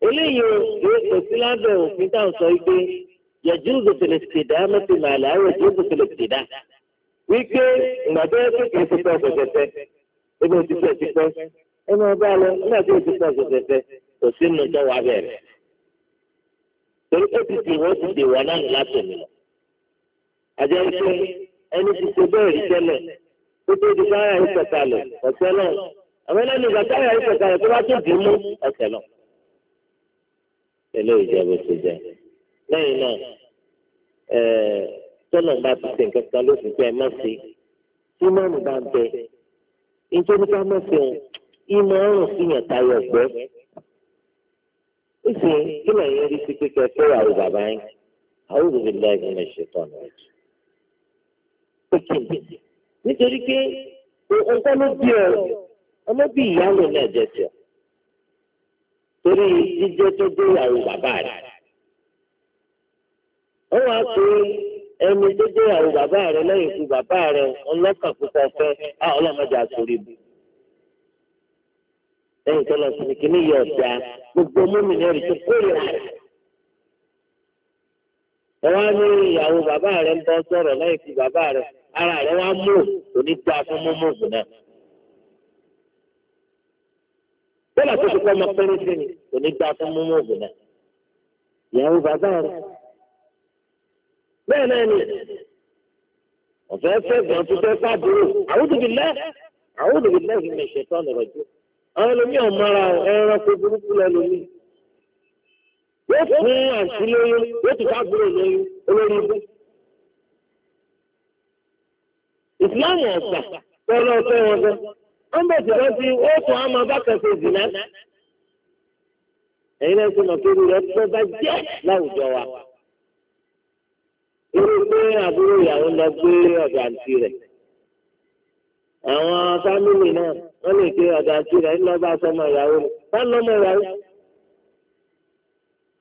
eléyìí yóò kò sí lábẹ́ òfin táwọn sọ wípé yẹjú gòkèlè tìdá mẹ́tì màlẹ́ àwọn yẹjú gòkèlè tìdá wípé ìgbàdọ́ ẹ̀ kékeré ti pẹ́ ọ̀sẹ̀sẹ̀ ebi o ti pẹ́ ti pẹ́ ẹ máa bá a lọ nígbà tí o ti pẹ́ ọ̀sẹ̀sẹ̀ kò sí nù tó wà bẹ̀rẹ̀ torí pé ti tì wọ́n ti tì wọ́n náà látòmí lọ àjẹ́ pé ẹni tí ṣe bẹ́ẹ̀ rí tẹ́lẹ̀ tó tó di káyà ìṣẹ̀kalẹ̀ ọ̀sẹ̀ náà àwọn ẹlẹ́ni ìgbà káyà ìṣẹ̀kalẹ̀ tó bá tó dì í mú ọ̀sẹ̀ náà. eléyìí jẹ́ bó ṣe jẹ́ lẹ́yìn náà tọ́nà bá ti ṣe nǹkan kan ló fi jẹ́ má ṣe tí mọ́nù bá bẹ nítorí ká má ṣe hàn ìmọ̀ ọ̀rùn sí yàn tayọ ó sì ń kí lẹ́yìn rí sí pé kẹ́kẹ́ àwọn bàbá yín àwọn òbí pèkè nítorí pé nǹkan ló bí ọ ọmọ bí ìyáwó náà jẹ tiọ torí jíjẹ tó dé ìyàwó bàbá rẹ ó wàá pé ẹni tó dé ìyàwó bàbá rẹ lẹ́yìn ikú bàbá rẹ ọlọ́kàn púpọ̀ fẹ́ á ọlọ́mọdé àtòrí bù lẹ́yìn tó lọ sí ni kíní yọ gbogbo mọ́mìnira tó kórè rẹ wọ́n á ní ìyàwó bàbá rẹ̀ ń bọ́ sọ̀rọ̀ lẹ́yìn tí bàbá rẹ̀ ara rẹ̀ wá mú òní gbà fún mọ́mọ́ọ̀gù náà. bọ́lá tó ti kọ́ ọmọ pẹ́rẹ́ sí ni òní gbà fún mọ́mọ́ọ̀gù náà. ìyàwó bàbá rẹ̀ bẹ́ẹ̀ náà ni ọ̀fẹ́ fẹ́ gan fẹ́ fàbúrò àwùjọbí lẹ́ àwùjọbí lẹ́ mẹ̀ṣẹ̀ tọ́ ọ̀nà rẹ̀ jù àwọn ẹlòmíọ̀ mọ́ra ẹranko burúkú lẹ́ lómi. yóò fún àǹtí lóyún yóò tún bá gbúrò lóyún olórí ibú. ìsìláàmù ọ̀gbà pẹ̀lú ọ̀fẹ́ wọn gan. bẹ̀ tí wọ́n ti ó tún ẹ̀yin náà ti mọ̀ pé bá jẹ́ láwùjọ wa. irú pé àbúrò ìyàwó lọ gbé ọ̀dọ̀ àǹtí rẹ̀. àwọn fámìlì náà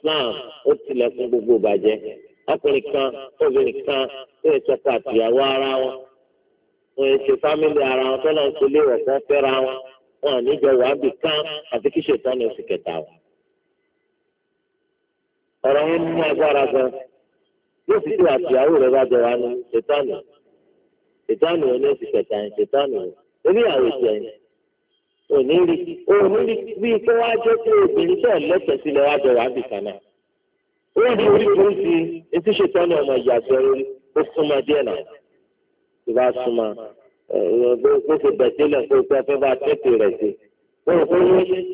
islam ó tilẹ̀kùn gbogbo bàjẹ́ ọkùnrin kan obìnrin kan tó yẹ sọkọ àtìyàwó ara wọn wọn yẹ ṣe fámìlì ara wọn tọ́lá ń ṣẹlẹ̀ ọ̀kan fẹ́ra wọn wọn àníjọ wàábì kan àti kí ṣètọ́ ní oṣù kẹta wọn. ọ̀rọ̀ yẹn mú agbára gan yóò fi tí àtìyàwó rẹ bá jẹ wá ní ṣètọ́nù ṣètọ́nù ní oṣù kẹta ṣètọ́nù oníyàwó ìjẹun oníri oníri bíi kí wọ́n á jẹ́ pé obìnrin tẹ̀ lẹ́sẹ̀ sílẹ̀ wá jọ wàá bìkan náà. ó ní oríṣiríṣi etí ṣetán ní ọmọ ìyàgbẹ́ orí ó súnmọ́ díẹ̀ náà tí bá súnmọ́ bó ṣe bẹ̀tẹ̀ lẹ̀ kó pé afẹ́ bá tẹ́tẹ̀ rẹ̀ sí. ó rò pé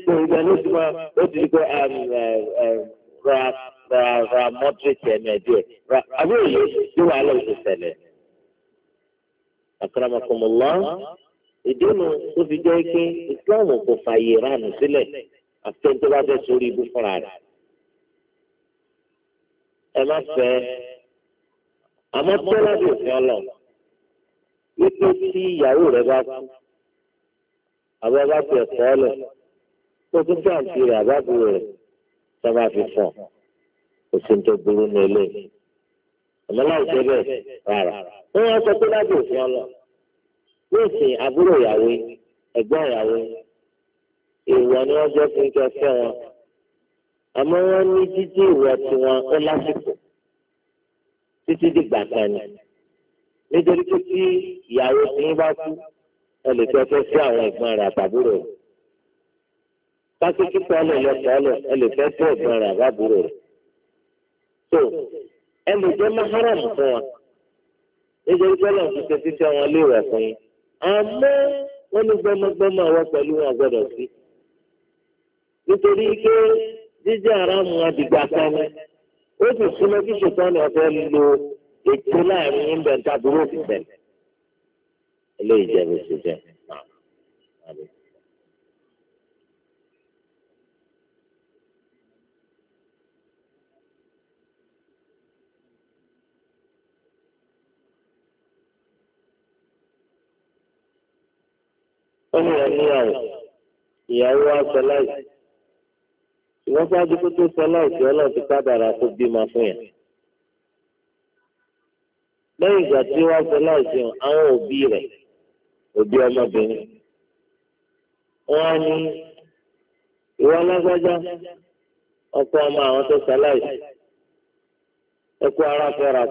kò ìgbà ló ti máa ó ti di pé ra ra ra mọ́tírìtì ẹ̀mí ẹ̀ díẹ̀ ra àbúrò yìí yóò wà lọ́wọ́ ti tẹ̀lẹ̀. àkàràmọ̀kọ̀mọ̀lá ìdínú tó fi jẹ́ pé islam kò fààyè ránù sílẹ̀ àfihàn tó bá fẹ́ sórí ibú fúnra rẹ̀. ẹ má fẹ́ àmọ́ tó lábẹ́ òfin ọlọ́ wípé tí ìyàwó rẹ̀ bá kú àbá bá tiẹ̀ kọ́ lẹ̀ tó tún fẹ́ àǹtí rẹ̀ àbábò rẹ̀ tó bá fi fọ̀ kò tó burú nílé. àmọ́ láì jẹ́ bẹ́ẹ̀ rárá wọ́n wá sọ pé lábẹ́ òfin ọlọ́ yóò ṣe àbúrò ìyàwó ẹ̀gbọ́n ìyàwó èèwọ̀ ni wọ́n jẹ́ fún ike ọ̀fẹ́ wọn àmọ́ wọ́n ní jíjí ìwọ̀ tiwọn ó lásìkò títí dìgbà kan ni nítorí pé tí ìyàwó tí ń bá kú ẹ lè fi ọ̀fẹ́ sí àwọn ẹ̀gbọ́n rẹ̀ àtàbúrò rẹ̀ pásítì pọ́ọ̀lù lọ́sọ̀ọ́lù ẹ lè fẹ́ tó ẹ̀gbọ́n rẹ̀ àbábúrò rẹ̀ tó ẹ lè jẹ́ máháràmù fún wọn nítorí pé lọ́n ti ṣe títí wọn léèwọ̀ fún yín. àmọ́ wọ́n ní gbọ́mọgbọ́mọ àwọn pẹ̀lú wọn gbọ́dọ̀ sí. nítorí pé jíjẹ́ aráàmù adìgbà kan ni ó sì súnmọ́ kí ọ̀fẹ́ lo ètò láàrin ìbẹ̀ntàbúrò ti eléyìí jẹ́ bó onu ní ìyá níyàwó ìyàwó wa ìwọ́n sáájú kó tó sọ ọlọ́run ti kádàrà kó bímọ fún yẹn. lẹ́yìn ìgbà tí wọ́n sọ láìsí àwọn òbí rẹ̀ òbí ọmọbìnrin wọ́n á ní ìwọ lágbájá ọkọ ọmọ àwọn tó ẹkú ara fẹ́ra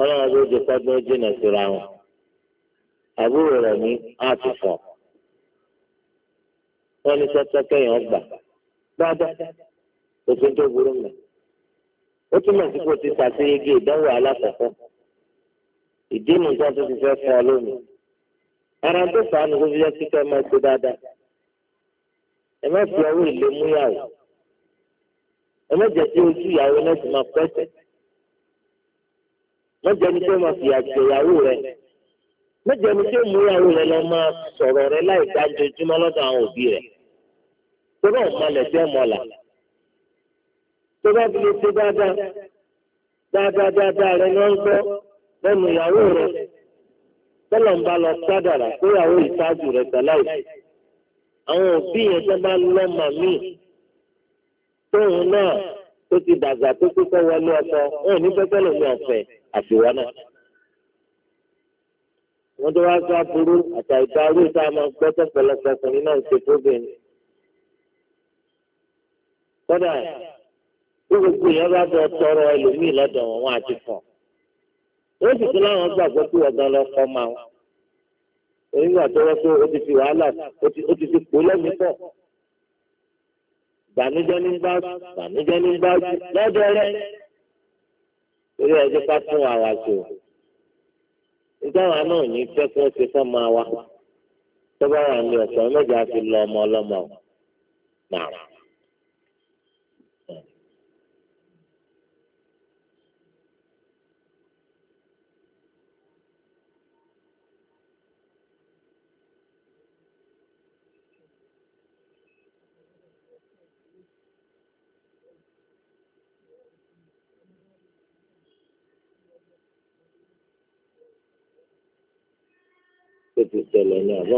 ọlọ́run ló síra wọn. àbúrò rẹ̀ ní àtìfọ̀ wọ́n ní sọ́tọ́ kẹ́yìn ọgbà dáadáa òfin tó burú mọ́ ó túmọ̀ sí kó o ti ṣàṣeyege ìdánwò alákọ̀ọ́kọ́ ìdí nìkan tó ti fẹ́ fún ọ lónìí ara tó fà á ní kó fi yẹ kíkẹ́ máa gbé dáadáa ẹ má fi ọwọ́ ìlé múyàwó ẹ má jẹ́ sí ojú ìyàwó náà ti máa pẹ́sẹ̀ má jẹ́ ní pé máa fìyà jẹ rẹ̀ mẹjọ ni tí ó mú àwọn rẹ lọ máa sọ̀rọ̀ rẹ láì dájú ojúmọ́ lọ́dọ̀ àwọn òbí rẹ tó bá ọmọ rẹ jẹ mọlà tó bá fi lè ṣe dáadáa dáadáa dáadáa rẹ lọ ń gbọ́ lẹ́nu ìyàwó rẹ tọlọ ń bá lọ sádàrà pé ìyàwó ìtajú rẹ tẹláì àwọn òbí yẹn tó bá lọ́mọ míì tóun náà tó ti dàgbà tó kókó wọlé ọkọ wọn ò ní pẹpẹ lòun ọ̀fẹ́ àfiwọ náà wọ́n tó wá sọ aburú àti àìta orí ìta máa gbọ́ tọ́pọ̀lọpọ̀ ọkùnrin náà ń ṣe fóbìnrin. kódà bí gbogbo èèyàn bá bọ tọrọ ẹlòmíì lọ́dọ̀ wọn wọn àti fọ̀. ó sì tún láwọn gbàgbọ́ pé ọ̀gá lọ kọ́ máa wọn. onígbà tó wọ́n pé ó ti fi wàhálà ó ti fi pò lẹ́mìí pọ̀. ìbànújẹ́ ní bá ìbànújẹ́ ní bá lọ́dọ̀ rẹ̀. torí ẹjọ́ ká fún àwàṣe ìgbàwá náà ní fẹ́ kí wọ́n ṣe fẹ́ máa wá tó bá wà ní ọ̀sán mẹ́jọ á fi ọlọ́mọ náà.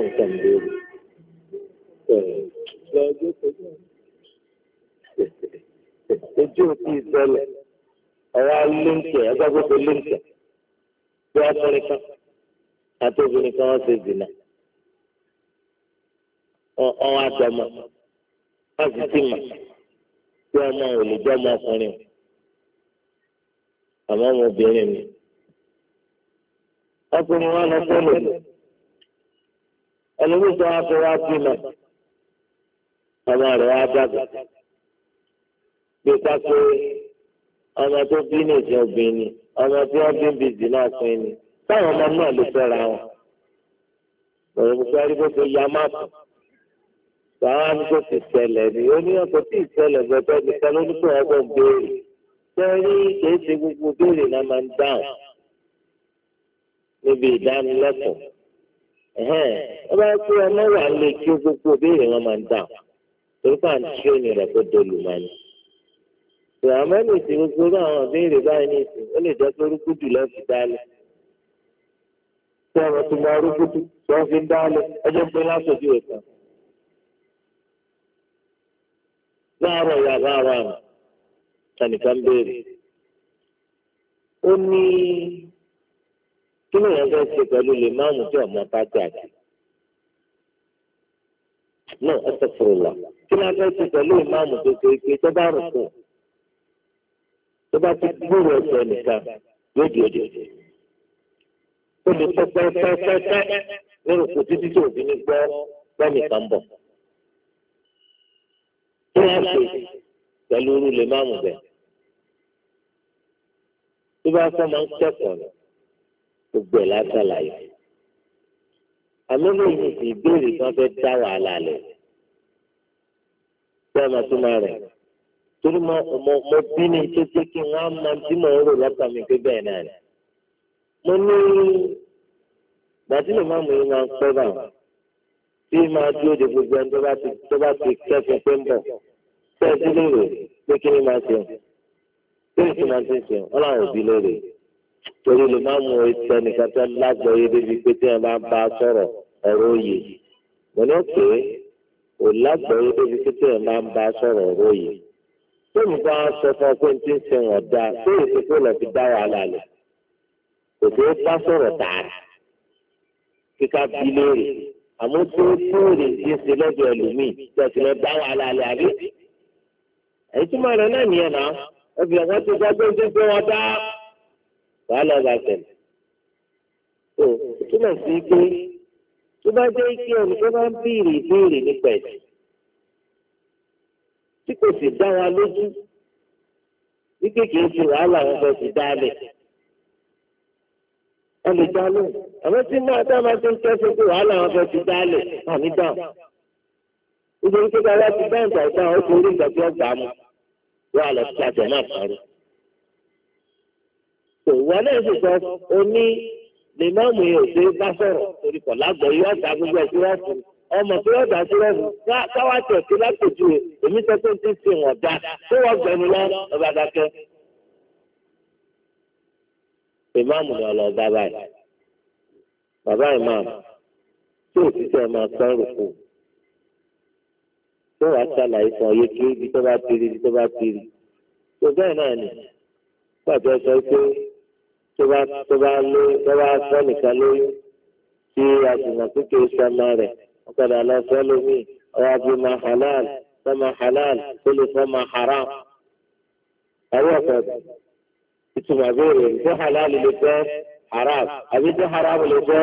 nǹkan ìbéèrè lọ́jọ́ kojú ojú òtí ìṣẹ̀lẹ̀ ọ̀rọ̀ líǹkì agbábọ́sọ líǹkì bí ọkùnrin kan àti obìnrin kan wọ́n ṣe dìnnà ọ̀hún àtọmọ wọ́n sì ti mọ̀ bí ọmọ ò lè jẹ́ ọmọ ọkùnrin àmọ́ ọmọbìnrin ni ọkùnrin wọn lọ sọ́lọ̀ lọ ẹlòmíì tó wá fi wá bímọ ọmọ rẹ̀ wá dàgbà bí pápẹ́ ọmọ tó bí ní ìsìn obìnrin ọmọ tí wọ́n bí ń bí ìdì náà pín ni táwọn ọmọ náà lè fẹ́ra wọn lọ́rọ̀ gbogbo arígbó tó ya máàpù báwa ní kò sì ṣẹlẹ̀ ni ó ní ọkọ̀ tí ìṣẹlẹ̀ gbẹgbẹ́ nìkan ló ní béèrè sẹ́rí kìí gbogbo béèrè náà máa ń dáhùn níbi ìdánilẹ́kọ̀ọ́ ẹ bá pé ọlọ́wà lè kí ó gbogbo béèrè wọn máa ń dà torí pé à ń tí òní rẹ̀ kó dolù máa ní. ìrànmọ́nì ti gbogbo àwọn béèrè báyìí ní ìsìn ó lè jẹ́ pé rúkúdù lọ́ fi dálẹ̀. tí ọ̀rọ̀ tó máa rúkúdù tí wọ́n fi ń dálẹ̀ ẹjọ́ pé láṣojú ìtàn. láàárọ̀ ìyá láàárọ̀ àná ẹnìkan béèrè. ó ní kí ni èèyàn fẹ́ ṣe pẹ̀lú lè máàmù tí ọmọ bá jà jù náà ẹsẹ̀ fúru lọ kí ni a fẹ́ ṣe pẹ̀lú ìmáàmù tó ṣe pé tó bá rùn kù tó bá ti gbúrò ẹsẹ̀ nìkan yóò di òde òde lè tó pẹ́ẹ́pẹ́ẹ́pẹ́ nínú kò títí tó òbí ní gbọ́ lẹ́nìkan bọ̀ kí ni a ṣe pẹ̀lú irú lè máàmù bẹ̀ tó bá fọ́ máa ń kẹ́kọ̀ọ́ gbogbo ẹ̀ lásàlàyé àmọ́ lóyún ti ìbéèrè kan fẹ́ dá wàhálà lẹ̀ bí ọmọ tó máa rẹ̀ torí mo bí ní tó jẹ́ kí wọ́n á máa bí mo rò lọ́kàn mi pé bẹ́ẹ̀ náà ni mo ní gbàdúrà máa mú yín máa ń pẹ́ bá wọn tí máa dúró de gbogbo ẹni tó bá ti tó bá ti kẹ́sìn pé ń bọ̀ tẹ́ ẹ sí lérò pé kí ni máa ṣe kí ni máa ṣe ń ṣe ọlọ́run òbí lérò torí lè má mú ẹsẹ̀ nìkan tó lágbọ̀ọ́ yé débi pé tí wọ́n bá bá a sọ̀rọ̀ ọ̀rọ̀ òye mo ní pé ò lágbọ̀ọ́ yé débi pé tí wọ́n bá ń bá a sọ̀rọ̀ ọ̀rọ̀ òye tó ń bá a sọ fún ọ pé tí ń ṣe wọ́n dáa tó yẹ kó lọ fi dá wàhálà lẹ̀ kò tó bá sọ̀rọ̀ tààrà kíkà bí lóore àmọ́ tó lóore tí ń ṣe lọ́dọ̀ ẹlòmíì tó ti lọ dá wàhálà lẹ̀ àbí ẹ̀yìn tó máa náà nìyẹn náà ẹ wàhálà bá tẹ̀lé. tó túmọ̀ sí pé tó bá jẹ́ ike ẹnìkan bá ń béèrè ìbéèrè nípa ẹ̀sìn tí kò sì dá wa lójú wípé kìí ṣe wàhálà wọn fẹ́ fi dá lẹ̀. ẹ lè dá lóhùn àmọ́ tí máa dá máa ti ń kẹ́sọ̀ pé wàhálà wọn fẹ́ fi dá àmì dáhùn. nítorí pé bá wá ó ti ìgbà tí ó gbà á mú wọ́n á lọ sí àjọ náà parí tó wọn náà sì sọ oní lèmọ́ọ̀mù yẹn ò ṣe bá sọ̀rọ̀ torí kọ̀ lágbọ̀ yóò ọ̀tá gbogbo ẹ̀ síwájú ọmọ tó yọ̀dá síwájú káwá tẹ̀ sí lápòjú rẹ̀ èmi sọ pé ti ti wọ̀n dá tó wọ́n gbẹnu lọ ọba dákẹ́. ìmáàmù ni ọlọ́ọ̀dá báyìí bàbá ìmáàmù tí òṣìṣẹ́ máa sọ̀rọ̀ kù tó wàá ṣàlàyé fún ọ yékè ibi tó bá tiri ibi tó bá tiri tó bẹ́ẹ̀ náà ni gbàgbọ́ sọ pé. tó bá tó bá lé tó bá fẹ́ nìkan lóyún tí àtìmọ̀ tó kéé sọmọ rẹ̀ ọ̀kadà lọ fẹ́ lómi ọ̀yà bíi ma halal sọmọ halal tó lè fọmọ haram. àwọn ọ̀kadà ìtumọ̀ béèrè ní halal lè fẹ́ haram àbí tó haram lè fẹ́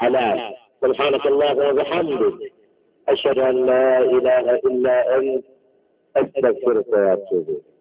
halal. سبحانك اللهم وبحمدك أشهد أن لا إله إلا أنت أستغفرك وأتوب إليك